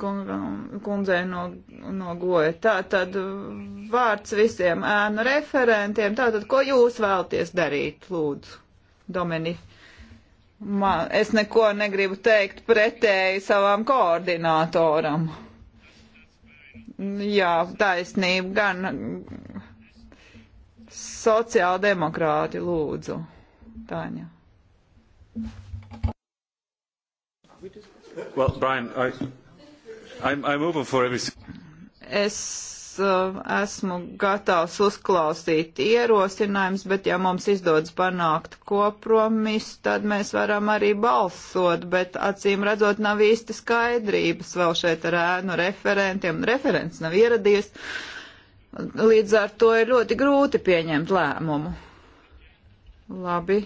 kundzei no, no goja. Tā tad vārds visiem ēnu referentiem. Tā tad, ko jūs vēlties darīt, lūdzu, Domini? Man, es neko negribu teikt pretēji savam koordinātoram. Jā, taisnība gan sociāldemokrāti lūdzu. Tāņa. We just Well, Brian, I, I'm, I'm open for everything. Es uh, esmu gatavs uzklausīt ierosinājums, bet ja mums izdodas panākt kompromis, tad mēs varam arī balsot, bet acīm redzot nav īsti skaidrības vēl šeit ar ēnu referentiem, un referents nav ieradies. Līdz ar to ir ļoti grūti pieņemt lēmumu. Labi.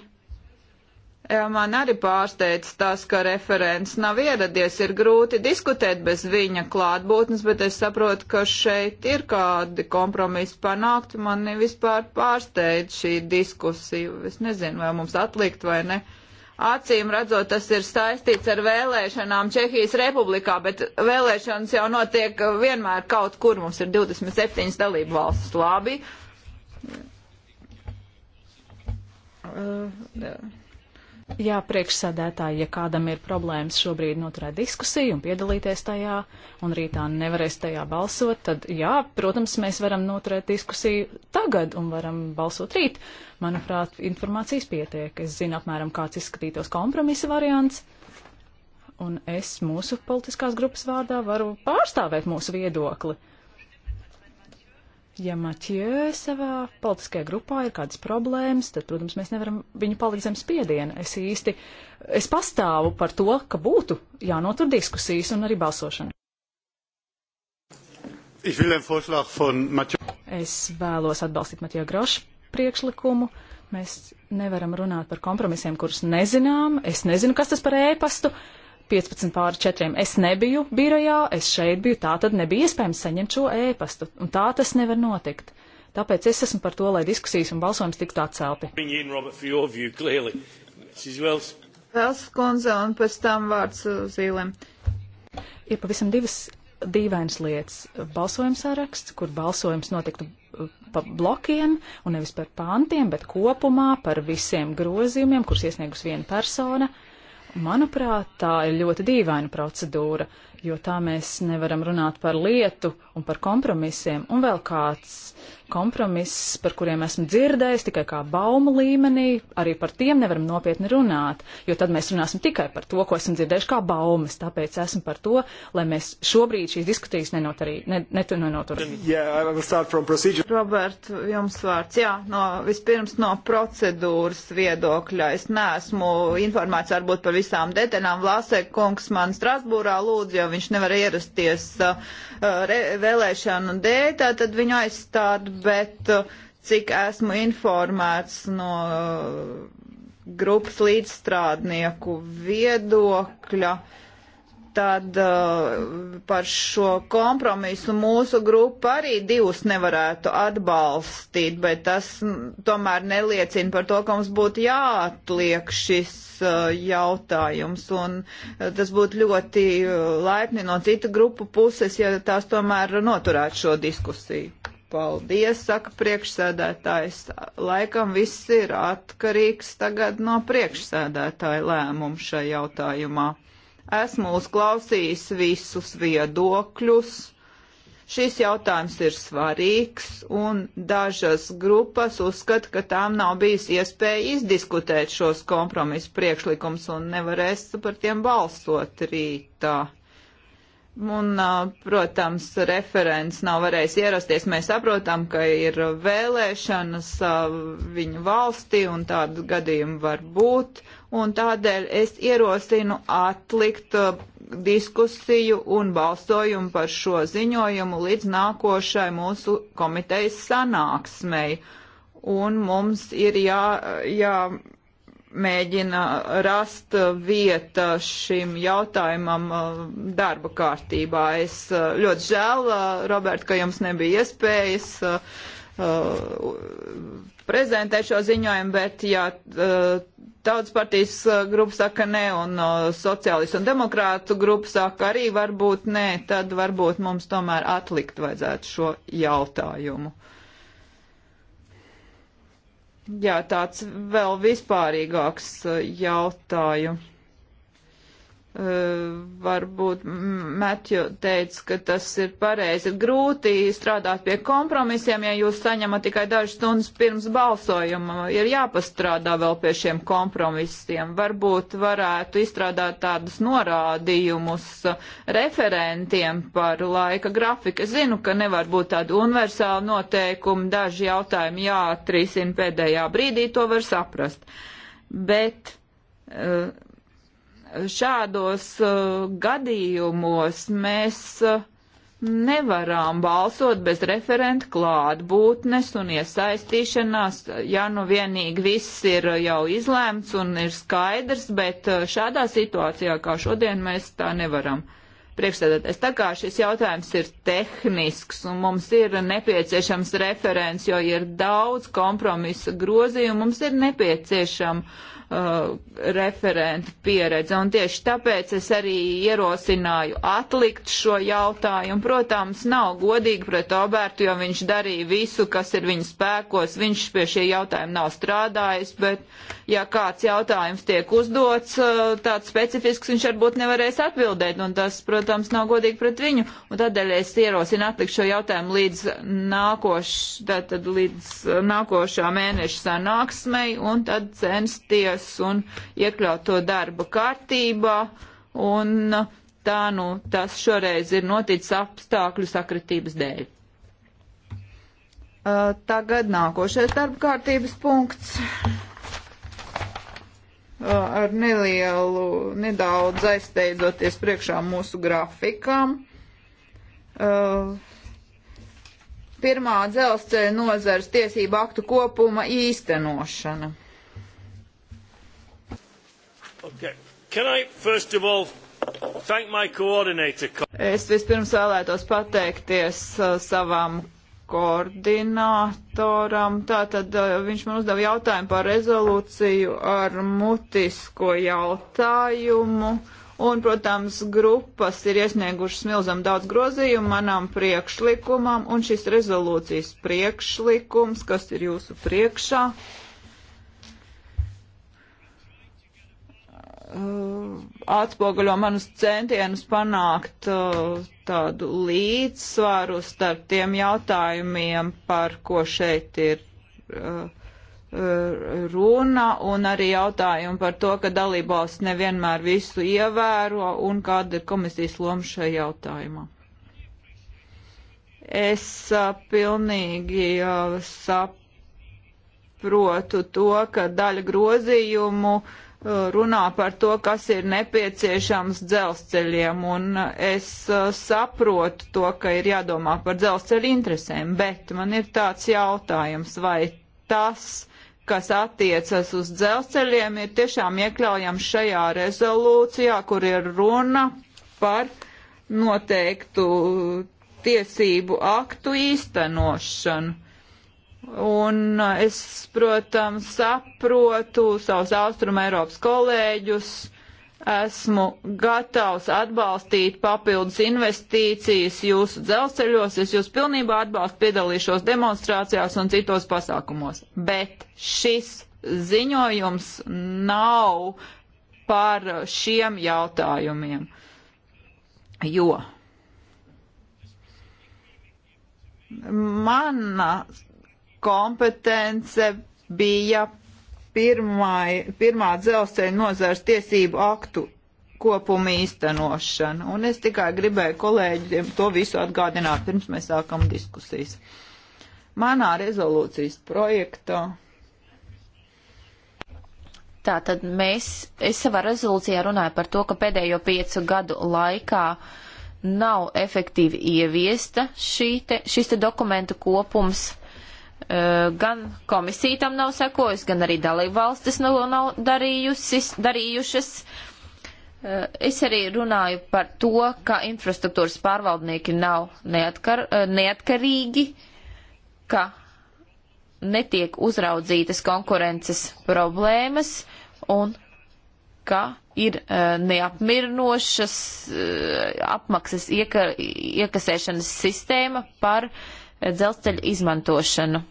Man arī pārsteidz tas, ka referents nav ieradies, ir grūti diskutēt bez viņa klātbūtnes, bet es saprotu, ka šeit ir kādi kompromisi panākti. Man vispār pārsteidz šī diskusija. Es nezinu, vai mums atlikt vai ne. Acīm redzot, tas ir saistīts ar vēlēšanām Čehijas republikā, bet vēlēšanas jau notiek vienmēr kaut kur. Mums ir 27 dalību valsts labi. Uh, yeah. Jā, priekšsēdētāji, ja kādam ir problēmas šobrīd noturēt diskusiju un piedalīties tajā, un rītā nevarēs tajā balsot, tad jā, protams, mēs varam noturēt diskusiju tagad un varam balsot rīt. Manuprāt, informācijas pietiek. Es zinu apmēram, kāds izskatītos kompromisa variants, un es mūsu politiskās grupas vārdā varu pārstāvēt mūsu viedokli. Ja Maķie savā politiskajā grupā ir kādas problēmas, tad, protams, mēs nevaram viņu palikt zem spiediena. Es īsti, es pastāvu par to, ka būtu jānotur diskusijas un arī balsošana. Es vēlos atbalstīt Maķie Grošu priekšlikumu. Mēs nevaram runāt par kompromisiem, kurus nezinām. Es nezinu, kas tas par ēpastu. E 15 pāri 4. Es nebiju birojā, es šeit biju, tā tad nebija iespējams saņemt šo ēpastu, un tā tas nevar notikt. Tāpēc es esmu par to, lai diskusijas un balsojums tiktu atcelti. Vēls kundze un pēc tam vārds uh, zīlēm. Ir pavisam divas dīvainas lietas. Balsojums saraksts, kur balsojums notiktu uh, pa blokiem un nevis par pāntiem, bet kopumā par visiem grozījumiem, kurus iesniegus viena persona. Uh, Manuprāt, tā ir ļoti dīvaina procedūra, jo tā mēs nevaram runāt par lietu un par kompromisiem. Un vēl kāds kompromiss, par kuriem esmu dzirdējis tikai kā baumu līmenī, arī par tiem nevaram nopietni runāt, jo tad mēs runāsim tikai par to, ko esam dzirdējuši kā baumas. Tāpēc esmu par to, lai mēs šobrīd šīs diskusijas nenoturētu. Yeah, Robert, jums vārds. Jā, no, vispirms no procedūras viedokļa. Es neesmu informēts varbūt par visām detaļām. Lāsek kungs man Strasbūrā lūdzu jau jo viņš nevar ierasties uh, uh, re, vēlēšanu dēļ, tad viņu aizstāt, bet uh, cik esmu informēts no grupas līdzstrādnieku viedokļa, uh, tad uh, par šo kompromisu mūsu grupa arī divus nevarētu atbalstīt, bet tas tomēr neliecina par to, ka mums būtu jāatliek šis uh, jautājums. Un uh, tas būtu ļoti laipni no citu grupu puses, ja tās tomēr noturētu šo diskusiju. Paldies, saka priekšsēdētājs. Laikam viss ir atkarīgs tagad no priekšsēdētāja lēmumu šajā jautājumā. Esmu uzklausījis visus viedokļus. Šis jautājums ir svarīgs, un dažas grupas uzskata, ka tām nav bijis iespēja izdiskutēt šos kompromisu priekšlikums un nevarēs par tiem balsot rītā. Un, protams, referents nav varējis ierasties. Mēs saprotam, ka ir vēlēšanas viņu valstī un tādu gadījumu var būt un tādēļ es ierosinu atlikt uh, diskusiju un balsojumu par šo ziņojumu līdz nākošai mūsu komitejas sanāksmei. Un mums ir jā, jā mēģina rast vieta šim jautājumam uh, darba kārtībā. Es uh, ļoti žēl, Robert, ka jums nebija iespējas uh, prezentēt šo ziņojumu, bet ja uh, tautas partijas uh, grupa saka nē un uh, sociālistu un demokrātu grupa saka arī varbūt nē, tad varbūt mums tomēr atlikt vajadzētu šo jautājumu. Jā, tāds vēl vispārīgāks jautājums. Eh, varbūt Matju teica, ka tas ir pareizi. Ir grūti strādāt pie kompromisiem, ja jūs saņemat tikai dažas stundas pirms balsojuma. Ir jāpastrādā vēl pie šiem kompromisiem. Varbūt varētu izstrādāt tādus norādījumus referentiem par laika grafiku. Es zinu, ka nevar būt tāda universāla noteikuma. Daži jautājumi jāatrisina pēdējā brīdī, to var saprast. Bet. Uh, šādos uh, gadījumos mēs uh, nevaram balsot bez referenta klātbūtnes un iesaistīšanās, ja nu vienīgi viss ir uh, jau izlēmts un ir skaidrs, bet šādā situācijā kā šodien mēs tā nevaram. Priekšsēdētājs, tā kā šis jautājums ir tehnisks un mums ir nepieciešams referents, jo ir daudz kompromisa grozījumu, mums ir nepieciešama uh, referentu pieredze. Un tieši tāpēc es arī ierosināju atlikt šo jautājumu. Protams, nav godīgi pret Obertu, jo viņš darīja visu, kas ir viņa spēkos. Viņš pie šie jautājumi nav strādājis, bet ja kāds jautājums tiek uzdots, uh, tāds specifisks viņš varbūt nevarēs atbildēt. Un tas, protams, nav godīgi pret viņu. Un tādēļ es ierosinu atlikt šo jautājumu līdz nākoš, tātad līdz nākošā mēneša sanāksmei un tad censties progress un iekļaut to darba kārtībā. Un tā nu tas šoreiz ir noticis apstākļu sakritības dēļ. Uh, tagad nākošais darba kārtības punkts uh, ar nelielu, nedaudz aizsteidzoties priekšā mūsu grafikam. Uh, pirmā dzelzceļa nozars tiesību aktu kopuma īstenošana. Can I first of all thank my coordinator? Es vispirms vēlētos pateikties uh, savam koordinatoram. Tātad uh, viņš man uzdeva jautājumu par rezolūciju ar mutisko jautājumu. Un, protams, grupas ir iesniegušas milzam daudz grozījumu manam priekšlikumam, un šis rezolūcijas priekšlikums, kas ir jūsu priekšā, uh, Uh, atspoguļo manus centienus panākt uh, tādu līdzsvaru starp tiem jautājumiem, par ko šeit ir uh, uh, runa, un arī jautājumu par to, ka dalībvalsts nevienmēr visu ievēro un kāda ir komisijas loma šajā jautājumā. Es uh, pilnīgi uh, saprotu to, ka daļa grozījumu uh, runā par to, kas ir nepieciešams dzelzceļiem, un es uh, saprotu to, ka ir jādomā par dzelzceļa interesēm, bet man ir tāds jautājums, vai tas, kas attiecas uz dzelzceļiem, ir tiešām iekļaujams šajā rezolūcijā, kur ir runa par noteiktu tiesību aktu īstenošanu Un uh, es, protams, saprotu savus austrumu Eiropas kolēģus, esmu gatavs atbalstīt papildus investīcijas jūsu dzelzceļos, es jūs pilnībā atbalstu, piedalīšos demonstrācijās un citos pasākumos. Bet šis ziņojums nav par šiem jautājumiem, jo mana kompetence bija pirmai, pirmā dzelzceļa nozars tiesību aktu kopumu īstenošana. Un es tikai gribēju kolēģiem to visu atgādināt, pirms mēs sākam diskusijas. Manā rezolūcijas projektā. Tātad mēs, es savā rezolūcijā runāju par to, ka pēdējo piecu gadu laikā nav efektīvi ieviesta šī te, šis te dokumentu kopums Eh, gan komisija tam nav sekojusi, gan arī dalībvalstis nav, nav darījušas. Eh, es arī runāju par to, ka infrastruktūras pārvaldnieki nav neatkar, eh, neatkarīgi, ka netiek uzraudzītas konkurences problēmas un ka ir neapmirnošas apmaksas ieka, iekasēšanas sistēma par dzelzceļa izmantošanu.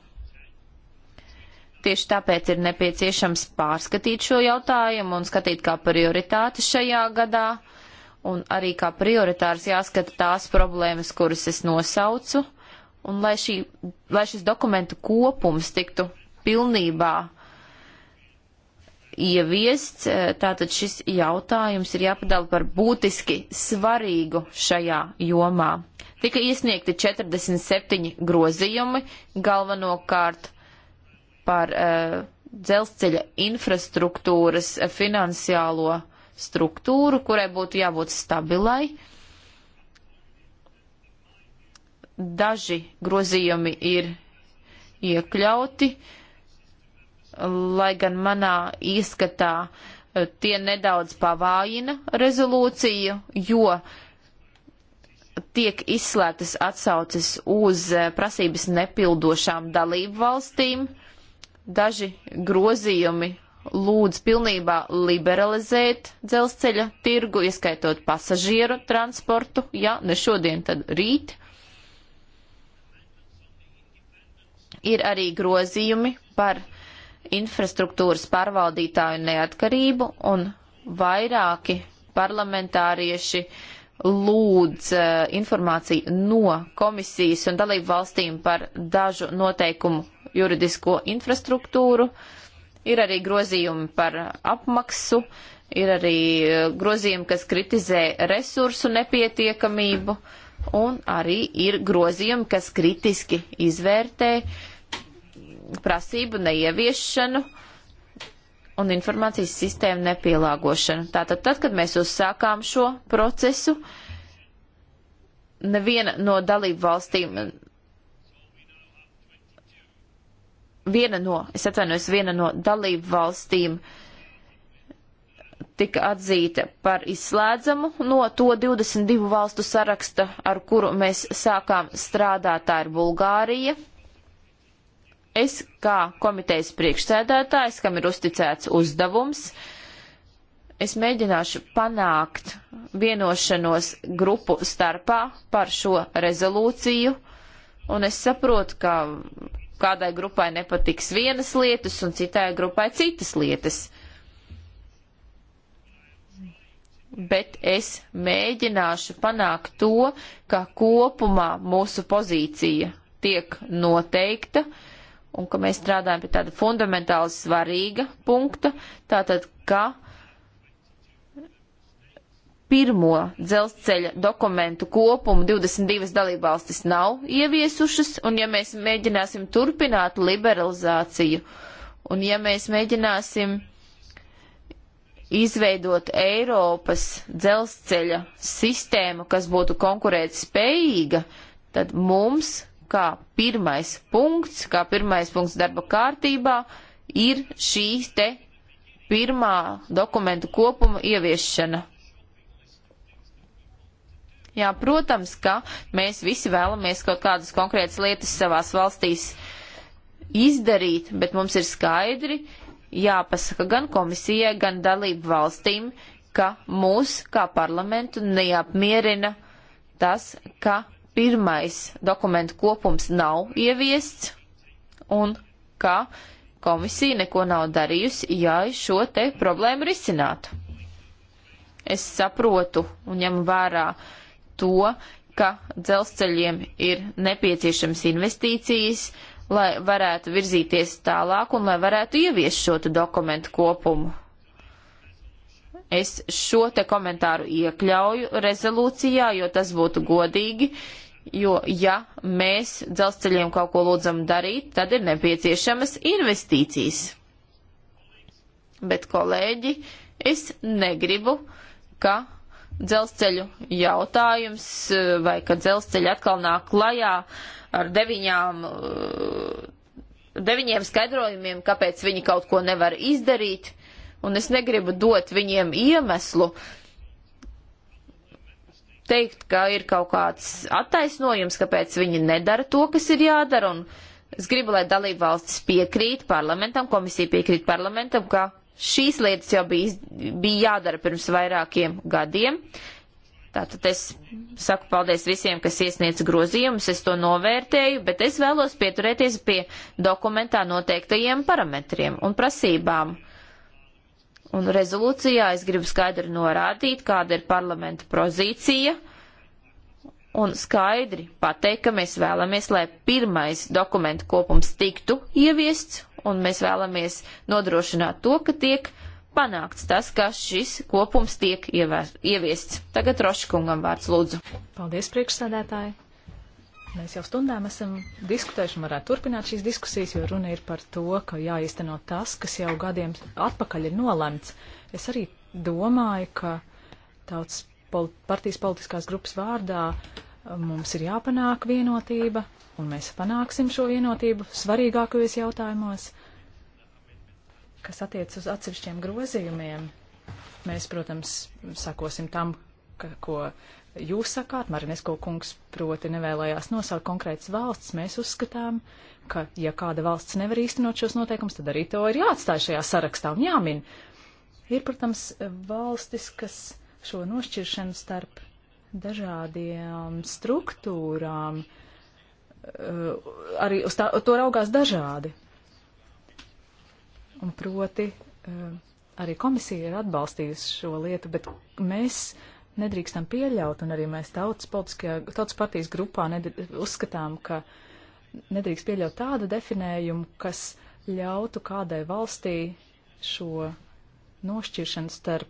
Tieši tāpēc ir nepieciešams pārskatīt šo jautājumu un skatīt kā prioritāti šajā gadā, un arī kā prioritārs jāskata tās problēmas, kuras es nosaucu, un lai, šī, lai šis dokumentu kopums tiktu pilnībā ieviests, eh, tātad šis jautājums ir jāpadala par būtiski svarīgu šajā jomā. Tika iesniegti 47 grozījumi, galvenokārt par uh, dzelzceļa infrastruktūras eh, finansiālo struktūru, kurai būtu jābūt stabilai. Daži grozījumi ir iekļauti, lai gan manā ieskatā eh, tie nedaudz pavājina rezolūciju, jo tiek izslēgtas atsauces uz prasības nepildošām dalību valstīm. Uh, daži grozījumi lūdz pilnībā liberalizēt dzelzceļa tirgu, ieskaitot pasažieru transportu, ja ne šodien, tad rīt. Ir arī grozījumi par infrastruktūras pārvaldītāju neatkarību, un vairāki parlamentārieši lūdz uh, informāciju no komisijas un dalību valstīm par dažu noteikumu juridisko infrastruktūru. Ir arī grozījumi par apmaksu, ir arī eh, grozījumi, kas kritizē resursu nepietiekamību, un arī ir grozījumi, kas kritiski izvērtē prasību neieviešanu un informācijas sistēmu nepielāgošanu. Tātad, tad, kad mēs uzsākām šo procesu, neviena no dalību valstīm viena no, es atvainojos, viena no dalību valstīm tika atzīta par izslēdzamu no to 22 valstu saraksta, ar kuru mēs sākām strādāt, tā ir Bulgārija. Es kā komitejas priekšsēdētājs, kam ir uzticēts uzdevums, es mēģināšu panākt vienošanos grupu starpā par šo rezolūciju, un es saprotu, ka kādai grupai nepatiks vienas lietas un citai grupai citas lietas. Bet es mēģināšu panākt to, ka kopumā mūsu pozīcija tiek noteikta un ka mēs strādājam pie tāda fundamentāli svarīga punkta, tātad, ka pirmo dzelzceļa dokumentu kopumu 22 dalībvalstis nav ieviesušas, un ja mēs mēģināsim turpināt liberalizāciju, un ja mēs mēģināsim izveidot Eiropas dzelzceļa sistēmu, kas būtu konkurētspējīga, tad mums, kā pirmais punkts, kā pirmais punkts darba kārtībā, ir šī te pirmā dokumentu kopuma ieviešana. Jā, protams, ka mēs visi vēlamies kaut kādas konkrētas lietas savās valstīs izdarīt, bet mums ir skaidri jāpasaka gan komisijai, gan dalību valstīm, ka mūs kā parlamentu neapmierina tas, ka pirmais dokumentu kopums nav ieviests un ka komisija neko nav darījusi, ja šo te problēmu risinātu. Es saprotu un ņemu vērā to, ka dzelzceļiem ir nepieciešams investīcijas, lai varētu virzīties tālāk un lai varētu ieviest šo dokumentu kopumu. Es šo te komentāru iekļauju rezolūcijā, jo tas būtu godīgi, jo ja mēs dzelzceļiem kaut ko lūdzam darīt, tad ir nepieciešamas investīcijas. Bet, kolēģi, es negribu, ka dzelzceļu jautājums, vai ka dzelzceļi atkal nāk klajā ar deviņām, eh, deviņiem skaidrojumiem, kāpēc viņi kaut ko nevar izdarīt, un es negribu dot viņiem iemeslu teikt, ka ir kaut kāds attaisnojums, kāpēc viņi nedara to, kas ir jādara, un es gribu, lai dalību valstis piekrīt parlamentam, komisija piekrīt parlamentam, ka Šīs lietas jau bija, bija jādara pirms vairākiem gadiem. Tātad es saku paldies visiem, kas iesniedz grozījumus, es to novērtēju, bet es vēlos pieturēties pie dokumentā noteiktajiem parametriem un prasībām. Un rezolūcijā es gribu skaidri norādīt, kāda ir parlamenta pozīcija un skaidri pateikt, ka mēs vēlamies, lai pirmais dokumentu kopums tiktu ieviests un mēs vēlamies nodrošināt to, ka tiek panākts tas, ka šis kopums tiek ieviests. Tagad Roškungam vārds lūdzu. Paldies, priekšsēdētāji. Mēs jau stundām esam diskutējuši un varētu turpināt šīs diskusijas, jo runa ir par to, ka jāizteno tas, kas jau gadiem atpakaļ ir nolemts. Es arī domāju, ka tautas partijas politiskās grupas vārdā uh, Mums ir jāpanāk vienotība, un mēs panāksim šo vienotību svarīgākajos jautājumos, kas attiec uz atsevišķiem grozījumiem. Mēs, protams, sakosim tam, ka, ko jūs sakāt, Marinesko kungs proti nevēlējās nosaukt konkrētas valsts, mēs uzskatām, ka, ja kāda valsts nevar īstenot šos noteikumus, tad arī to ir jāatstāj šajā sarakstā un jāmin. Ir, protams, valstis, kas šo nošķiršanu starp dažādiem struktūrām, eh, arī uz tā, to raugās dažādi. Un proti, eh, arī komisija ir atbalstījusi šo lietu, bet mēs nedrīkstam pieļaut, un arī mēs tautas, tautas partijas grupā nedr, uzskatām, ka nedrīkst pieļaut tādu definējumu, kas ļautu kādai valstī šo nošķiršanu starp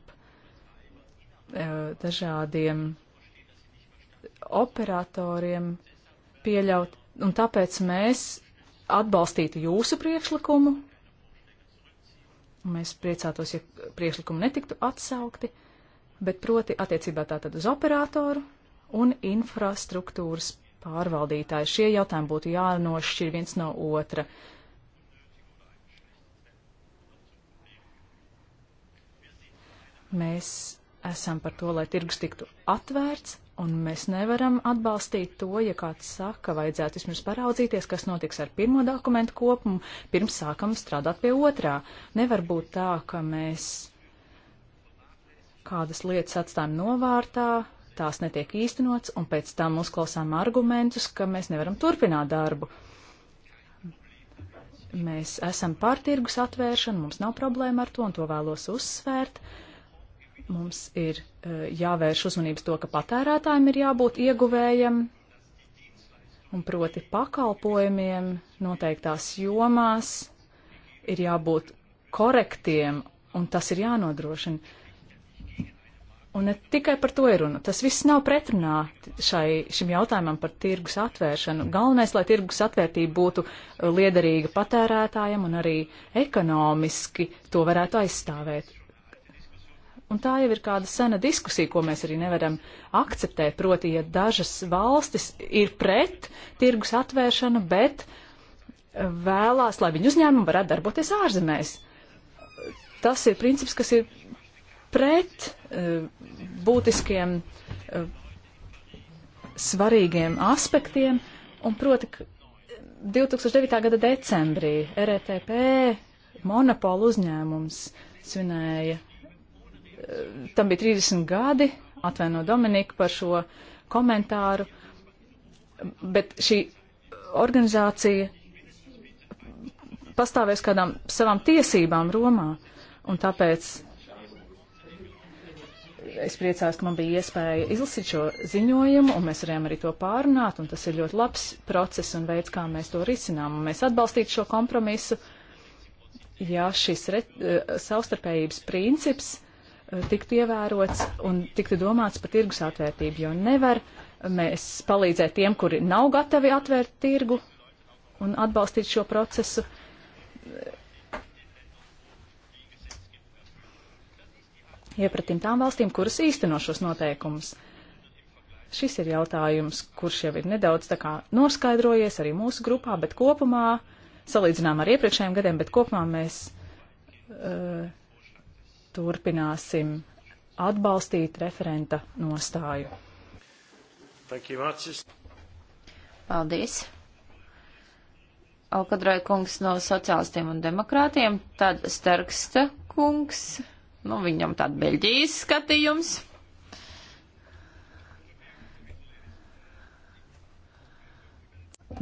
eh, dažādiem operatoriem pieļaut, un tāpēc mēs atbalstītu jūsu priekšlikumu. Mēs priecātos, ja priekšlikumi netiktu atsaukti, bet proti attiecībā tātad uz operatoru un infrastruktūras pārvaldītāju. Šie jautājumi būtu jānošķir viens no otra. Mēs esam par to, lai tirgus tiktu atvērts, Un mēs nevaram atbalstīt to, ja kāds saka, vajadzētu vismaz paraudzīties, kas notiks ar pirmo dokumentu kopumu, pirms sākam strādāt pie otrā. Nevar būt tā, ka mēs kādas lietas atstājam novārtā, tās netiek īstenots, un pēc tam uzklausām argumentus, ka mēs nevaram turpināt darbu. Mēs esam pār tirgus atvēršanu, mums nav problēma ar to, un to vēlos uzsvērt. Uh, Mums ir eh, jāvērš uzmanības to, ka patērētājiem ir jābūt ieguvējiem un proti pakalpojumiem noteiktās jomās ir jābūt korektiem un tas ir jānodrošina. Un ne tikai par to ir runa. Tas viss nav pretrunā šai, šim jautājumam par tirgus atvēršanu. Galvenais, lai tirgus atvērtība būtu eh, liederīga patērētājiem un arī ekonomiski to varētu aizstāvēt un tā jau ir kāda sena diskusija, ko mēs arī nevaram akceptēt, proti, ja dažas valstis ir pret tirgus atvēršanu, bet vēlās, lai viņu uzņēmumi varētu darboties ārzemēs. Tas ir princips, kas ir pret eh, būtiskiem eh, svarīgiem aspektiem, un proti 2009. gada decembrī RETP monopola uzņēmums svinēja tam bija 30 gadi, atvaino Dominiku par šo komentāru, bet šī organizācija pastāvēs kādām savām tiesībām Romā, un tāpēc es priecājos, ka man bija iespēja izlasīt šo ziņojumu, un mēs varējām arī to pārunāt, un tas ir ļoti labs process un veids, kā mēs to risinām, un mēs atbalstītu šo kompromisu, ja šis re, eh, savstarpējības princips tiktu ievērots un tiktu domāts par tirgus atvērtību, jo nevar mēs palīdzēt tiem, kuri nav gatavi atvērt tirgu un atbalstīt šo procesu. Iepratīm tām valstīm, kuras īsteno šos noteikumus. Šis ir jautājums, kurš jau ir nedaudz tā kā noskaidrojies arī mūsu grupā, bet kopumā, salīdzinām ar iepriekšējiem gadiem, bet kopumā mēs uh, turpināsim atbalstīt referenta nostāju. Paldies! Alkadrai kungs no sociālistiem un demokrātiem, tad Starksta kungs, nu viņam tāda Beļģijas skatījums.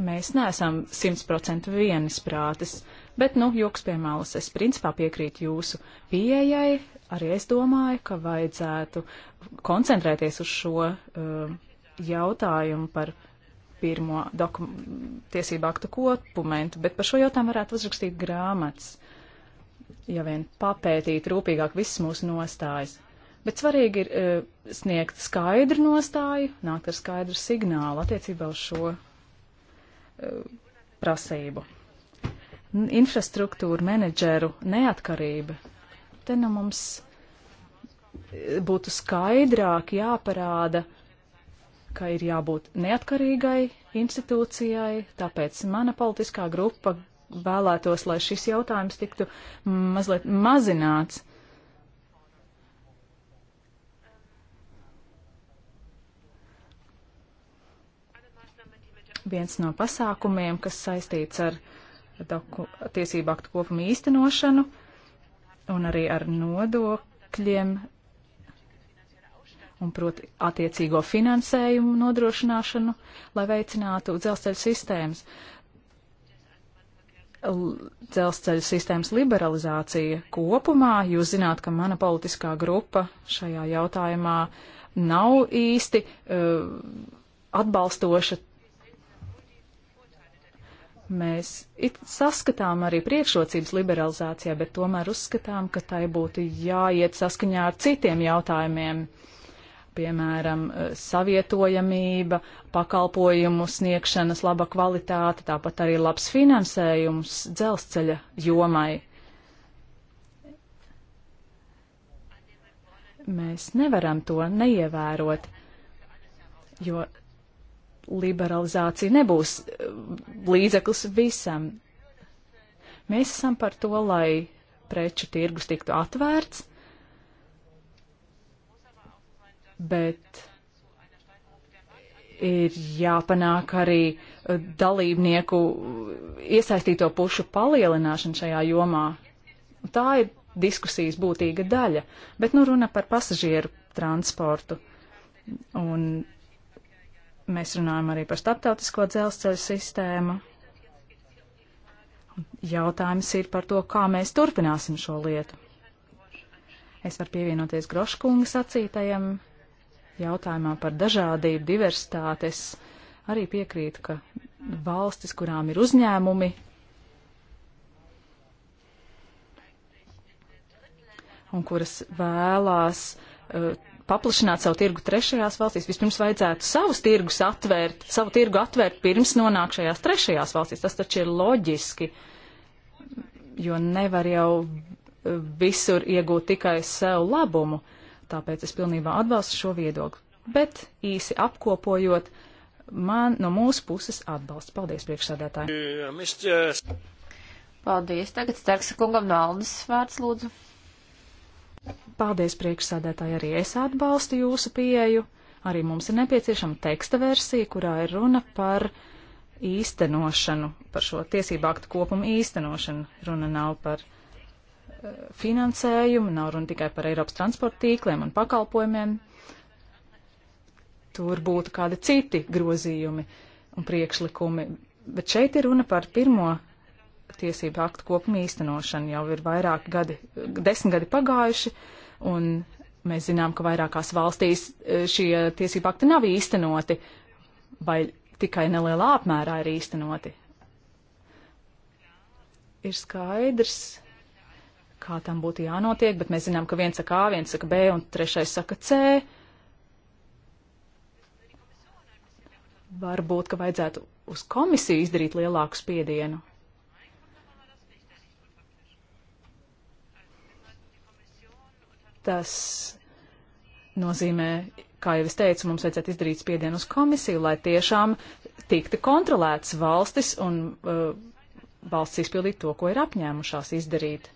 Mēs neesam 100% vienisprātis. Bet, nu, joks pie malas, es principā piekrītu jūsu pieejai. Arī es domāju, ka vajadzētu koncentrēties uz šo uh, jautājumu par pirmo tiesību aktu dokumentu, bet par šo jautājumu varētu uzrakstīt grāmatas, ja vien papētīt rūpīgāk visas mūsu nostājas. Bet svarīgi ir uh, sniegt skaidru nostāju, nākt ar skaidru signālu attiecībā uz šo uh, prasību infrastruktūra menedžeru neatkarība. Te nu mums būtu skaidrāk jāparāda, ka ir jābūt neatkarīgai institūcijai, tāpēc mana politiskā grupa vēlētos, lai šis jautājums tiktu mazliet mazināts. Viens no pasākumiem, kas saistīts ar doku, tiesību aktu kopumu īstenošanu un arī ar nodokļiem un proti attiecīgo finansējumu nodrošināšanu, lai veicinātu dzelzceļa sistēmas. Dzelzceļa sistēmas liberalizācija kopumā, jūs zināt, ka mana politiskā grupa šajā jautājumā nav īsti uh, atbalstoša Mēs saskatām arī priekšrocības liberalizācijā, bet tomēr uzskatām, ka tai būtu jāiet saskaņā ar citiem jautājumiem, piemēram, eh, savietojamība, pakalpojumu sniegšanas laba kvalitāte, tāpat arī labs finansējums dzelzceļa jomai. Mēs nevaram to neievērot, jo liberalizācija nebūs eh, līdzeklis visam. Mēs esam par to, lai preču tirgus tiktu atvērts, bet ir jāpanāk arī eh, dalībnieku iesaistīto pušu palielināšana šajā jomā. Tā ir diskusijas būtīga daļa, bet nu runa par pasažieru transportu. Un Mēs runājam arī par starptautisko dzelzceļu sistēmu. Jautājums ir par to, kā mēs turpināsim šo lietu. Es varu pievienoties Groškunga sacītajam jautājumā par dažādību, diversitāti. Es arī piekrītu, ka valstis, kurām ir uzņēmumi, un kuras vēlās uh, paplašināt savu tirgu trešajās valstīs, vispirms vajadzētu savus tirgus atvērt, savu tirgu atvērt pirms nonāk šajās trešajās valstīs. Tas taču ir loģiski, jo nevar jau eh, visur iegūt tikai sev labumu. Tāpēc es pilnībā atbalstu šo viedokli. Bet īsi apkopojot, man no mūsu puses atbalsts. Paldies, priekšsādātāji! Paldies! Tagad Starksa kungam no Aldas vārds lūdzu. Paldies, priekšsādētāji, arī es atbalstu jūsu pieeju. Arī mums ir nepieciešama teksta versija, kurā ir runa par īstenošanu, par šo tiesību aktu kopumu īstenošanu. Runa nav par eh, finansējumu, nav runa tikai par Eiropas transporta tīkliem un pakalpojumiem. Tur būtu kādi citi grozījumi un priekšlikumi, bet šeit ir runa par pirmo tiesību aktu kopuma īstenošanu. Jau ir vairāki gadi, desmit gadi pagājuši, un mēs zinām, ka vairākās valstīs e, šie tiesību akti nav īstenoti, vai tikai nelielā apmērā ir īstenoti. Ir skaidrs, kā tam būtu jānotiek, bet mēs zinām, ka viens saka A, viens saka B, un trešais saka C. Varbūt, ka vajadzētu uz komisiju izdarīt lielāku spiedienu. Tas nozīmē, kā jau es teicu, mums vajadzētu izdarīt spiedienu uz komisiju, lai tiešām tiktu kontrolēts valstis un uh, valsts izpildīt to, ko ir apņēmušās izdarīt.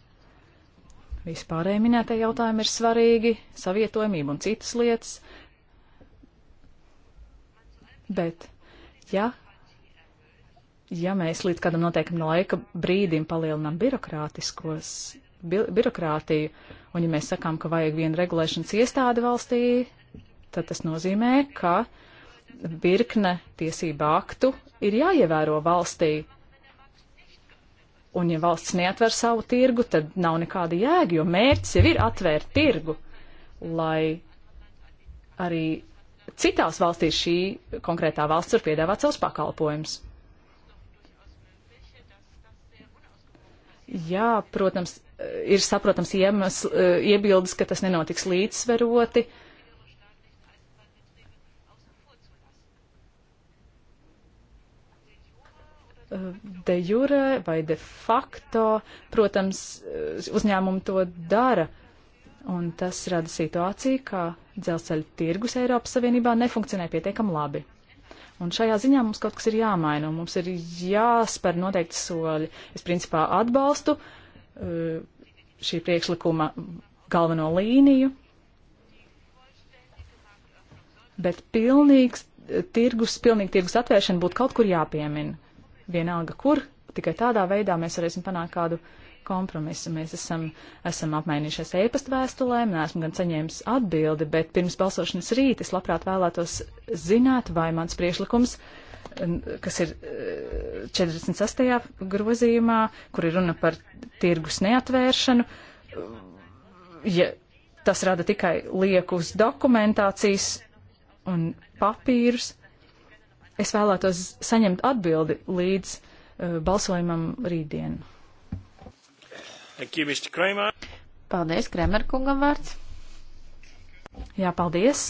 Vispārēji minētie jautājumi ir svarīgi, savietojamība un citas lietas. Bet, ja, ja mēs līdz kādam noteikam laika brīdim palielinām birokrātiskos bi birokrātiju. Un ja mēs sakām, ka vajag vienu regulēšanas iestādi valstī, tad tas nozīmē, ka virkne tiesību aktu ir jāievēro valstī. Un ja valsts neatver savu tirgu, tad nav nekāda jēga, jo mērķis jau ir atvērt tirgu, lai arī citās valstīs šī konkrētā valsts var piedāvāt savus pakalpojumus. Jā, protams, ir saprotams iemes, eh, iebildes, ka tas nenotiks līdzsveroti. Eh, de jure vai de facto, protams, eh, uzņēmumi to dara. Un tas rada situāciju, ka dzelzceļa tirgus Eiropas Savienībā nefunkcionē pietiekam labi. Un šajā ziņā mums kaut kas ir jāmaina, un mums ir jāspēr noteikti soļi. Es principā atbalstu uh, Eh, šī priekšlikuma galveno līniju, bet pilnīgs tirgus, pilnīgi tirgus atvēršana būtu kaut kur jāpiemina. Vienalga kur, tikai tādā veidā mēs varēsim panākt kādu kompromisu. Mēs esam, esam apmainījušies e-pasta vēstulēm, neesmu gan saņēmis atbildi, bet pirms balsošanas rīt es labprāt vēlētos zināt, vai mans priešlikums uh, kas ir 48. E, grozījumā, kur ir runa par tirgus neatvēršanu. Ja tas rada tikai liekus dokumentācijas un papīrus, es vēlētos saņemt atbildi līdz uh, balsojumam rītdien. Paldies, Kremer kungam vārds. Jā, paldies.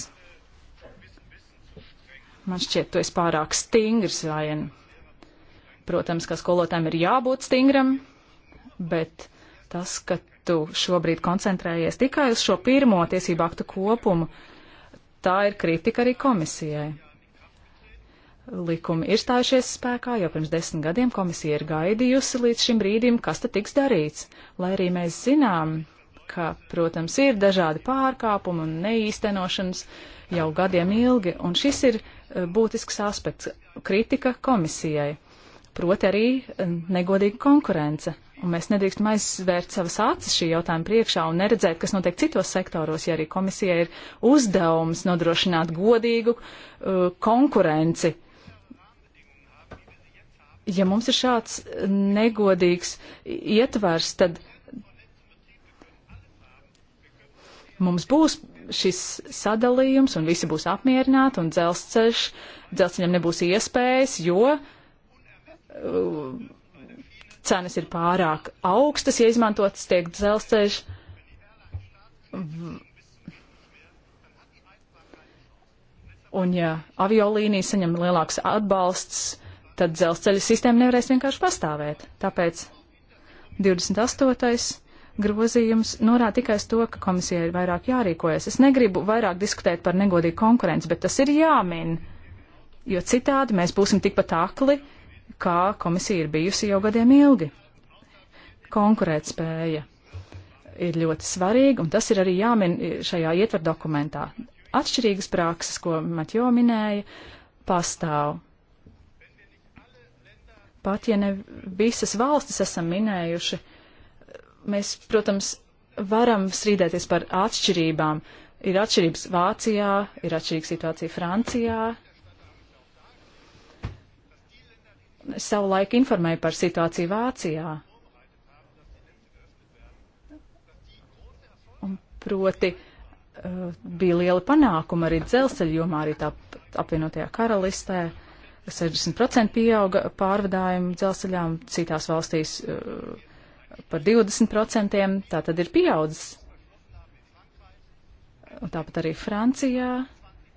Man šķiet, tu esi pārāk stingrs, Rajan. Protams, ka skolotājiem ir jābūt stingram, bet tas, ka tu šobrīd koncentrējies tikai uz šo pirmo tiesību aktu kopumu, tā ir kritika arī komisijai. Likumi ir stājušies spēkā, jo pirms desmit gadiem komisija ir gaidījusi līdz šim brīdim, kas tad tiks darīts. Lai arī mēs zinām, ka, protams, ir dažādi pārkāpumi un neīstenošanas jau gadiem ilgi, un šis ir būtisks aspekts - kritika komisijai, proti arī eh, negodīga konkurence. Un mēs nedrīkstam aizvērt savas acis šī jautājuma priekšā un neredzēt, kas notiek citos sektoros, ja arī komisijai ir uzdevums nodrošināt godīgu uh, konkurenci. Ja mums ir šāds eh, negodīgs ietvers, tad mums būs šis sadalījums un visi būs apmierināti un dzelzceļš, dzelzceļam nebūs iespējas, jo uh, cenas ir pārāk augstas, ja izmantotas tiek dzelzceļš. Un ja aviolīnija saņem lielāks atbalsts, tad dzelzceļa sistēma nevarēs vienkārši pastāvēt. Tāpēc 28 grozījums norāda tikai uz to, ka komisijai ir vairāk jārīkojas. Es negribu vairāk diskutēt par negodīgu konkurenci, bet tas ir jāmin, jo citādi mēs būsim tikpat akli, kā komisija ir bijusi jau gadiem ilgi. Konkurētspēja ir ļoti svarīga, un tas ir arī jāmin šajā ietver dokumentā. Atšķirīgas prakses, ko Matjo minēja, pastāv. Pat ja ne visas valstis esam minējuši, uh, mēs, protams, varam strīdēties par atšķirībām. Ir atšķirības Vācijā, ir atšķirīga situācija Francijā. Es savu laiku informēju par situāciju Vācijā. Un proti uh, bija liela panākuma arī dzelzceļa jomā, arī tā apvienotajā karalistē. 60% pieauga pārvadājumu dzelzceļām, citās valstīs uh, par 20%, tā tad ir pieaudzis. Un tāpat arī Francijā,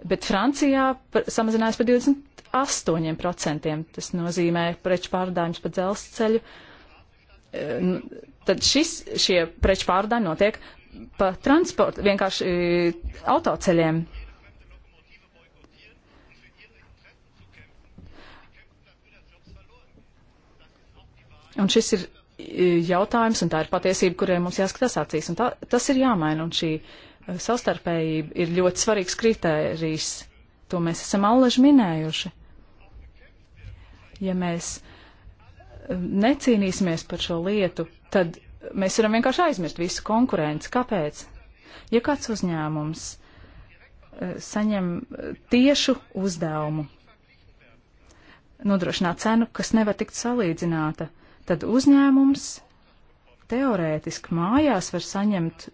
bet Francijā par, samazinājās par 28%, tas nozīmē preču pārdājums pa dzelzceļu. E, nu, tad šis, šie preču pārdājumi notiek pa transportu, vienkārši e, autoceļiem. Un šis ir jautājums, un tā ir patiesība, kurai mums jāskatās acīs. Un tā, tas ir jāmaina, un šī eh, savstarpējība ir ļoti svarīgs kritērijs. To mēs esam allaži minējuši. Ja mēs eh, necīnīsimies par šo lietu, tad mēs varam vienkārši aizmirst visu konkurenci. Kāpēc? Ja kāds uzņēmums eh, saņem tiešu uzdevumu nodrošināt cenu, kas nevar tikt salīdzināta, tad uzņēmums teorētiski mājās var saņemt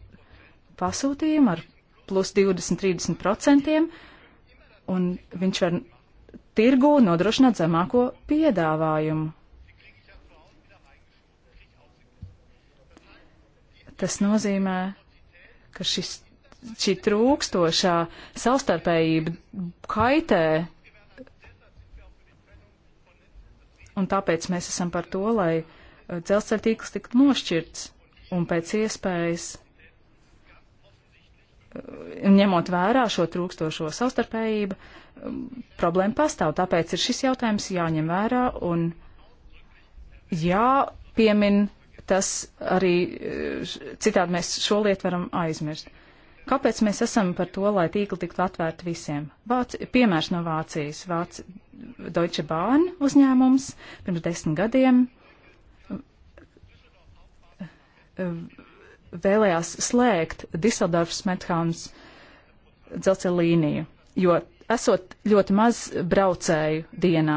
pasūtījumu ar plus 20-30%, un viņš var tirgū nodrošināt zemāko piedāvājumu. Tas nozīmē, ka šis, šī trūkstošā savstarpējība kaitē un tāpēc mēs esam par to, lai eh, dzelzceļa tīkls tiktu nošķirts un pēc iespējas eh, ņemot vērā šo trūkstošo savstarpējību, problēma pastāv. Tāpēc ir šis jautājums jāņem vērā un jāpiemin tas arī, eh, citādi mēs šo lietu varam aizmirst. Kāpēc mēs esam par to, lai tīkli tiktu atvērti visiem? Vāci, piemērs no Vācijas. Vāci, Deutsche Bahn uzņēmums pirms desmit gadiem eh, vēlējās slēgt Diseldorfs Methāns dzelzceļa līniju, jo esot ļoti maz braucēju dienā,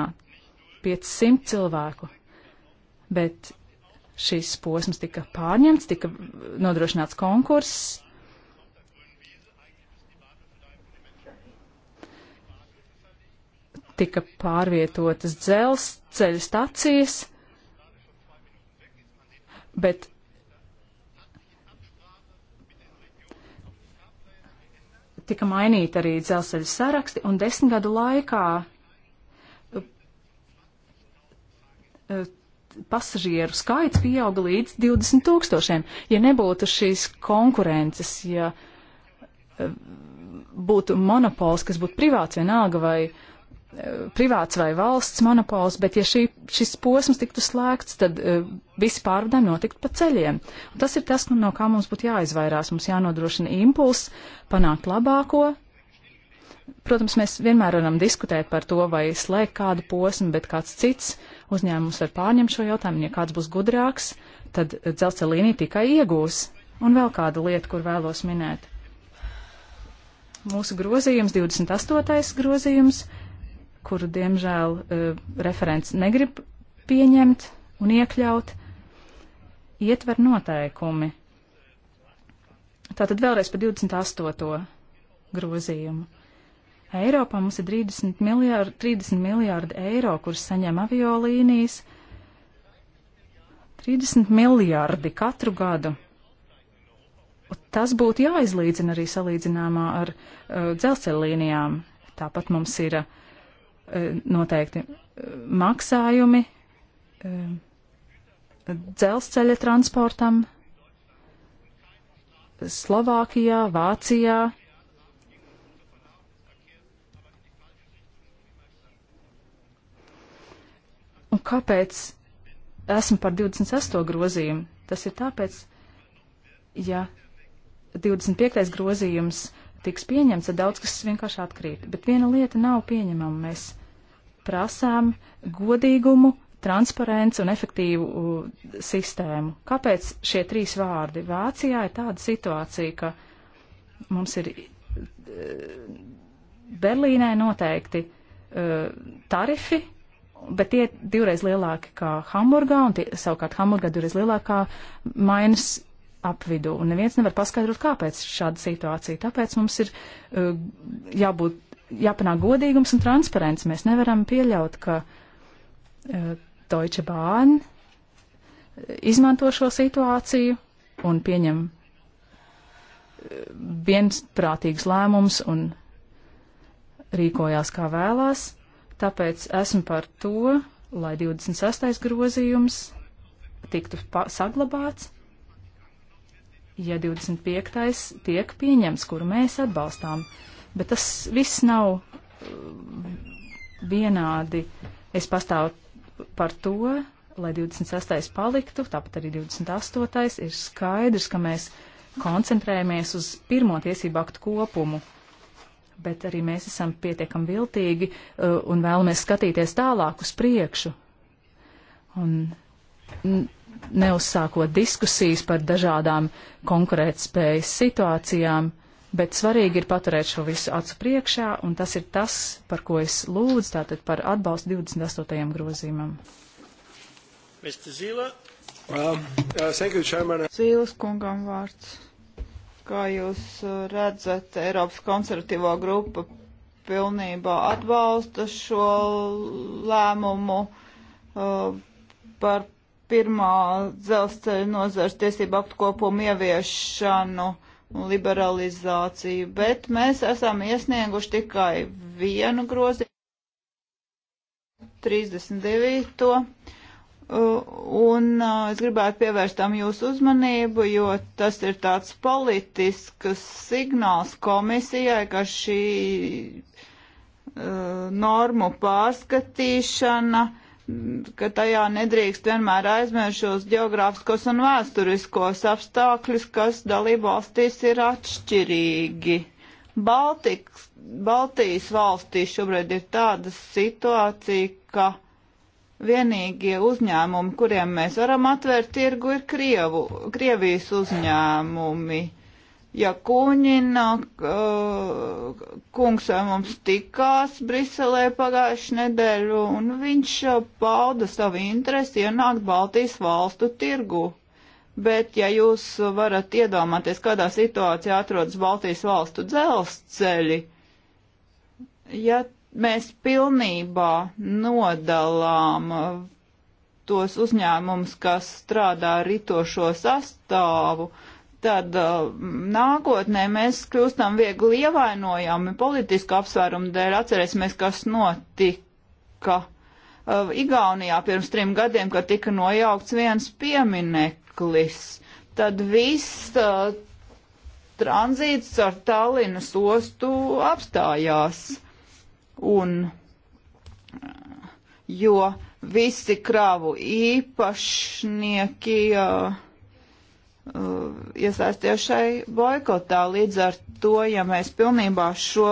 500 cilvēku, bet šīs posms tika pārņemts, tika nodrošināts konkurss, tika pārvietotas dzelzceļa stacijas, bet tika mainīta arī dzelzceļa saraksti, un desmit gadu laikā e, pasažieru skaits pieauga līdz 20 tūkstošiem. Ja nebūtu šīs konkurences, ja e, būtu monopols, kas būtu privāts vienalga vai uh, Eh, privāts vai valsts monopols, bet ja šī, šis posms tiktu slēgts, tad uh, visi pārvadājumi notiktu pa ceļiem. Un tas ir tas, nu, no kā mums būtu jāizvairās. Mums jānodrošina impuls panākt labāko. Protams, mēs vienmēr varam diskutēt par to, vai slēgt kādu posmu, bet kāds cits uzņēmums var pārņemt šo jautājumu. Ja kāds būs gudrāks, tad eh, dzelzceļa līnija tikai iegūs. Un vēl kāda lieta, kur vēlos minēt. Mūsu grozījums, 28. grozījums, kuru, diemžēl, eh, referents negrib pieņemt un iekļaut, ietver noteikumi. Tātad vēlreiz par 28. grozījumu. Eiropā mums ir 30 miljārdi, 30 miljārdi eiro, kurus saņem aviolīnijas. 30 miljārdi katru gadu. Un tas būtu jāizlīdzina arī salīdzināmā ar uh, dzelzceļlīnijām. Tāpat mums ir uh, Eh, noteikti maksājumi eh, dzelzceļa transportam Slovākijā, Vācijā. Un kāpēc esmu par 28. grozījumu? Tas ir tāpēc, ja 25. grozījums tiks pieņemts, tad daudz kas vienkārši atkrīt. Bet viena lieta nav pieņemama. Mēs prasām godīgumu, transparenci un efektīvu sistēmu. Kāpēc šie trīs vārdi? Vācijā ir tāda situācija, ka mums ir e, Berlīnē noteikti e, tarifi, bet tie divreiz lielāki kā Hamburgā, un tie, savukārt Hamburgā divreiz lielākā mainas apvidū. Un neviens nevar paskaidrot, kāpēc šāda situācija. Tāpēc mums ir uh, jābūt jāpanāk godīgums un transparents. Mēs nevaram pieļaut, ka uh, Deutsche Bahn e, izmanto šo situāciju un pieņem e, viensprātīgus lēmumus un rīkojās kā vēlās. Tāpēc esmu par to, lai 26. grozījums tiktu saglabāts, ja 25. tiek pieņems, kuru mēs atbalstām. Uh, bet tas viss nav uh, vienādi. Es pastāvu par to, lai 26. paliktu, tāpat arī 28. ir skaidrs, ka mēs koncentrējamies uz pirmo tiesību aktu kopumu, bet arī mēs esam pietiekami viltīgi uh, un vēlamies skatīties tālāk uz priekšu. Un neuzsākot diskusijas par dažādām konkurētspējas situācijām, uh, Bet svarīgi ir paturēt šo visu acu priekšā, un tas ir tas, par ko es lūdzu, tātad par atbalstu 28. grozīmam. Um, uh, Zīles kungam vārds. Kā jūs uh, redzat, Eiropas konservatīvo grupa pilnībā atbalsta šo lēmumu uh, par pirmā dzelzceļa nozars tiesību apkopumu ieviešanu. Uh, liberalizāciju, bet mēs esam iesnieguši tikai vienu grozi 39. Uh, un uh, es gribētu pievērst tam jūsu uzmanību, jo tas ir tāds politisks signāls komisijai, ka šī uh, normu pārskatīšana Mm, ka tajā nedrīkst vienmēr aizmirst šos geogrāfiskos un vēsturiskos apstākļus, kas dalību valstīs ir atšķirīgi. Baltiks, Baltijas valstīs šobrīd ir tāda situācija, ka vienīgie uzņēmumi, kuriem mēs varam atvērt tirgu, ir Krievu, Krievijas uzņēmumi. Mm ja Kūņina uh, kungs ar mums tikās Briselē pagājuši nedēļu, un viņš uh, pauda savu interesi ienākt Baltijas valstu tirgu. Bet, ja jūs varat iedomāties, kādā situācijā atrodas Baltijas valstu dzelzceļi, ja mēs pilnībā nodalām uh, tos uzņēmumus, kas strādā ritošo sastāvu, uh, tad uh, nākotnē mēs kļūstam viegli ievainojami politisku apsvērumu dēļ. Atcerēsimies, kas notika uh, Igaunijā pirms trim gadiem, kad tika nojaukts viens piemineklis. Tad viss uh, tranzīts ar Tallinas ostu apstājās. Un, uh, jo visi kravu īpašnieki uh, Uh, iesaistījušies šai boikotā. Līdz ar to, ja mēs pilnībā šo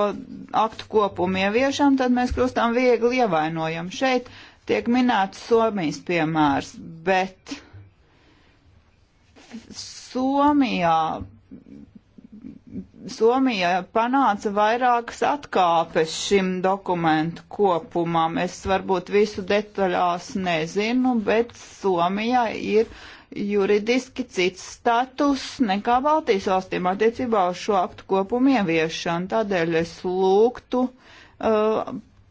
aktu kopumu ieviešam, tad mēs kļūstam viegli ievainojami. Šeit tiek minēts Somijas piemērs, bet Somijā. Somija panāca vairākas atkāpes šim dokumentu kopumam. Es varbūt visu detaļās nezinu, bet Somijā ir uh, juridiski cits status nekā Baltijas valstīm attiecībā uz šo aktu kopumu ieviešanu. Tādēļ es lūgtu uh,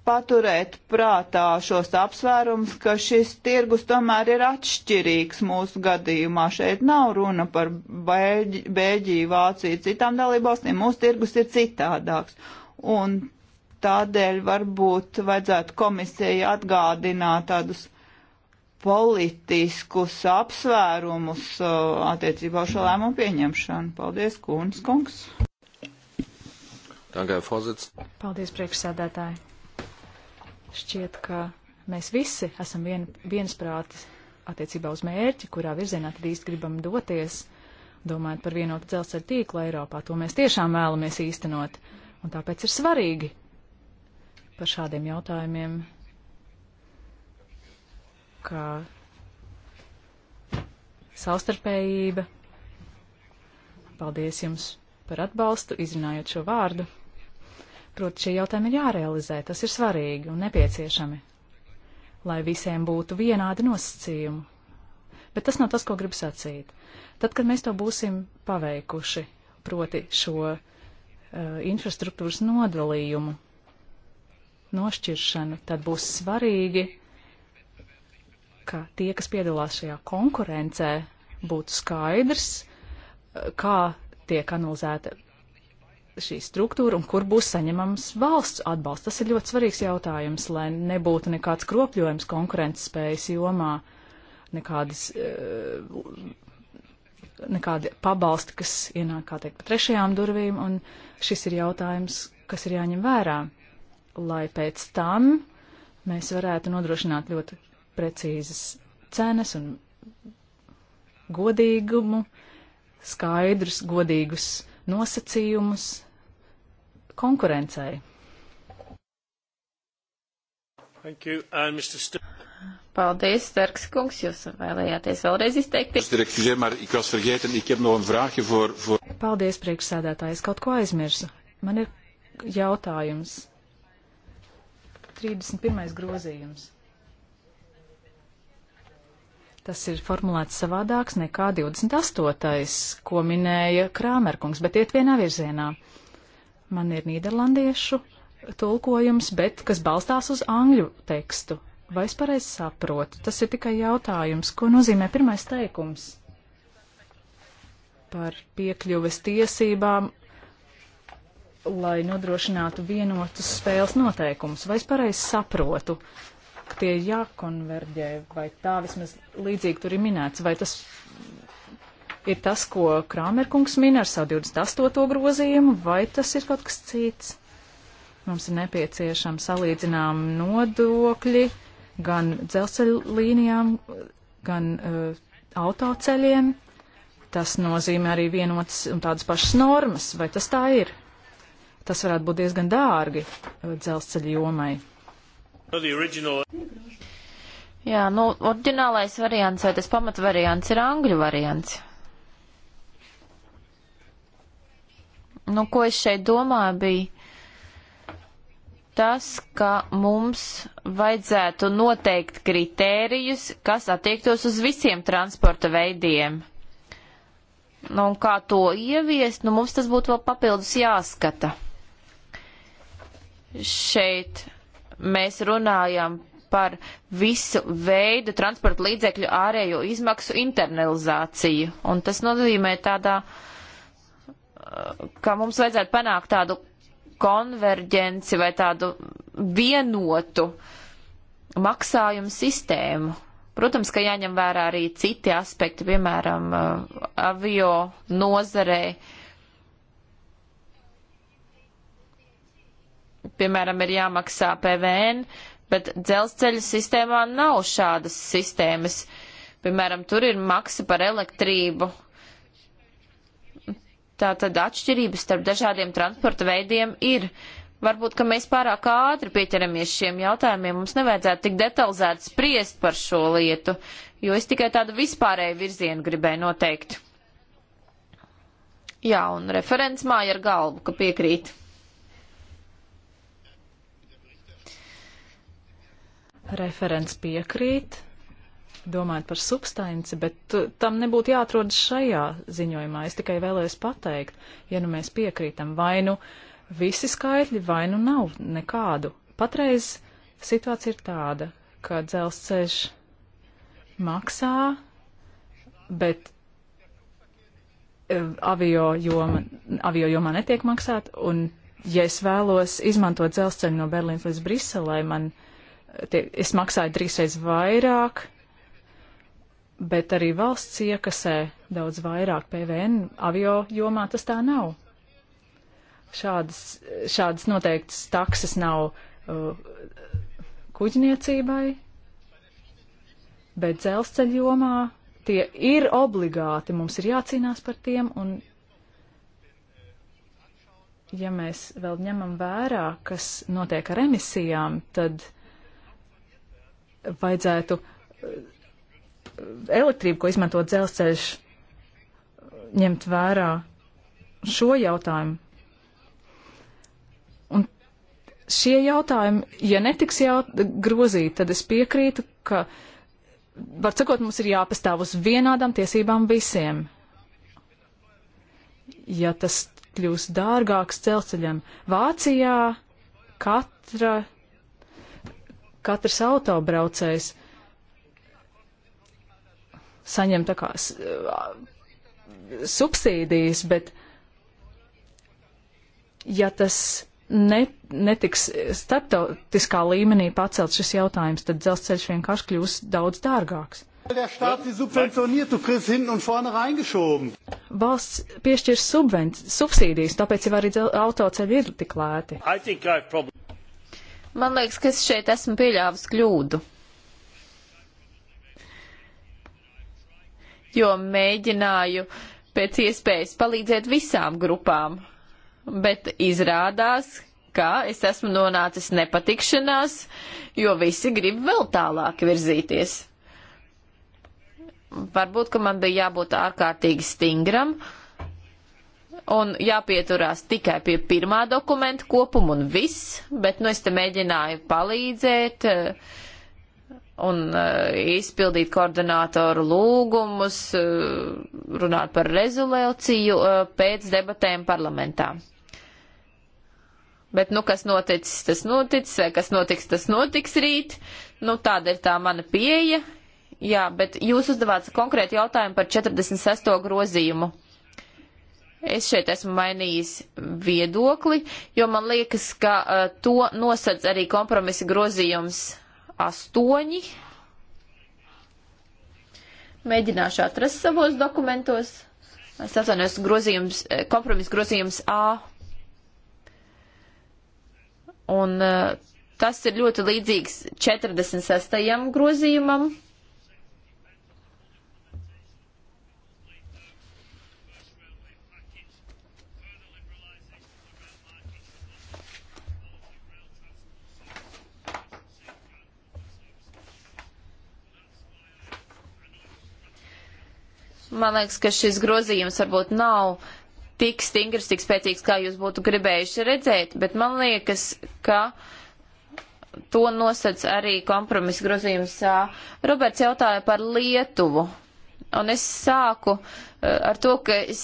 paturēt prātā šos apsvērums, ka šis tirgus tomēr ir atšķirīgs mūsu gadījumā. Šeit nav runa par Bēļģi, Bēļģiju, Vāciju, citām dalībvalstīm. Mūsu tirgus ir citādāks. Un tādēļ varbūt vajadzētu komisijai atgādināt tādus politiskus apsvērumus uh, attiecībā uz šo lēmumu pieņemšanu. Paldies, Kūns kungs. Paldies, priekšsēdētāji. Šķiet, ka mēs visi esam vien, viensprātis attiecībā uz mērķi, kurā virzienā tad īsti gribam doties, domājot par vienotu dzelzceļa tīklu Eiropā. To mēs tiešām vēlamies īstenot. Un tāpēc ir svarīgi par šādiem jautājumiem ka savstarpējība. Paldies jums par atbalstu, izrunājot šo vārdu. Proti, šie jautājumi ir jārealizē, tas ir svarīgi un nepieciešami, lai visiem būtu vienādi nosacījumi. Bet tas nav tas, ko gribu sacīt. Tad, kad mēs to būsim paveikuši, proti šo uh, infrastruktūras nodalījumu, nošķiršanu, tad būs svarīgi ka tie, kas piedalās šajā konkurencē, būtu skaidrs, eh, kā tiek analizēta šī struktūra un kur būs saņemams valsts atbalsts. Tas ir ļoti svarīgs jautājums, lai nebūtu nekāds kropļojums konkurences spējas jomā, nekādas, eh, nekādi pabalsti, kas ienāk, kā teikt, pa trešajām durvīm, un šis ir jautājums, kas ir jāņem vērā, lai pēc tam mēs varētu nodrošināt ļoti precīzas cenas un godīgumu, skaidrus, godīgus nosacījumus konkurencei. Paldies, Starks kungs, jūs vēlējāties vēlreiz izteikties. Paldies, priekšsēdētājs, kaut ko aizmirsu. Man ir jautājums. 31. grozījums. Tas ir formulēts savādāks nekā 28. ko minēja Krāmerkungs, bet iet vienā virzienā. Man ir nīderlandiešu tulkojums, bet kas balstās uz angļu tekstu. Vai es pareizi saprotu? Tas ir tikai jautājums, ko nozīmē pirmais teikums par piekļuves tiesībām, lai nodrošinātu vienotus spēles noteikumus. Vai es pareizi saprotu? Uh, ka tie ir jākonverģē, vai tā vismaz līdzīgi tur ir minēts, vai tas ir tas, ko Krāmerkungs min ar savu 28. grozījumu, vai tas ir kaut kas cits. Mums ir nepieciešama salīdzinām nodokļi gan dzelzceļu līnijām, gan uh, autoceļiem. Tas nozīmē arī vienotas un tādas pašas normas, vai tas tā ir? Tas varētu būt diezgan dārgi uh, dzelzceļa jomai. Jā, nu, oriģinālais variants vai tas pamat variants ir angļu variants. Nu, ko es šeit domāju bija tas, ka mums vajadzētu noteikt kritērijus, kas attiektos uz visiem transporta veidiem. Nu, un kā to ieviest, nu, mums tas būtu vēl papildus jāskata. Šeit mēs runājam par visu veidu transporta līdzekļu ārējo izmaksu internalizāciju. Un tas nozīmē tādā, ka mums vajadzētu panākt tādu konverģenci vai tādu vienotu maksājumu sistēmu. Protams, ka jāņem vērā arī citi aspekti, piemēram, avio nozarei piemēram, ir jāmaksā PVN, bet dzelzceļa sistēmā nav šādas sistēmas. Piemēram, tur ir maksa par elektrību. Tā tad atšķirības starp dažādiem transporta veidiem ir. Varbūt, ka mēs pārāk ātri pieķeramies šiem jautājumiem, mums nevajadzētu tik detalizēti spriest par šo lietu, jo es tikai tādu vispārēju virzienu gribēju noteikt. Jā, un referents māja ar galvu, ka piekrīt. Referents piekrīt, domājot par substanci, bet tam nebūtu jāatrod šajā ziņojumā. Es tikai vēlējos pateikt, ja nu mēs piekrītam, vai nu visi skaitļi, vai nu nav nekādu. Patreiz situācija ir tāda, ka dzelzceļš maksā, bet eh, avio joma, avio jomā netiek maksāt, un ja es vēlos izmantot dzelzceļu no Berlīnas līdz Briselē, man uh, tie, es maksāju trīsreiz vairāk, bet arī valsts iekasē daudz vairāk PVN. Avio jomā tas tā nav. Šādas, šādas noteiktas takses nav uh, kuģniecībai, bet dzelzceļa jomā tie ir obligāti. Mums ir jācīnās par tiem, un ja mēs vēl ņemam vērā, kas notiek ar emisijām, tad vajadzētu eh, elektrību, ko izmanto dzelzceļš, ņemt vērā šo jautājumu. Un šie jautājumi, ja netiks jaut grozīti, tad es piekrītu, ka, var sakot, mums ir jāpastāv uz vienādām tiesībām visiem. Ja tas kļūs dārgāks dzelzceļam, Vācijā katra katrs autobraucējs saņem tā kā uh, subsīdijas, bet ja tas ne, netiks starptautiskā līmenī pacelt šis jautājums, tad dzelzceļš vienkārši kļūs daudz dārgāks. Valsts piešķirs subsīdijas, tāpēc jau arī autoceļi ir tik lēti. Man liekas, ka es šeit esmu pieļāvis kļūdu. Jo mēģināju pēc iespējas palīdzēt visām grupām, bet izrādās, ka es esmu nonācis nepatikšanās, jo visi grib vēl tālāk virzīties. Varbūt, ka man bija jābūt ārkārtīgi stingram, uh, un jāpieturās tikai pie pirmā dokumenta kopuma un viss, bet nu es te mēģināju palīdzēt eh, un eh, izpildīt koordinātoru lūgumus, eh, runāt par rezolēciju pēc debatēm parlamentā. Bet, nu, kas noticis, tas noticis, vai kas notiks, tas notiks rīt. Nu, tāda ir tā mana pieeja. Jā, bet jūs uzdevāt konkrēti jautājumu par 46. grozījumu. Es šeit esmu mainījis viedokli, jo man liekas, ka uh, to nosedz arī kompromisa grozījums astoņi. Mēģināšu atrast savos dokumentos. Es atvainojos grozījums, eh, kompromisa grozījums A. Un uh, tas ir ļoti līdzīgs 46. grozījumam. Man liekas, ka šis grozījums varbūt nav tik stingrs, tik spēcīgs, kā jūs būtu gribējuši redzēt, bet man liekas, ka to nosac arī kompromisa grozījums. Roberts jautāja par Lietuvu. Un es sāku ar to, ka es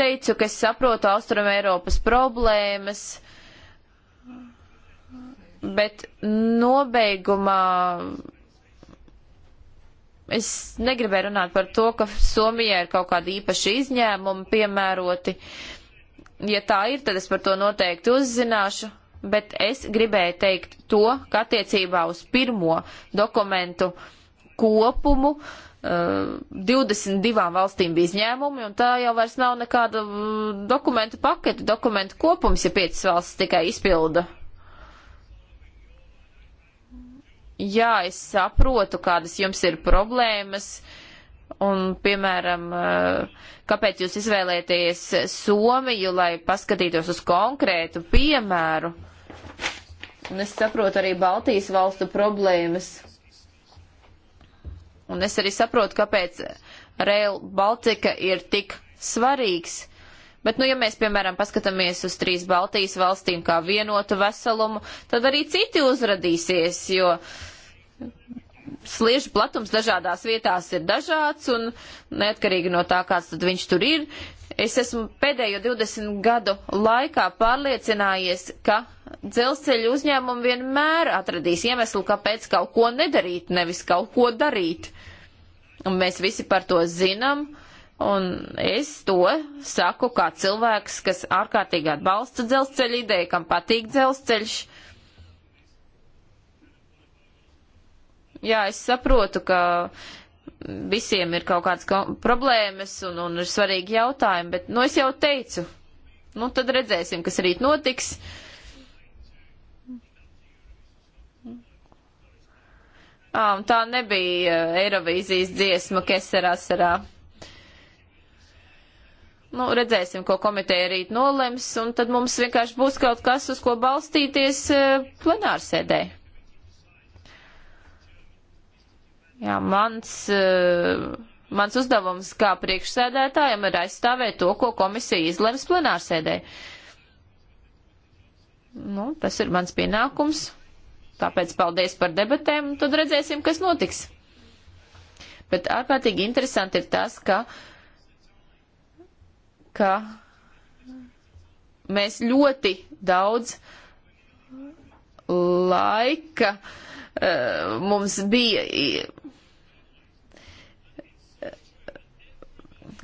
teicu, ka es saprotu Austrum Eiropas problēmas, bet nobeigumā es negribēju runāt par to, ka Somijai ir kaut kāda īpaša izņēmuma piemēroti. Ja tā ir, tad es par to noteikti uzzināšu, bet es gribēju teikt to, ka attiecībā uz pirmo dokumentu kopumu uh, eh, 22 valstīm bija izņēmumi, un tā jau vairs nav nekāda mm, dokumentu paketa, dokumentu kopums, ja piecas valstis tikai izpilda jā, es saprotu, kādas jums ir problēmas, un, piemēram, eh, kāpēc jūs izvēlēties Somiju, lai paskatītos uz konkrētu piemēru. Un es saprotu arī Baltijas valstu problēmas. Un es arī saprotu, kāpēc Rail Baltica ir tik svarīgs. Bet, nu, ja mēs, piemēram, paskatāmies uz trīs Baltijas valstīm kā vienotu veselumu, tad arī citi uzradīsies, jo sliežu platums dažādās vietās ir dažāds un neatkarīgi no tā, kāds tad viņš tur ir. Es esmu pēdējo 20 gadu laikā pārliecinājies, ka dzelzceļu uzņēmumi vienmēr atradīs iemeslu, kāpēc kaut ko nedarīt, nevis kaut ko darīt. Un mēs visi par to zinām. Uh, Un es to saku kā cilvēks, kas ārkārtīgi atbalsta dzelzceļa ideju, kam patīk dzelzceļš. Jā, es saprotu, ka visiem ir kaut kādas problēmas un, un ir svarīgi jautājumi, bet, nu, es jau teicu, nu, tad redzēsim, kas rīt notiks. Ah, tā nebija eh, Eirovīzijas dziesma Keserasarā. Nu, redzēsim, ko komiteja rīt nolems, un tad mums vienkārši būs kaut kas, uz ko balstīties e, plenārsēdē. Jā, mans, e, mans uzdevums kā priekšsēdētājam ir aizstāvēt to, ko komisija izlems plenārsēdē. Nu, tas ir mans pienākums. Tāpēc paldies par debatēm, un tad redzēsim, kas notiks. Bet ārkārtīgi interesanti ir tas, ka uh, ka mēs ļoti daudz laika uh, mums bija.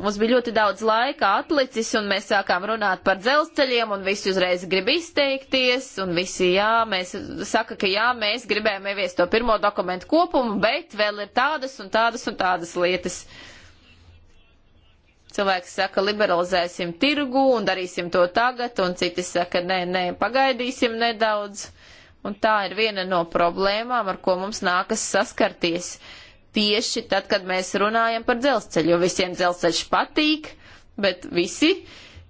Mums bija ļoti daudz laika atlicis, un mēs sākām runāt par dzelzceļiem, un visi uzreiz grib izteikties, un visi jā, mēs saka, ka jā, mēs gribējām ieviest to pirmo dokumentu kopumu, bet vēl ir tādas un tādas un tādas lietas. Uh, Cilvēki saka, liberalizēsim tirgu un darīsim to tagad, un citi saka, nē, nē, pagaidīsim nedaudz. Un tā ir viena no problēmām, ar ko mums nākas saskarties. Tieši tad, kad mēs runājam par dzelzceļu, jo visiem dzelzceļš patīk, bet visi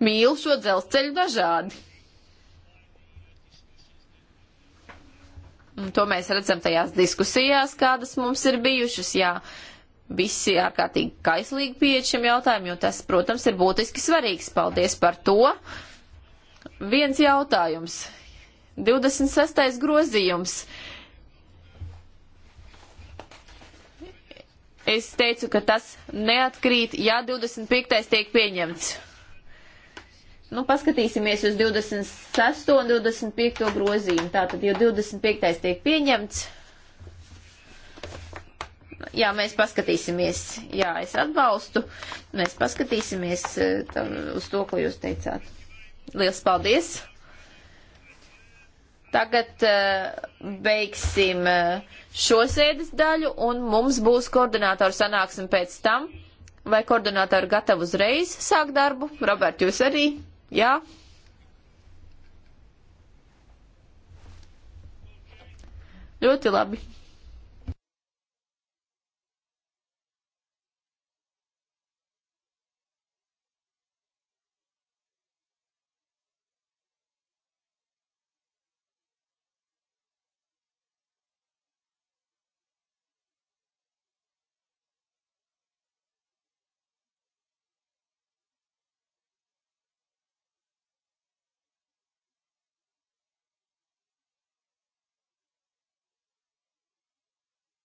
mīl šo dzelzceļu dažādi. Un to mēs redzam tajās diskusijās, kādas mums ir bijušas. Jā, uh, visi ārkārtīgi kaislīgi pieeja šim jautājumam, jo tas, protams, ir būtiski svarīgs. Paldies par to. Viens jautājums. 26. grozījums. Es teicu, ka tas neatkrīt, ja 25. tiek pieņemts. Nu, paskatīsimies uz 26. un 25. grozījumu. Tātad, jo 25. tiek pieņemts jā, mēs paskatīsimies, jā, es atbalstu, mēs paskatīsimies e, tā, uz to, ko jūs teicāt. Liels paldies! Tagad e, beigsim e, šo sēdes daļu un mums būs koordinātoru sanāksme pēc tam. Vai koordinātori gatavi uzreiz sākt darbu? Robert, jūs arī? Jā? Ļoti labi.